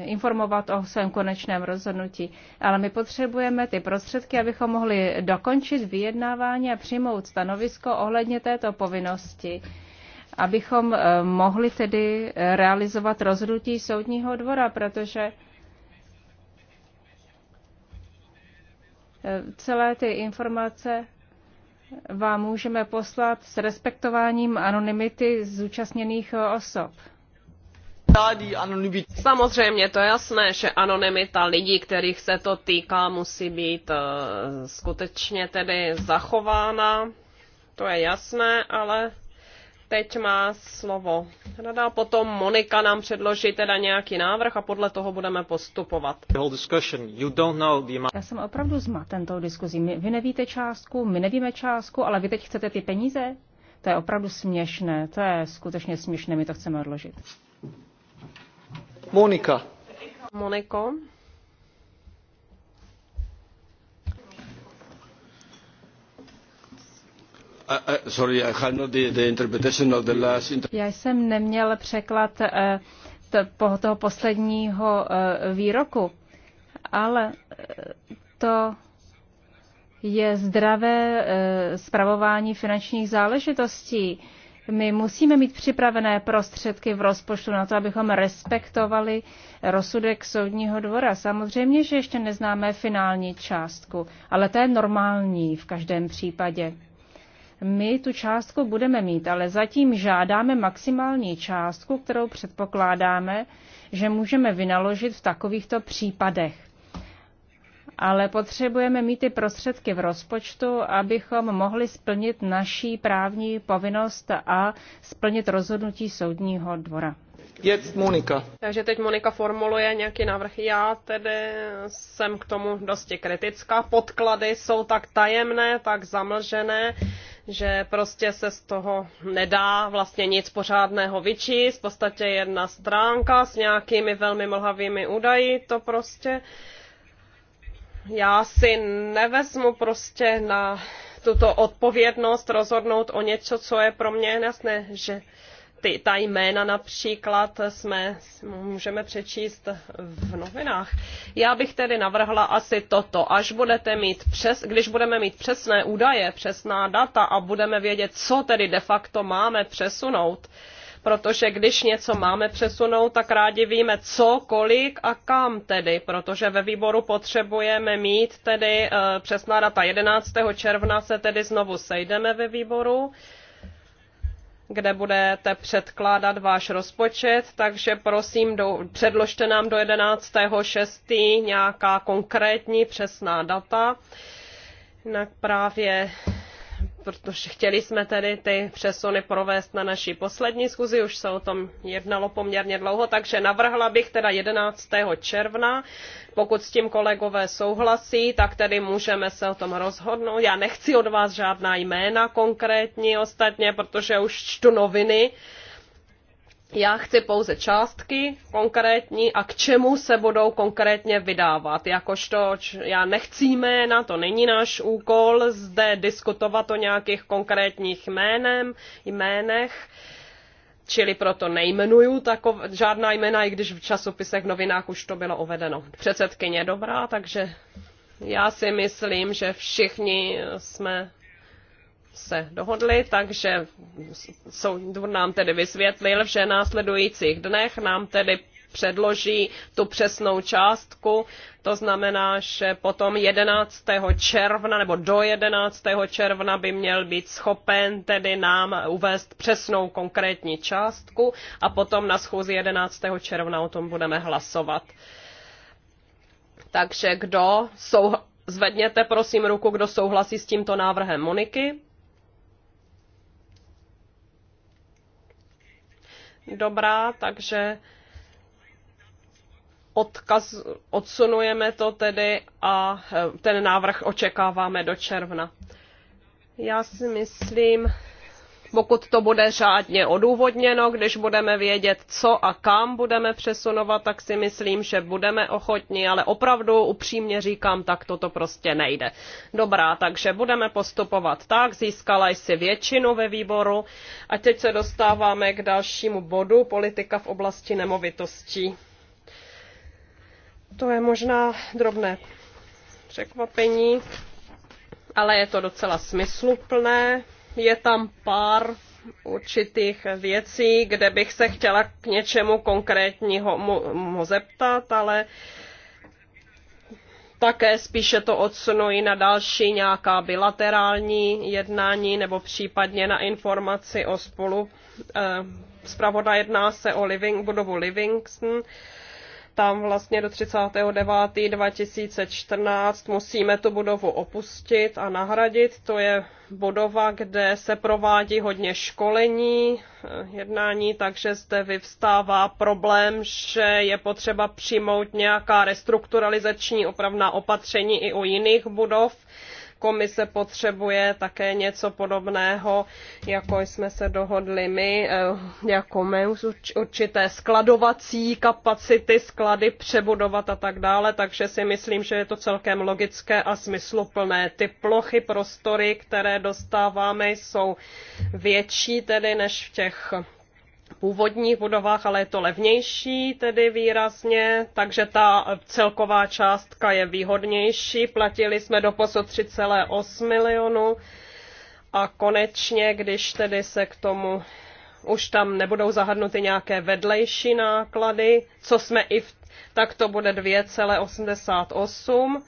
informovat o svém konečném rozhodnutí, ale my potřebujeme ty prostředky, abychom mohli dokončit vyjednávání a přijmout stanovisko ohledně této povinnosti, abychom eh, mohli tedy realizovat rozhodnutí soudního dvora, protože eh, celé ty informace vám můžeme poslat s respektováním anonymity zúčastněných eh, osob. Samozřejmě, to je jasné, že anonymita lidí, kterých se to týká, musí být eh, skutečně tedy zachována. To je jasné, ale teď má slovo rada, potom Monika nám předloží teda nějaký návrh a podle toho budeme postupovat. Já jsem opravdu zmaten tou diskuzí. My, vy nevíte částku, my nevíme částku, ale vy teď chcete ty peníze? To je opravdu směšné, to je skutečně směšné, my to chceme odložit. Monika. Moniko. Uh, uh, Já jsem neměl překlad eh, toho posledního eh, výroku, ale eh, to je zdravé zpravování finančních záležitostí. My musíme mít připravené prostředky v rozpočtu na to, abychom respektovali rozsudek soudního dvora. Samozřejmě, že ještě neznáme finální částku, ale to je normální v každém případě my tu částku budeme mít, ale zatím žádáme maximální částku, kterou předpokládáme, že můžeme vynaložit v takovýchto případech. Ale potřebujeme mít ty prostředky v rozpočtu, abychom mohli splnit naší právní povinnost a splnit rozhodnutí soudního dvora. Jetzt Monika. Takže teď Monika formuluje nějaký návrh. Já tedy jsem k tomu dosti kritická. Podklady jsou tak tajemné, tak zamlžené, že prostě se z toho nedá vlastně nic pořádného vyčíst. V podstatě jedna stránka s nějakými velmi mlhavými údaji, to prostě já si nevezmu prostě na tuto odpovědnost rozhodnout o něco, co je pro mě jasné, že ty, ta jména například jsme, můžeme přečíst v novinách. Já bych tedy navrhla asi toto. Až budete mít přes, když budeme mít přesné údaje, přesná data a budeme vědět, co tedy de facto máme přesunout, protože když něco máme přesunout, tak rádi víme, co, kolik a kam tedy, protože ve výboru potřebujeme mít tedy eh, přesná data. 11. června se tedy znovu sejdeme ve výboru kde budete předkládat váš rozpočet, takže prosím, do, předložte nám do 11.6. nějaká konkrétní přesná data. Jinak právě protože chtěli jsme tedy ty přesuny provést na naší poslední schůzi, už se o tom jednalo poměrně dlouho, takže navrhla bych teda 11. června, pokud s tím kolegové souhlasí, tak tedy můžeme se o tom rozhodnout. Já nechci od vás žádná jména konkrétní ostatně, protože už čtu noviny, já chci pouze částky konkrétní a k čemu se budou konkrétně vydávat. Jakožto já nechci jména, to není náš úkol zde diskutovat o nějakých konkrétních jménem, jménech čili proto nejmenuju takov, žádná jména, i když v časopisech, v novinách už to bylo uvedeno. Předsedkyně dobrá, takže já si myslím, že všichni jsme se dohodli, takže soud nám tedy vysvětlil, že následujících dnech nám tedy předloží tu přesnou částku. To znamená, že potom 11. června nebo do 11. června by měl být schopen tedy nám uvést přesnou konkrétní částku a potom na schůzi 11. června o tom budeme hlasovat. Takže kdo souhlasí? Zvedněte prosím ruku, kdo souhlasí s tímto návrhem Moniky. dobrá, takže odkaz, odsunujeme to tedy a eh, ten návrh očekáváme do června. Já si myslím, pokud to bude řádně odůvodněno, když budeme vědět, co a kam budeme přesunovat, tak si myslím, že budeme ochotni. ale opravdu upřímně říkám, tak toto prostě nejde. Dobrá, takže budeme postupovat tak, získala jsi většinu ve výboru a teď se dostáváme k dalšímu bodu, politika v oblasti nemovitostí. To je možná drobné překvapení, ale je to docela smysluplné je tam pár určitých věcí, kde bych se chtěla k něčemu konkrétního mu, mu zeptat, ale také spíše to odsunuji na další nějaká bilaterální jednání nebo případně na informaci o spolu. Eh, Zpravoda jedná se o living, budovu Livingston. Eh, tam vlastně do 39.2014 musíme tu budovu opustit a nahradit. To je budova, kde se provádí hodně školení, eh, jednání, takže zde vyvstává problém, že je potřeba přijmout nějaká restrukturalizační opravná opatření i u jiných budov komise potřebuje také něco podobného, jako jsme se dohodli my, eh, jako my určité skladovací kapacity, sklady přebudovat a tak dále, takže si myslím, že je to celkem logické a smysluplné. Ty plochy, prostory, které dostáváme, jsou větší tedy než v těch původních budovách, ale je to levnější tedy výrazně, takže ta celková částka je výhodnější. Platili jsme do posud 3,8 milionu a konečně, když tedy se k tomu už tam nebudou zahrnuty nějaké vedlejší náklady, co jsme i v, tak to bude 2,88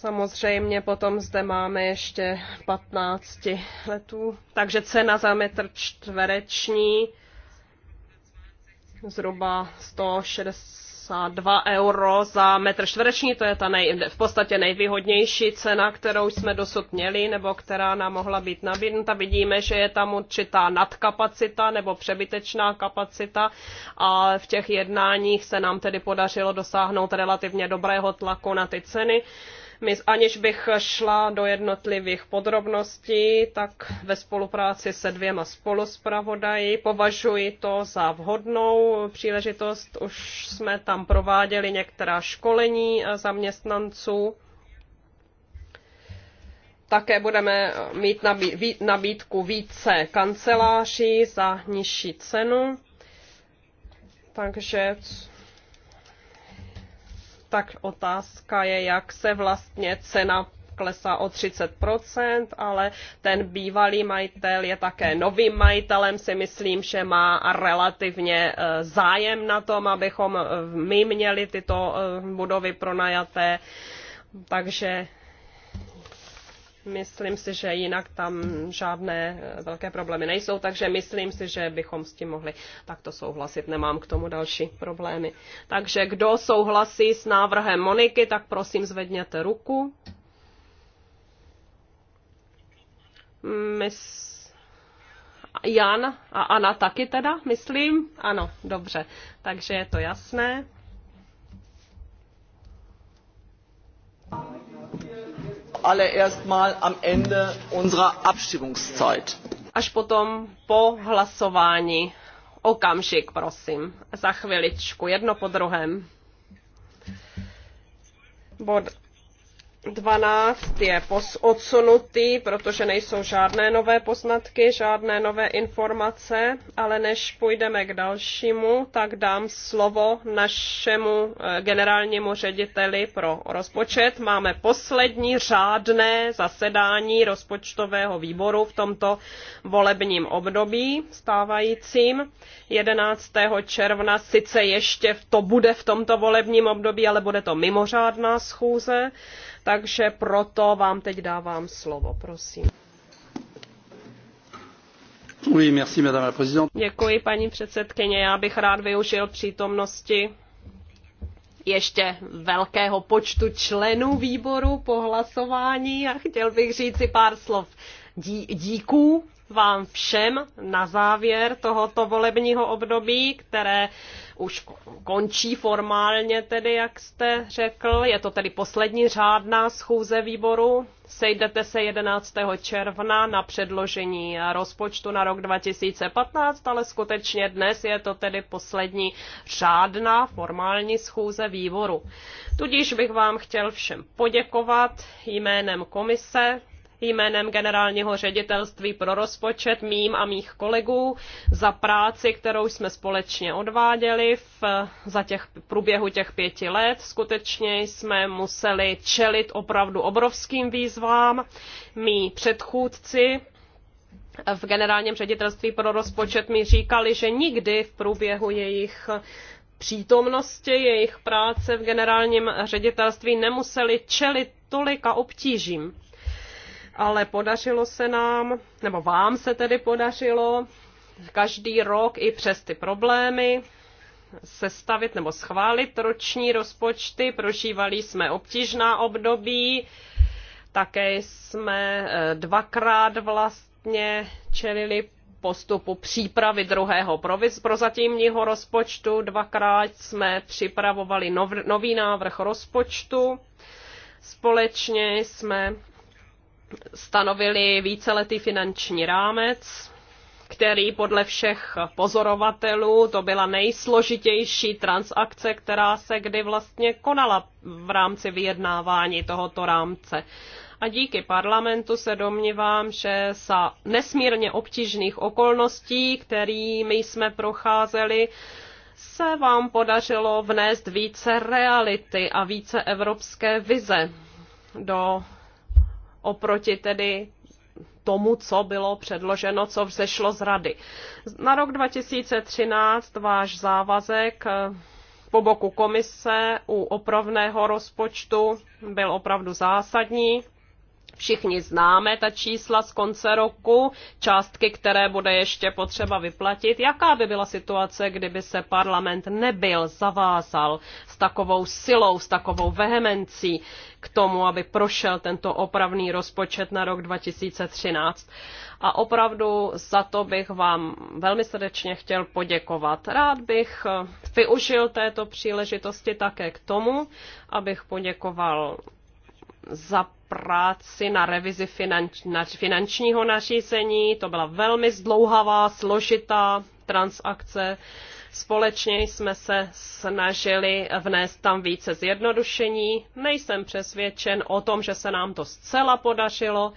Samozřejmě potom zde máme ještě 15 letů, takže cena za metr čtvereční zhruba 162 euro za metr čtvereční, to je ta nej, v podstatě nejvýhodnější cena, kterou jsme dosud měli, nebo která nám mohla být nabídnuta. Vidíme, že je tam určitá nadkapacita nebo přebytečná kapacita a v těch jednáních se nám tedy podařilo dosáhnout relativně dobrého tlaku na ty ceny my, aniž bych šla do jednotlivých podrobností, tak ve spolupráci se dvěma spoluspravodají považuji to za vhodnou příležitost. Už jsme tam prováděli některá školení zaměstnanců také budeme mít nabídku více kanceláří za nižší cenu. Takže tak otázka je, jak se vlastně cena klesá o 30%, ale ten bývalý majitel je také novým majitelem, si myslím, že má relativně e, zájem na tom, abychom e, my měli tyto e, budovy pronajaté. Takže Myslím si, že jinak tam žádné eh, velké problémy nejsou, takže myslím si, že bychom s tím mohli takto souhlasit. Nemám k tomu další problémy. Takže kdo souhlasí s návrhem Moniky, tak prosím zvedněte ruku. Mys... Jan a Ana taky teda, myslím? Ano, dobře. Takže je to jasné zuallererst mal am Ende unserer Abstimmungszeit. Až potom po hlasování. Okamžik, prosím. Za chviličku, jedno po druhém. Bod 12 je odsunutý, protože nejsou žádné nové poznatky, žádné nové informace, ale než půjdeme k dalšímu, tak dám slovo našemu eh, generálnímu řediteli pro rozpočet. Máme poslední řádné zasedání rozpočtového výboru v tomto volebním období stávajícím. 11. června sice ještě to bude v tomto volebním období, ale bude to mimořádná schůze takže proto vám teď dávám slovo, prosím. Oui, merci, madame la Děkuji, paní předsedkyně. Já bych rád využil přítomnosti ještě velkého počtu členů výboru po hlasování a chtěl bych říct si pár slov dí, díků vám všem na závěr tohoto volebního období, které už končí formálně tedy, jak jste řekl. Je to tedy poslední řádná schůze výboru. Sejdete se 11. června na předložení rozpočtu na rok 2015, ale skutečně dnes je to tedy poslední řádná formální schůze výboru. Tudíž bych vám chtěl všem poděkovat jménem komise, jménem generálního ředitelství pro rozpočet, mým a mých kolegů za práci, kterou jsme společně odváděli v, za těch průběhu těch pěti let. Skutečně jsme museli čelit opravdu obrovským výzvám. Mí předchůdci, v generálním ředitelství pro rozpočet mi říkali, že nikdy v průběhu jejich přítomnosti, jejich práce v generálním ředitelství nemuseli čelit tolika obtížím ale podařilo se nám, nebo vám se tedy podařilo, každý rok i přes ty problémy sestavit nebo schválit roční rozpočty. Prožívali jsme obtížná období, také jsme eh, dvakrát vlastně čelili postupu přípravy druhého prozatímního rozpočtu. Dvakrát jsme připravovali nov, nový návrh rozpočtu. Společně jsme stanovili víceletý finanční rámec, který podle všech pozorovatelů to byla nejsložitější transakce, která se kdy vlastně konala v rámci vyjednávání tohoto rámce. A díky parlamentu se domnívám, že za nesmírně obtížných okolností, kterými jsme procházeli, se vám podařilo vnést více reality a více evropské vize do oproti tedy tomu, co bylo předloženo, co vzešlo z rady. Na rok 2013 váš závazek eh, po boku komise u opravného rozpočtu byl opravdu zásadní. Všichni známe ta čísla z konce roku, částky, které bude ještě potřeba vyplatit. Jaká by byla situace, kdyby se parlament nebyl zavázal s takovou silou, s takovou vehemencí k tomu, aby prošel tento opravný rozpočet na rok 2013? A opravdu za to bych vám velmi srdečně chtěl poděkovat. Rád bych eh, využil této příležitosti také k tomu, abych poděkoval za práci na revizi finanč, na finančního nařízení. To byla velmi zdlouhavá, složitá transakce. Společně jsme se snažili vnést tam více zjednodušení. Nejsem přesvědčen o tom, že se nám to zcela podařilo.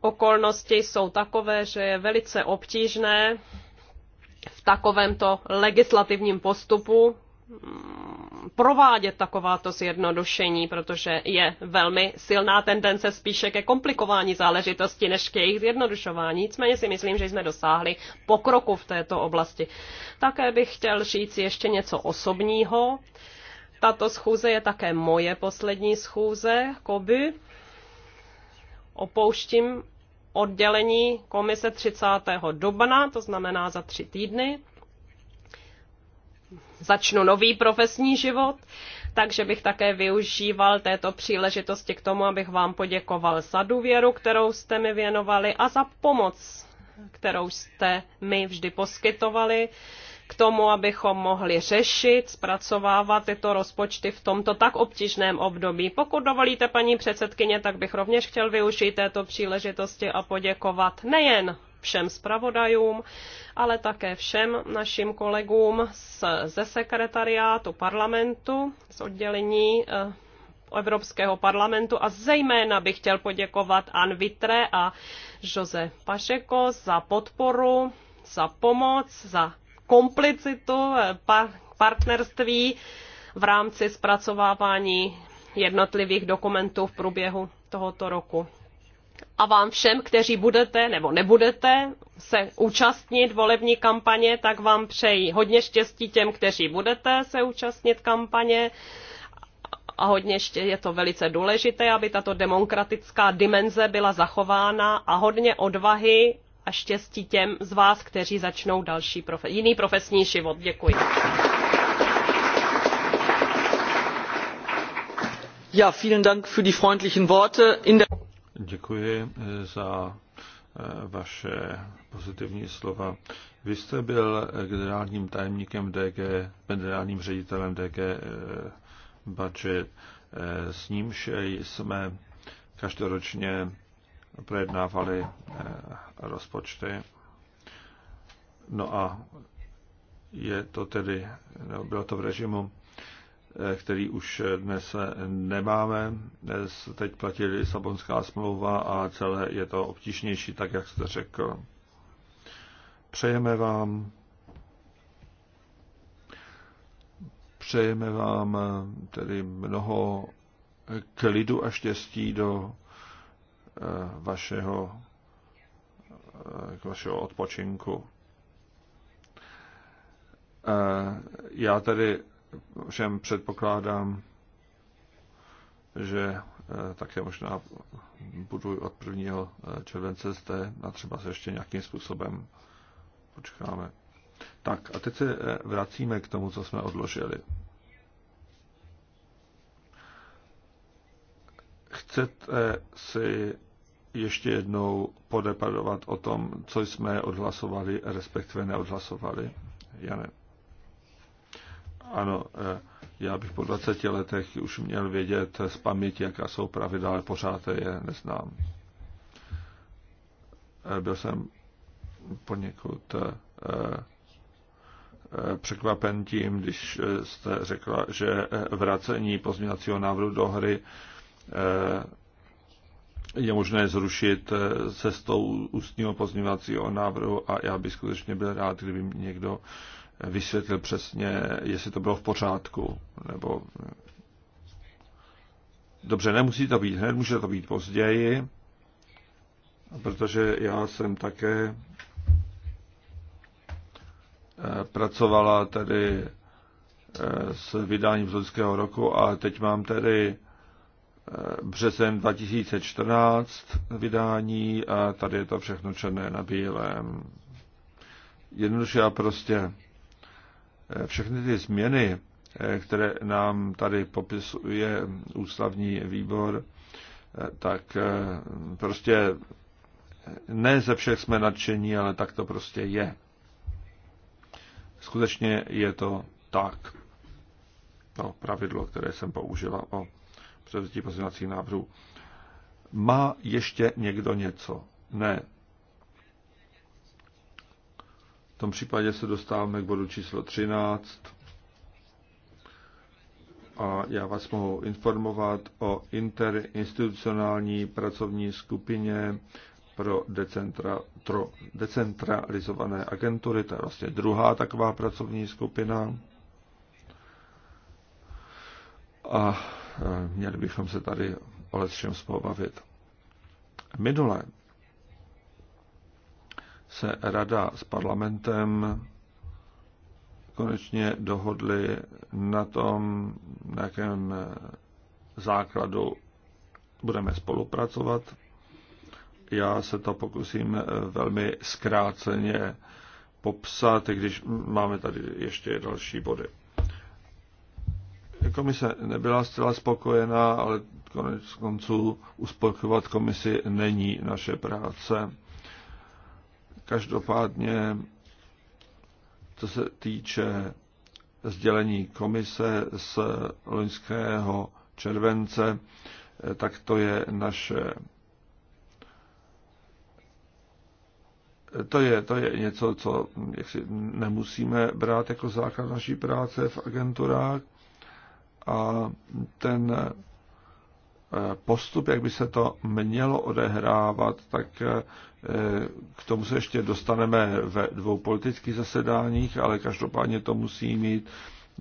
Okolnosti jsou takové, že je velice obtížné v takovémto legislativním postupu provádět takováto zjednodušení, protože je velmi silná tendence spíše ke komplikování záležitosti než k jejich zjednodušování. Nicméně si myslím, že jsme dosáhli pokroku v této oblasti. Také bych chtěl říct ještě něco osobního. Tato schůze je také moje poslední schůze, Koby. Opouštím oddělení komise 30. dubna, to znamená za tři týdny začnu nový profesní život, takže bych také využíval této příležitosti k tomu, abych vám poděkoval za důvěru, kterou jste mi věnovali a za pomoc, kterou jste mi vždy poskytovali k tomu, abychom mohli řešit, zpracovávat tyto rozpočty v tomto tak obtížném období. Pokud dovolíte, paní předsedkyně, tak bych rovněž chtěl využít této příležitosti a poděkovat nejen všem zpravodajům, ale také všem našim kolegům z, ze sekretariátu parlamentu, z oddělení eh, Evropského parlamentu a zejména bych chtěl poděkovat Ann Vitre a Jose Pašeko za podporu, za pomoc, za komplicitu, eh, pa, partnerství v rámci zpracovávání jednotlivých dokumentů v průběhu tohoto roku a vám všem, kteří budete nebo nebudete se účastnit volební kampaně, tak vám přeji hodně štěstí těm, kteří budete se účastnit kampaně a hodně ještě je to velice důležité, aby tato demokratická dimenze byla zachována a hodně odvahy a štěstí těm z vás, kteří začnou další profe- jiný profesní život. Děkuji. Ja, vielen Dank für die freundlichen Worte. In der Děkuji eh, za eh, vaše pozitivní slova. Vy jste byl eh, generálním tajemníkem DG, generálním ředitelem DG Budget, s nímž jsme každoročně projednávali rozpočty. No a je to tedy, no, bylo to v režimu který už dnes nemáme. Dnes teď platí Lisabonská smlouva a celé je to obtížnější, tak jak jste řekl. Přejeme vám přejeme vám tedy mnoho klidu a štěstí do eh, vašeho, eh, k vašeho odpočinku. Eh, já tedy všem předpokládám, že eh, také možná budu od 1. Eh, července zde a třeba se ještě nějakým způsobem počkáme. Tak a teď se eh, vracíme k tomu, co jsme odložili. Chcete si ještě jednou podepadovat o tom, co jsme odhlasovali, respektive neodhlasovali? ne. Ano, eh, já bych po 20 letech už měl vědět z paměti, jaká jsou pravidla, ale pořád je neznám. Eh, byl jsem poněkud eh, překvapen tím, když jste řekla, že vracení pozměňovacího návrhu do hry je možné zrušit cestou ústního pozměňovacího návrhu a já bych skutečně byl rád, kdyby někdo vysvětlil přesně, jestli to bylo v pořádku, nebo dobře, nemusí to být hned, může to být později, protože já jsem také eh, pracovala tedy eh, s vydáním z loňského roku a teď mám tedy eh, březen 2014 vydání a tady je to všechno černé na bílém. Jednoduše a prostě všechny ty změny, eh, které nám tady popisuje ústavní výbor, eh, tak eh, prostě ne ze všech jsme nadšení, ale tak to prostě je. Skutečně je to tak. To pravidlo, které jsem použila o převzetí pozměňovacích návrhů. Má ještě někdo něco? Ne, v tom případě se dostáváme k bodu číslo 13 a já vás mohu informovat o interinstitucionální pracovní skupině pro decentra, tro, decentralizované agentury, to je vlastně druhá taková pracovní skupina. A eh, měli bychom se tady o čem pobavit. Minule se Rada s parlamentem konečně dohodli na tom, na jakém základu budeme spolupracovat. Já se to pokusím velmi zkráceně popsat, když máme tady ještě další body. Komise nebyla zcela spokojená, ale konec konců uspokojovat komisi není naše práce. Každopádně, co se týče sdělení komise z loňského července, tak to je naše to je, to je něco, co jaksi nemusíme brát jako základ naší práce v agenturách a ten postup, jak by se to mělo odehrávat, tak eh, k tomu se ještě dostaneme ve dvou politických zasedáních, ale každopádně to musí mít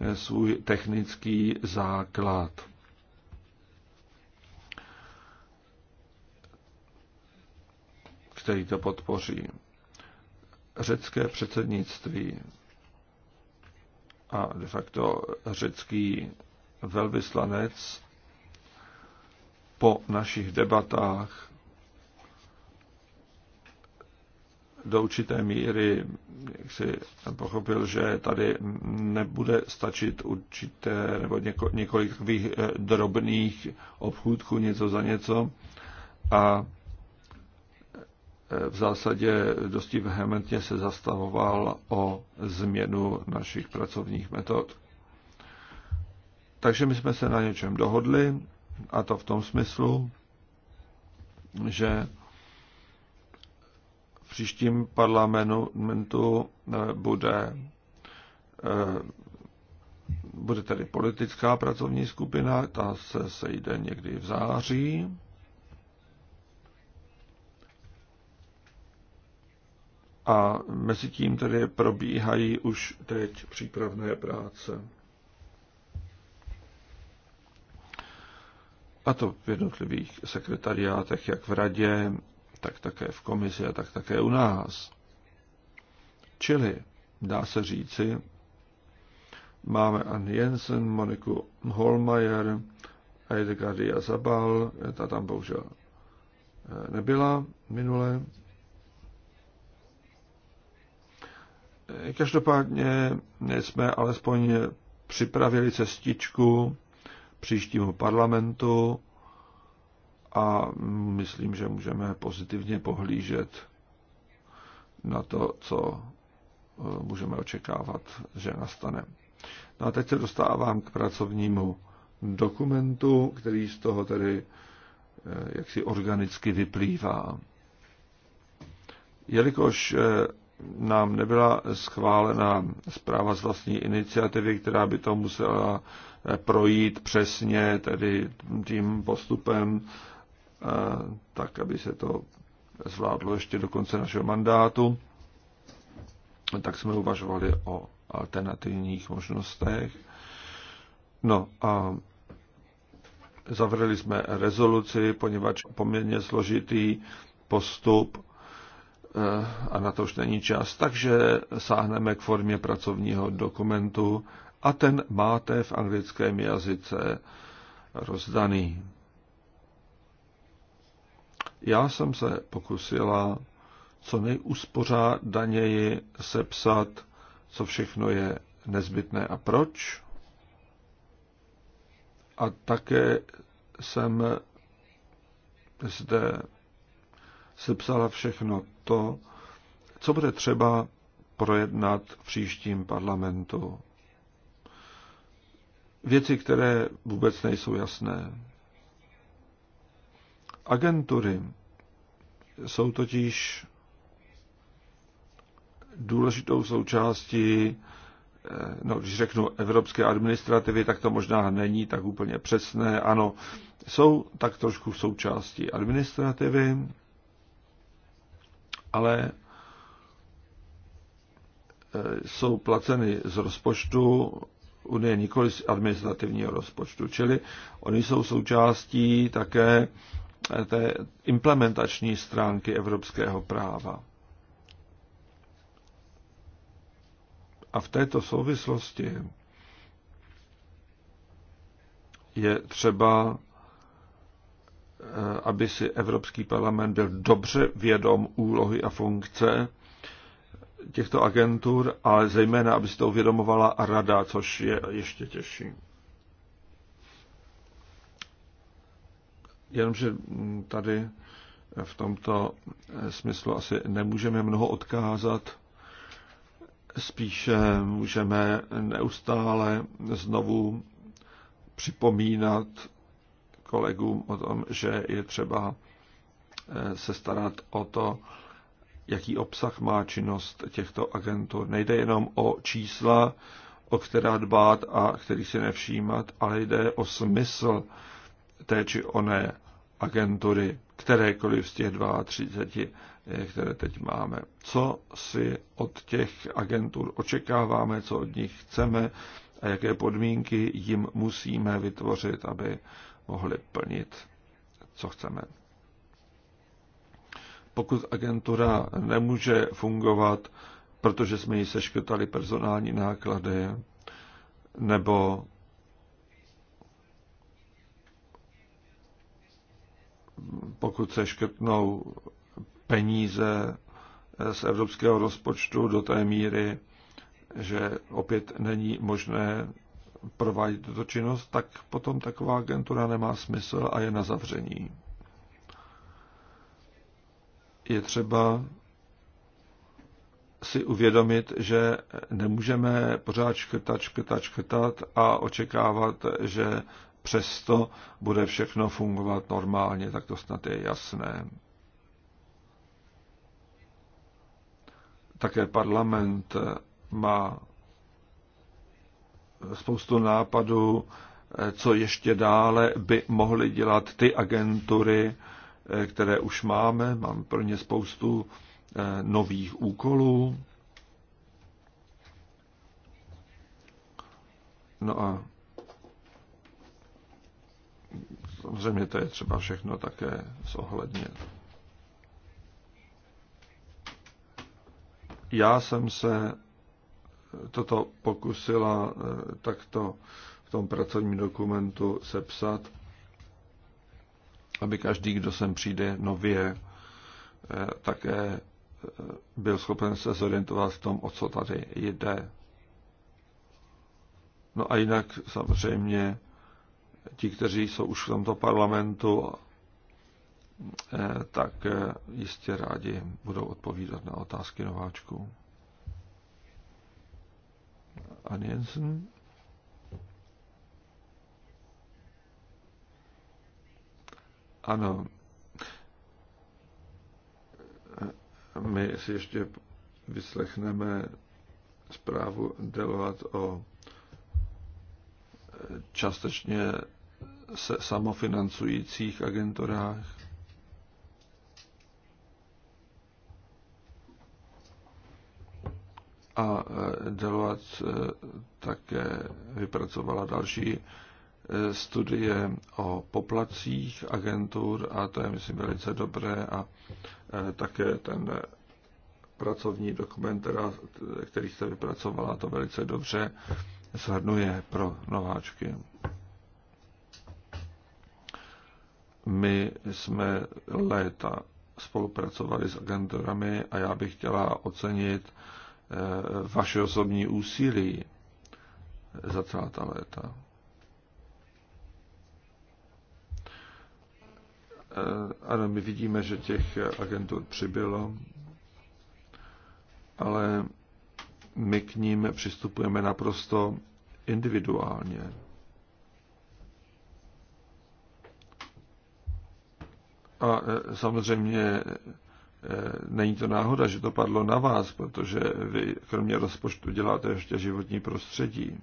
eh, svůj technický základ. který to podpoří. Řecké předsednictví a de facto řecký velvyslanec po našich debatách do určité míry jak si pochopil, že tady nebude stačit určité nebo něko, několik takových eh, drobných obchůdků něco za něco a eh, v zásadě dosti vehementně se zastavoval o změnu našich pracovních metod. Takže my jsme se na něčem dohodli a to v tom smyslu, že v příštím parlamentu eh, bude, eh, bude tedy politická pracovní skupina, ta se sejde někdy v září. A mezi tím tedy probíhají už teď přípravné práce. a to v jednotlivých sekretariátech, jak v radě, tak také v komisi a tak také u nás. Čili, dá se říci, máme Ann Jensen, Moniku Holmeyer, Edgaria Zabal, ta tam bohužel eh, nebyla minule. Eh, každopádně jsme alespoň připravili cestičku příštímu parlamentu a myslím, že můžeme pozitivně pohlížet na to, co eh, můžeme očekávat, že nastane. No a teď se dostávám k pracovnímu dokumentu, který z toho tedy eh, jaksi organicky vyplývá. Jelikož eh, nám nebyla schválena zpráva z vlastní iniciativy, která by to musela eh, projít přesně, tedy tím postupem, eh, tak, aby se to zvládlo ještě do konce našeho mandátu, tak jsme uvažovali o alternativních možnostech. No a zavřeli jsme rezoluci, poněvadž poměrně složitý postup Eh, a na to už není čas, takže sáhneme k formě pracovního dokumentu a ten máte v anglickém jazyce rozdaný. Já jsem se pokusila co nejuspořádaněji sepsat, co všechno je nezbytné a proč. A také jsem zde sepsala všechno to, co bude třeba projednat v příštím parlamentu. Věci, které vůbec nejsou jasné. Agentury jsou totiž důležitou součástí, eh, no, když řeknu evropské administrativy, tak to možná není tak úplně přesné. Ano, jsou tak trošku součástí administrativy, ale e, jsou placeny z rozpočtu Unie, nikoli z administrativního rozpočtu. Čili oni jsou součástí také e, té implementační stránky evropského práva. A v této souvislosti je třeba Eh, aby si Evropský parlament byl dobře vědom úlohy a funkce těchto agentur, ale zejména, aby si to uvědomovala rada, což je ještě těžší. Jenomže tady v tomto smyslu asi nemůžeme mnoho odkázat. Spíše můžeme neustále znovu připomínat kolegům o tom, že je třeba eh, se starat o to, jaký obsah má činnost těchto agentur. Nejde jenom o čísla, o která dbát a který si nevšímat, ale jde o smysl té či oné agentury, kterékoliv z těch 32, eh, které teď máme. Co si od těch agentur očekáváme, co od nich chceme a jaké podmínky jim musíme vytvořit, aby mohli plnit, co chceme. Pokud agentura nemůže fungovat, protože jsme ji seškrtali personální náklady, nebo pokud se škrtnou peníze z evropského rozpočtu do té míry, že opět není možné provádí tuto činnost, tak potom taková agentura nemá smysl a je na zavření. Je třeba si uvědomit, že nemůžeme pořád škrtat, škrtat, škrtat a očekávat, že přesto bude všechno fungovat normálně, tak to snad je jasné. Také parlament má spoustu nápadů, eh, co ještě dále by mohly dělat ty agentury, eh, které už máme. Mám pro ně spoustu eh, nových úkolů. No a samozřejmě to je třeba všechno také zohlednit. Já jsem se toto pokusila eh, takto v tom pracovním dokumentu sepsat, aby každý, kdo sem přijde nově, eh, také eh, byl schopen se zorientovat v tom, o co tady jde. No a jinak samozřejmě ti, kteří jsou už v tomto parlamentu, tak jistě rádi budou odpovídat na otázky nováčků. Ann Jensen. Ano. My si ještě vyslechneme zprávu delovat o částečně se samofinancujících agenturách. A e, Deloitte e, také vypracovala další e, studie o poplacích agentur a to je, myslím, velice dobré a také ten pracovní dokument, teda, který jste vypracovala, to velice dobře shrnuje pro nováčky. My jsme léta spolupracovali s agenturami a já bych chtěla ocenit vaše osobní úsilí za celá ta léta. Eh, ano, my vidíme, že těch agentur přibylo, ale my k ním přistupujeme naprosto individuálně. A eh, samozřejmě Eh, není to náhoda, že to padlo na vás, protože vy kromě rozpočtu děláte ještě životní prostředí.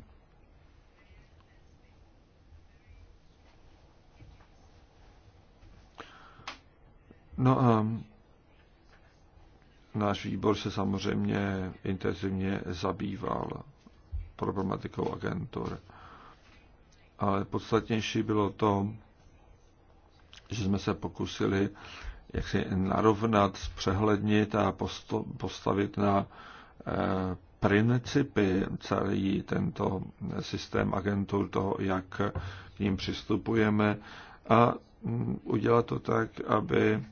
No a náš výbor se samozřejmě intenzivně zabýval problematikou agentur. Ale podstatnější bylo to, že jsme se pokusili jak si narovnat, přehlednit a postavit na eh, principy celý tento systém agentur, toho, jak k ním přistupujeme a mm, udělat to tak, aby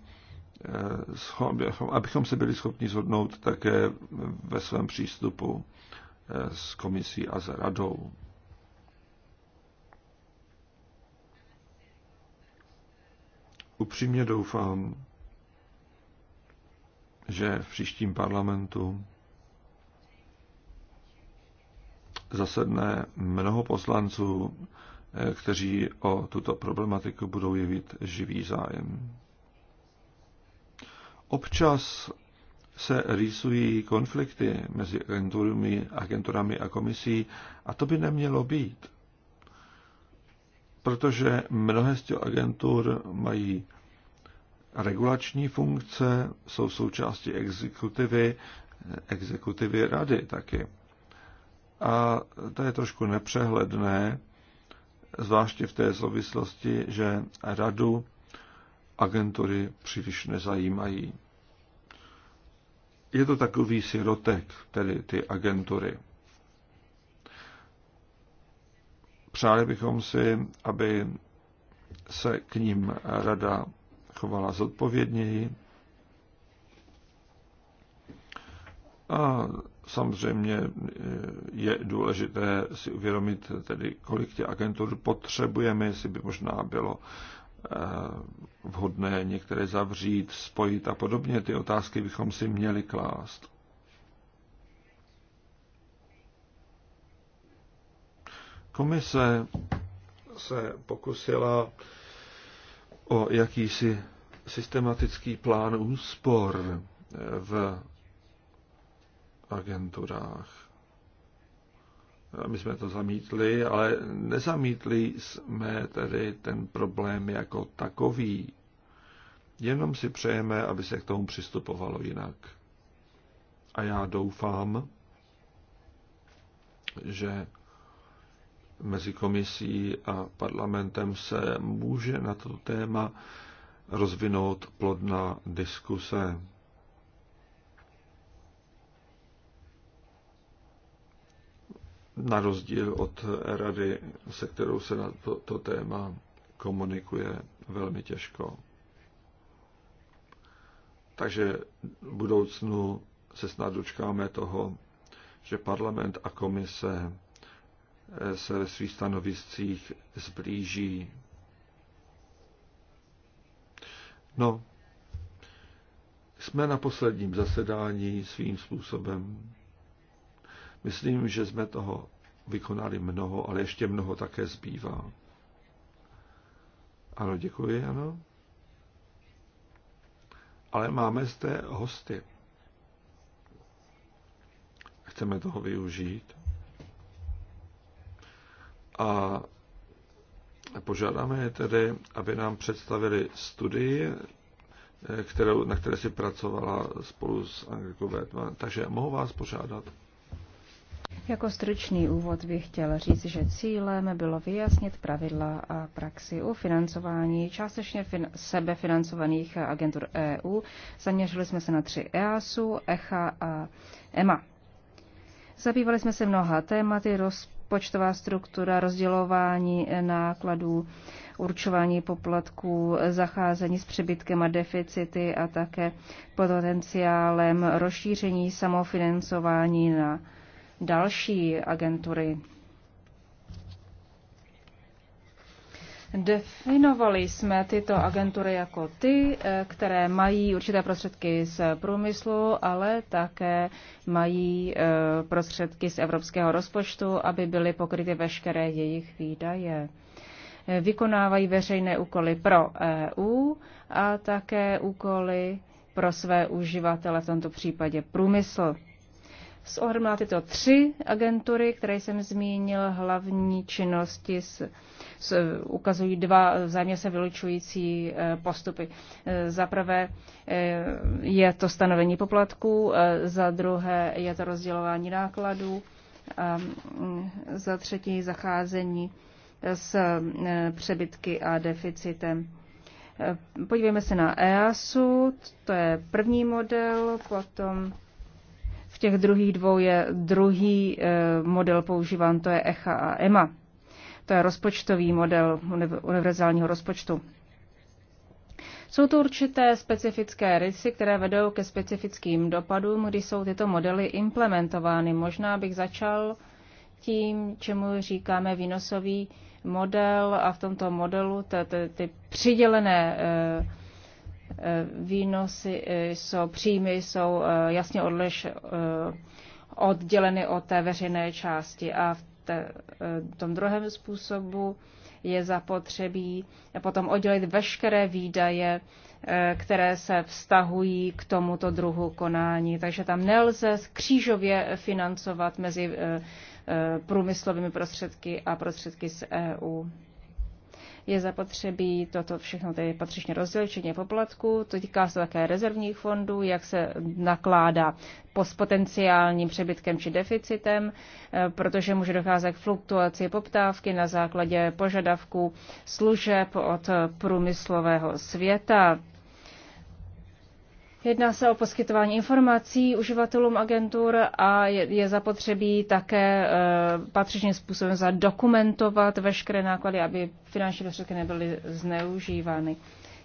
eh, abychom se byli schopni zhodnout také ve svém přístupu eh, s komisí a s radou. Upřímně doufám, že v příštím parlamentu zasedne mnoho poslanců, eh, kteří o tuto problematiku budou jevit živý zájem. Občas se rýsují konflikty mezi agenturami, agenturami a komisí a to by nemělo být, protože mnohé z těch agentur mají Regulační funkce jsou součástí exekutivy, exekutivy rady taky. A to je trošku nepřehledné, zvláště v té souvislosti, že radu agentury příliš nezajímají. Je to takový sirotek, tedy ty agentury. Přáli bychom si, aby se k ním rada chovala zodpovědněji. A samozřejmě e, je důležité si uvědomit, tedy kolik těch agentur potřebujeme, jestli by možná bylo e, vhodné některé zavřít, spojit a podobně. Ty otázky bychom si měli klást. Komise se pokusila o jakýsi systematický plán úspor eh, v agenturách. My jsme to zamítli, ale nezamítli jsme tedy ten problém jako takový. Jenom si přejeme, aby se k tomu přistupovalo jinak. A já doufám, že mezi komisí a parlamentem se může na to téma rozvinout plodná diskuse. Na rozdíl od rady, se kterou se na to, to téma komunikuje velmi těžko. Takže v budoucnu se snad dočkáme toho, že parlament a komise se ve svých stanoviscích zblíží. No, jsme na posledním zasedání svým způsobem. Myslím, že jsme toho vykonali mnoho, ale ještě mnoho také zbývá. Ano, děkuji, ano. Ale máme zde hosty. Chceme toho využít. A požádáme je tedy, aby nám představili studii, kterou, na které si pracovala spolu s Anglikou Wertmann. Takže mohu vás požádat. Jako stručný úvod bych chtěl říct, že cílem bylo vyjasnit pravidla a praxi u financování částečně fin- sebefinancovaných agentur EU. Zaměřili jsme se na tři EASu, ECHA a EMA. E Zabývali jsme se mnoha tématy, roz- počtová struktura, rozdělování nákladů, určování poplatků, zacházení s přebytkem a deficity a také potenciálem rozšíření samofinancování na další agentury. Definovali jsme tyto agentury jako ty, eh, které mají určité prostředky z průmyslu, ale také mají eh, prostředky z evropského rozpočtu, aby byly pokryty veškeré jejich výdaje. Eh, vykonávají veřejné úkoly pro EU a také úkoly pro své uživatele, v tomto případě průmysl. S ohledem na tyto tři agentury, které jsem zmínil, hlavní činnosti s, s, ukazují dva vzájemně se vylučující eh, postupy. Eh, za prvé eh, je to stanovení poplatků, za druhé je to rozdělování nákladů, a mm, za třetí zacházení s přebytky a deficitem. Podívejme se na EASu, to je první model, potom těch druhých dvou je druhý eh, model používán, to je ECHA a EMA. To je rozpočtový model univerzálního rozpočtu. Jsou to určité specifické rysy, které vedou ke specifickým dopadům, kdy jsou tyto modely implementovány. Možná bych začal tím, čemu říkáme výnosový model a v tomto modelu ty, přidělené eh, Eh, výnosy eh, jsou, příjmy jsou eh, jasně odliš, odděleny od té veřejné části a v té, tom druhém způsobu je zapotřebí potom oddělit veškeré výdaje, které se vztahují k tomuto druhu konání. Takže tam nelze křížově financovat mezi průmyslovými prostředky a prostředky z EU je zapotřebí toto všechno tedy patřičně rozdělit, včetně poplatku. To týká se také rezervních fondů, jak se nakládá s potenciálním přebytkem či deficitem, eh, protože může docházet k fluktuaci poptávky na základě požadavků služeb od průmyslového světa. Jedná se o poskytování informací uživatelům agentur a je, je zapotřebí také e, patřičným způsobem zadokumentovat veškeré náklady, aby finanční prostředky nebyly zneužívány.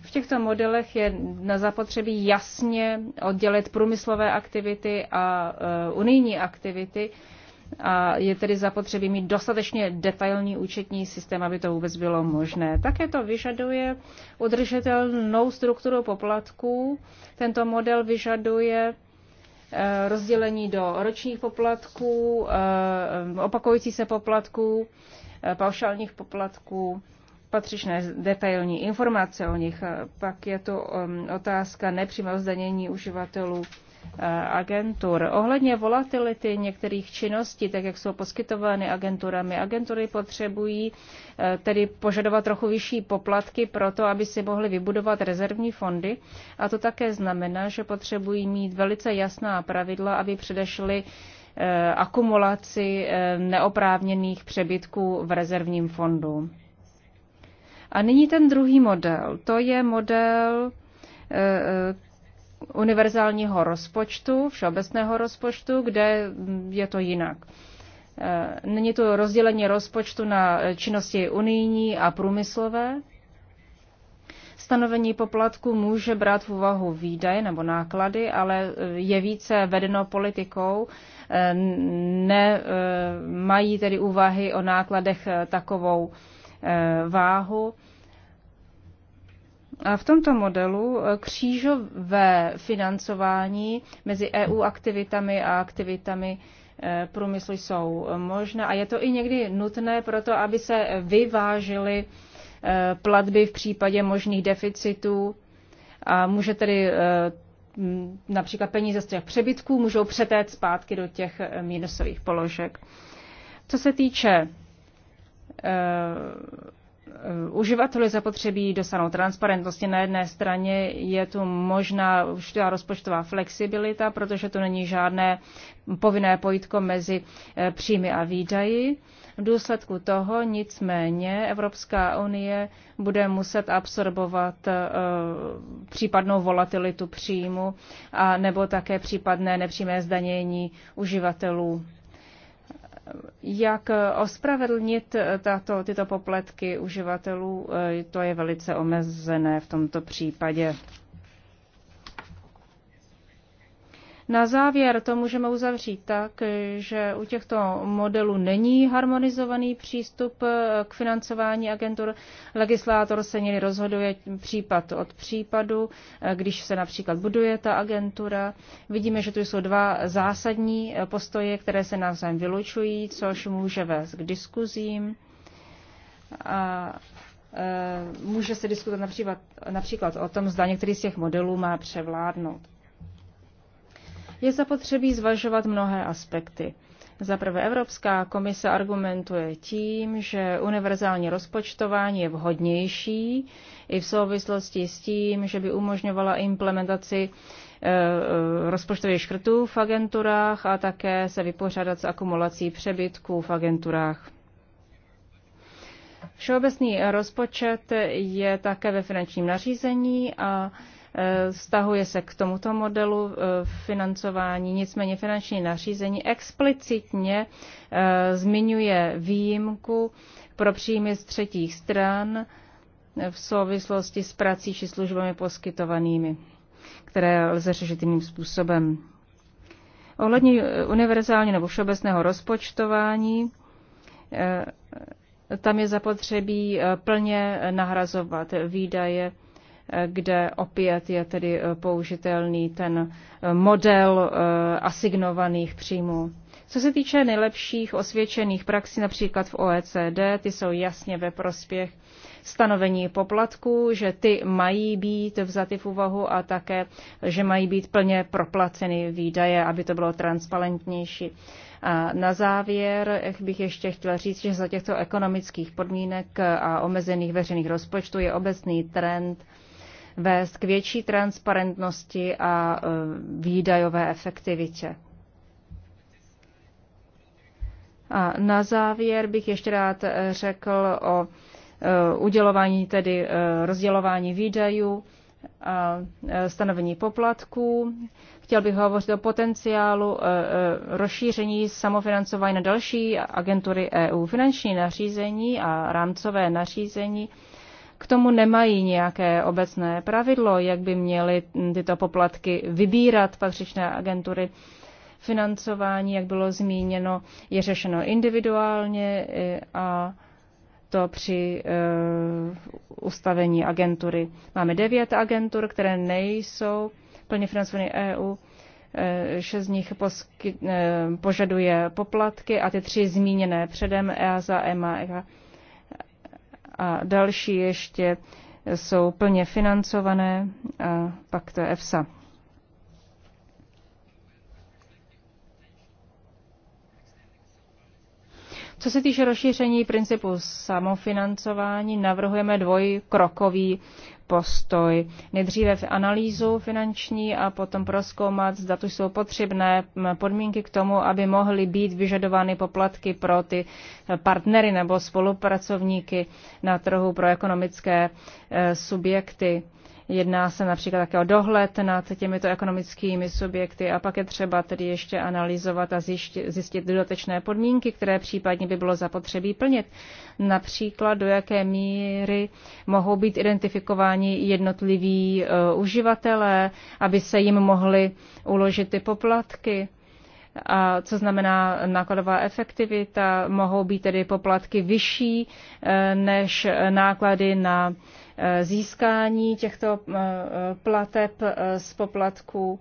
V těchto modelech je na zapotřebí jasně oddělit průmyslové aktivity a e, unijní aktivity, a je tedy zapotřebí mít dostatečně detailní účetní systém, aby to vůbec bylo možné. Také to vyžaduje udržitelnou strukturu poplatků. Tento model vyžaduje eh, rozdělení do ročních poplatků, eh, opakující se poplatků, eh, paušálních poplatků, patřičné detailní informace o nich. Pak je to otázka nepřímého zdanění uživatelů Eh, agentur. Ohledně volatility některých činností, tak jak jsou poskytovány agenturami, agentury potřebují eh, tedy požadovat trochu vyšší poplatky pro to, aby si mohly vybudovat rezervní fondy. A to také znamená, že potřebují mít velice jasná pravidla, aby předešly eh, akumulaci neoprávněných přebytků v rezervním fondu. A nyní ten druhý model. To je model univerzálního rozpočtu, všeobecného rozpočtu, kde je to jinak. Eh, není to rozdělení rozpočtu na činnosti unijní a průmyslové. Stanovení poplatku může brát v úvahu výdaje nebo náklady, ale eh, je více vedeno politikou. Eh, ne, mají tedy úvahy o nákladech takovou váhu v tomto modelu eh, křížové financování mezi EU aktivitami a aktivitami eh, průmyslu jsou eh, možné a je to i někdy nutné pro to, aby se vyvážily platby v případě možných deficitů a může tedy například peníze z těch přebytků můžou přetéct zpátky do těch minusových položek. Co se týče Eh, uživatelů zapotřebí dosáhnout transparentnosti. Na jedné straně je tu možná určitá rozpočtová flexibilita, protože to není žádné povinné pojitko mezi eh, příjmy a výdaji. V důsledku toho nicméně Evropská unie bude muset absorbovat eh, případnou volatilitu příjmu a nebo také případné nepřímé zdanění uživatelů jak ospravedlnit tato, tyto popletky uživatelů, eh, to je velice omezené v tomto případě. Na závěr to můžeme uzavřít tak, že u těchto modelů není harmonizovaný přístup eh, k financování agentur. Legislátor se někdy rozhoduje případ od případu, eh, když se například buduje ta agentura. Vidíme, že tu jsou dva zásadní eh, postoje, které se navzájem vylučují, což může vést k diskuzím. A může se diskutovat například, například o tom, zda některý z těch modelů má převládnout je zapotřebí zvažovat mnohé aspekty. Za prvé Evropská komise argumentuje tím, že univerzální rozpočtování je vhodnější i v souvislosti s tím, že by umožňovala implementaci e, e, rozpočtových škrtů v agenturách a také se vypořádat s akumulací přebytků v agenturách. Všeobecný rozpočet je také ve finančním nařízení a Eh, vztahuje se k tomuto modelu eh, financování, nicméně finanční nařízení explicitně eh, zmiňuje výjimku pro příjmy z třetích stran v souvislosti s prací či službami poskytovanými, které lze řešit jiným způsobem. Ohledně univerzálně nebo všeobecného rozpočtování, tam je zapotřebí plně nahrazovat výdaje kde opět je tedy eh, použitelný ten eh, model eh, asignovaných příjmů. Co se týče nejlepších osvědčených praxí, například v OECD, ty jsou jasně ve prospěch stanovení poplatků, že ty mají být vzaty v úvahu a také, že mají být plně proplaceny výdaje, aby to bylo transparentnější. A na závěr bych ještě chtěla říct, že za těchto ekonomických podmínek a omezených veřejných rozpočtů je obecný trend vést k větší transparentnosti a e, výdajové efektivitě. A na závěr bych ještě rád e, řekl o e, udělování, tedy rozdělování výdajů a stanovení poplatků. Chtěl bych hovořit o potenciálu rozšíření samofinancování na další agentury EU. Finanční nařízení a rámcové nařízení k tomu nemají nějaké obecné pravidlo, jak by měly tyto poplatky vybírat patřičné agentury. Financování, jak bylo zmíněno, je řešeno individuálně eh, a to při uh, ustavení agentury. Máme devět agentur, které nejsou plně financované EU. Eh, šest z nich posky, požaduje poplatky a ty tři zmíněné předem EASA, EMA, ECHA a další ještě jsou plně financované, a pak to je EFSA. Co se týče rozšíření principu samofinancování, navrhujeme dvojkrokový postoj. Nejdříve v analýzu finanční a potom proskoumat, zda tu jsou potřebné podmínky k tomu, aby mohly být vyžadovány poplatky pro ty partnery nebo spolupracovníky na trhu pro ekonomické e, subjekty. Jedná se například také o dohled nad těmito ekonomickými subjekty a pak je třeba tedy ještě analyzovat a zjistit, zjistit dodatečné podmínky, které případně by bylo zapotřebí plnit. Například do jaké míry mohou být identifikováni jednotliví uh, uživatelé, aby se jim mohly uložit ty poplatky. A co znamená nákladová efektivita, mohou být tedy poplatky vyšší eh, než náklady na Eh, získání těchto eh, plateb eh, z poplatků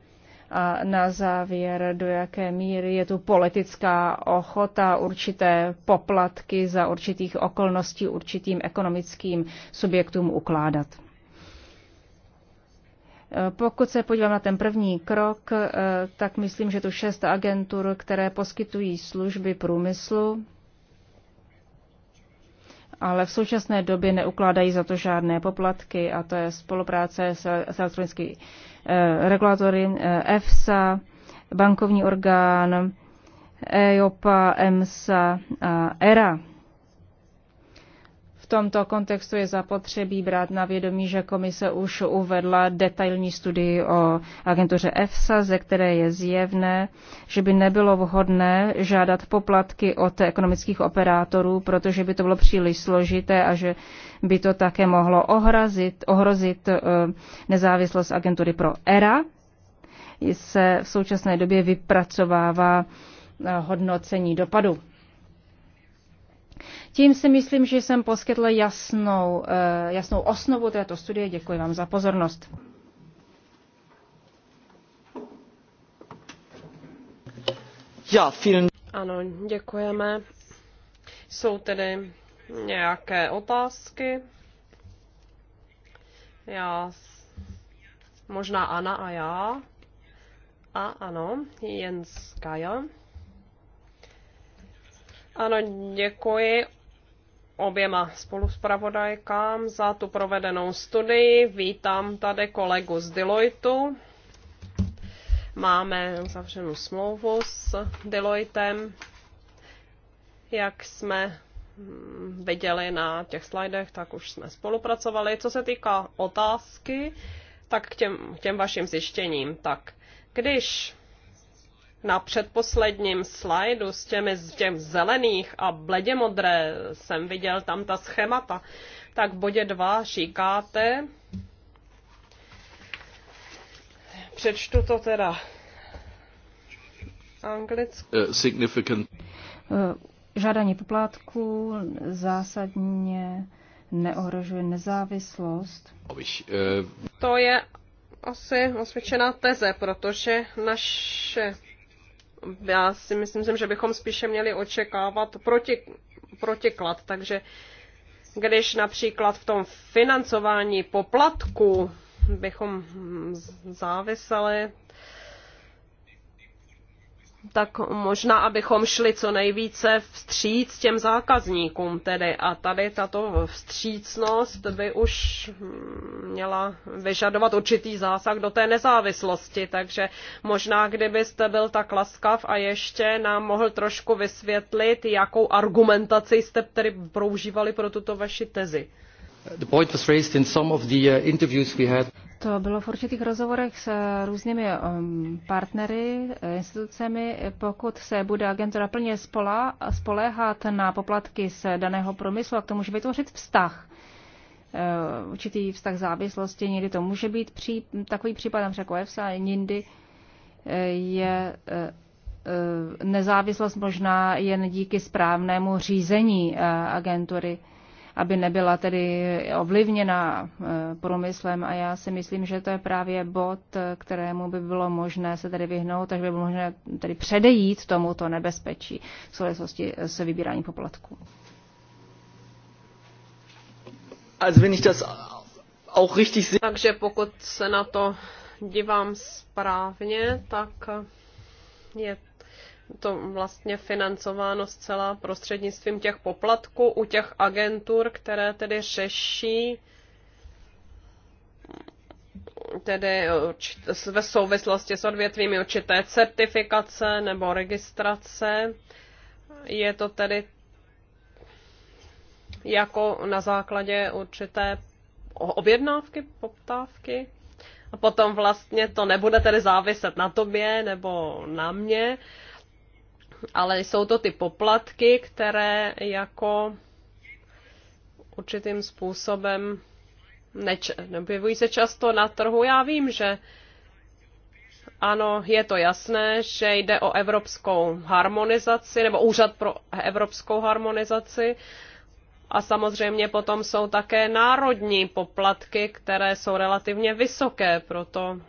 a na závěr, do jaké míry je tu politická ochota určité poplatky za určitých okolností určitým ekonomickým subjektům ukládat. Pokud se podívám na ten první krok, tak myslím, že tu šest agentur, které poskytují služby průmyslu, ale v současné době neukládají za to žádné poplatky a to je spolupráce s elektronickými eh, regulatory eh, EFSA, bankovní orgán, EIOPA, EMSA a ERA tomto kontextu je zapotřebí brát na vědomí, že komise už uvedla detailní studii o agentuře EFSA, ze které je zjevné, že by nebylo vhodné žádat poplatky od ekonomických operátorů, protože by to bylo příliš složité a že by to také mohlo ohrazit, ohrozit eh, nezávislost agentury pro ERA. Se v současné době vypracovává eh, hodnocení dopadu. Tím si myslím, že jsem poskytla jasnou, eh, jasnou osnovu této studie. Děkuji vám za pozornost. Ja, Ano, děkujeme. Jsou tedy nějaké otázky? Já, možná Ana a já. A ano, Jens jo? Ano, děkuji oběma spoluspravodajkám za tu provedenou studii. Vítám tady kolegu z Deloitu. Máme uzavřenou smlouvu s Deloitem. Jak jsme hm, viděli na těch slajdech, tak už jsme spolupracovali. Co se týká otázky, tak k těm, k těm vašim zjištěním, tak když na předposledním slajdu s těmi z těm zelených a bledě modré jsem viděl tam ta schémata, tak v bodě 2 říkáte, přečtu to teda anglicky. Uh, significant. Eh, žádání poplatků zásadně neohrožuje nezávislost. Eh, to je asi osvědčená teze, protože naše já si myslím, že bychom spíše měli očekávat proti, protiklad. Takže když například v tom financování poplatku bychom záviseli tak možná, abychom šli co nejvíce vstříc těm zákazníkům tedy. A tady tato vstřícnost by už hm, měla vyžadovat určitý zásah do té nezávislosti, takže možná, kdybyste byl tak laskav a ještě nám mohl trošku vysvětlit, jakou argumentaci jste tedy používali pro tuto vaši tezi. The point was raised in some of the uh, interviews we had. To bylo v určitých rozhovorech s eh, různými um, partnery, eh, institucemi. Pokud se bude agentura plně spola, spoléhat na poplatky z daného promyslu, tak to může vytvořit vztah. Eh, určitý vztah závislosti, někdy to může být pří, takový případ, například jako EFSA, jindy je nezávislost možná jen díky správnému řízení agentury aby nebyla tedy ovlivněna eh, průmyslem a já si myslím, že to je právě bod, kterému by bylo možné se tedy vyhnout, takže by bylo možné tedy předejít tomuto nebezpečí v souvislosti se vybíráním poplatků. Takže pokud se na to dívám správně, tak je to vlastně financováno zcela prostřednictvím těch poplatků u těch agentur, které tedy řeší tedy ve souvislosti s odvětvími určité certifikace nebo registrace. Je to tedy jako na základě určité objednávky, poptávky. A potom vlastně to nebude tedy záviset na tobě nebo na mě, ale jsou to ty poplatky, které jako určitým způsobem neč- objevují se často na trhu. Já vím, že ano, je to jasné, že jde o evropskou harmonizaci nebo úřad pro evropskou harmonizaci. A samozřejmě potom jsou také národní poplatky, které jsou relativně vysoké, proto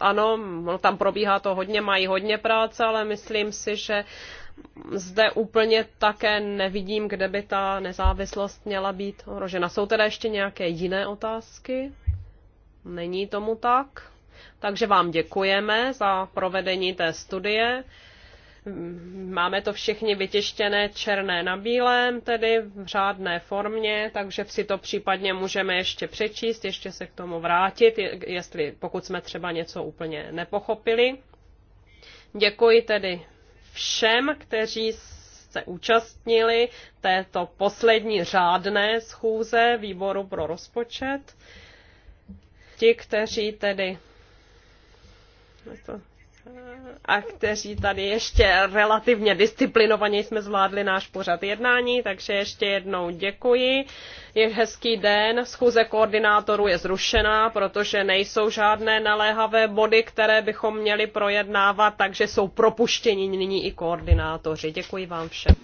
ano, tam probíhá to hodně, mají hodně práce, ale myslím si, že zde úplně také nevidím, kde by ta nezávislost měla být ohrožena. Jsou teda ještě nějaké jiné otázky? Není tomu tak? Takže vám děkujeme za provedení té studie. Máme to všichni vytěštěné černé na bílém, tedy v řádné formě, takže si to případně můžeme ještě přečíst, ještě se k tomu vrátit, jestli, pokud jsme třeba něco úplně nepochopili. Děkuji tedy všem, kteří se účastnili této poslední řádné schůze výboru pro rozpočet. Ti, kteří tedy a kteří tady ještě relativně disciplinovaně jsme zvládli náš pořad jednání, takže ještě jednou děkuji. Je hezký den, schůze koordinátorů je zrušená, protože nejsou žádné naléhavé body, které bychom měli projednávat, takže jsou propuštěni nyní i koordinátoři. Děkuji vám všem.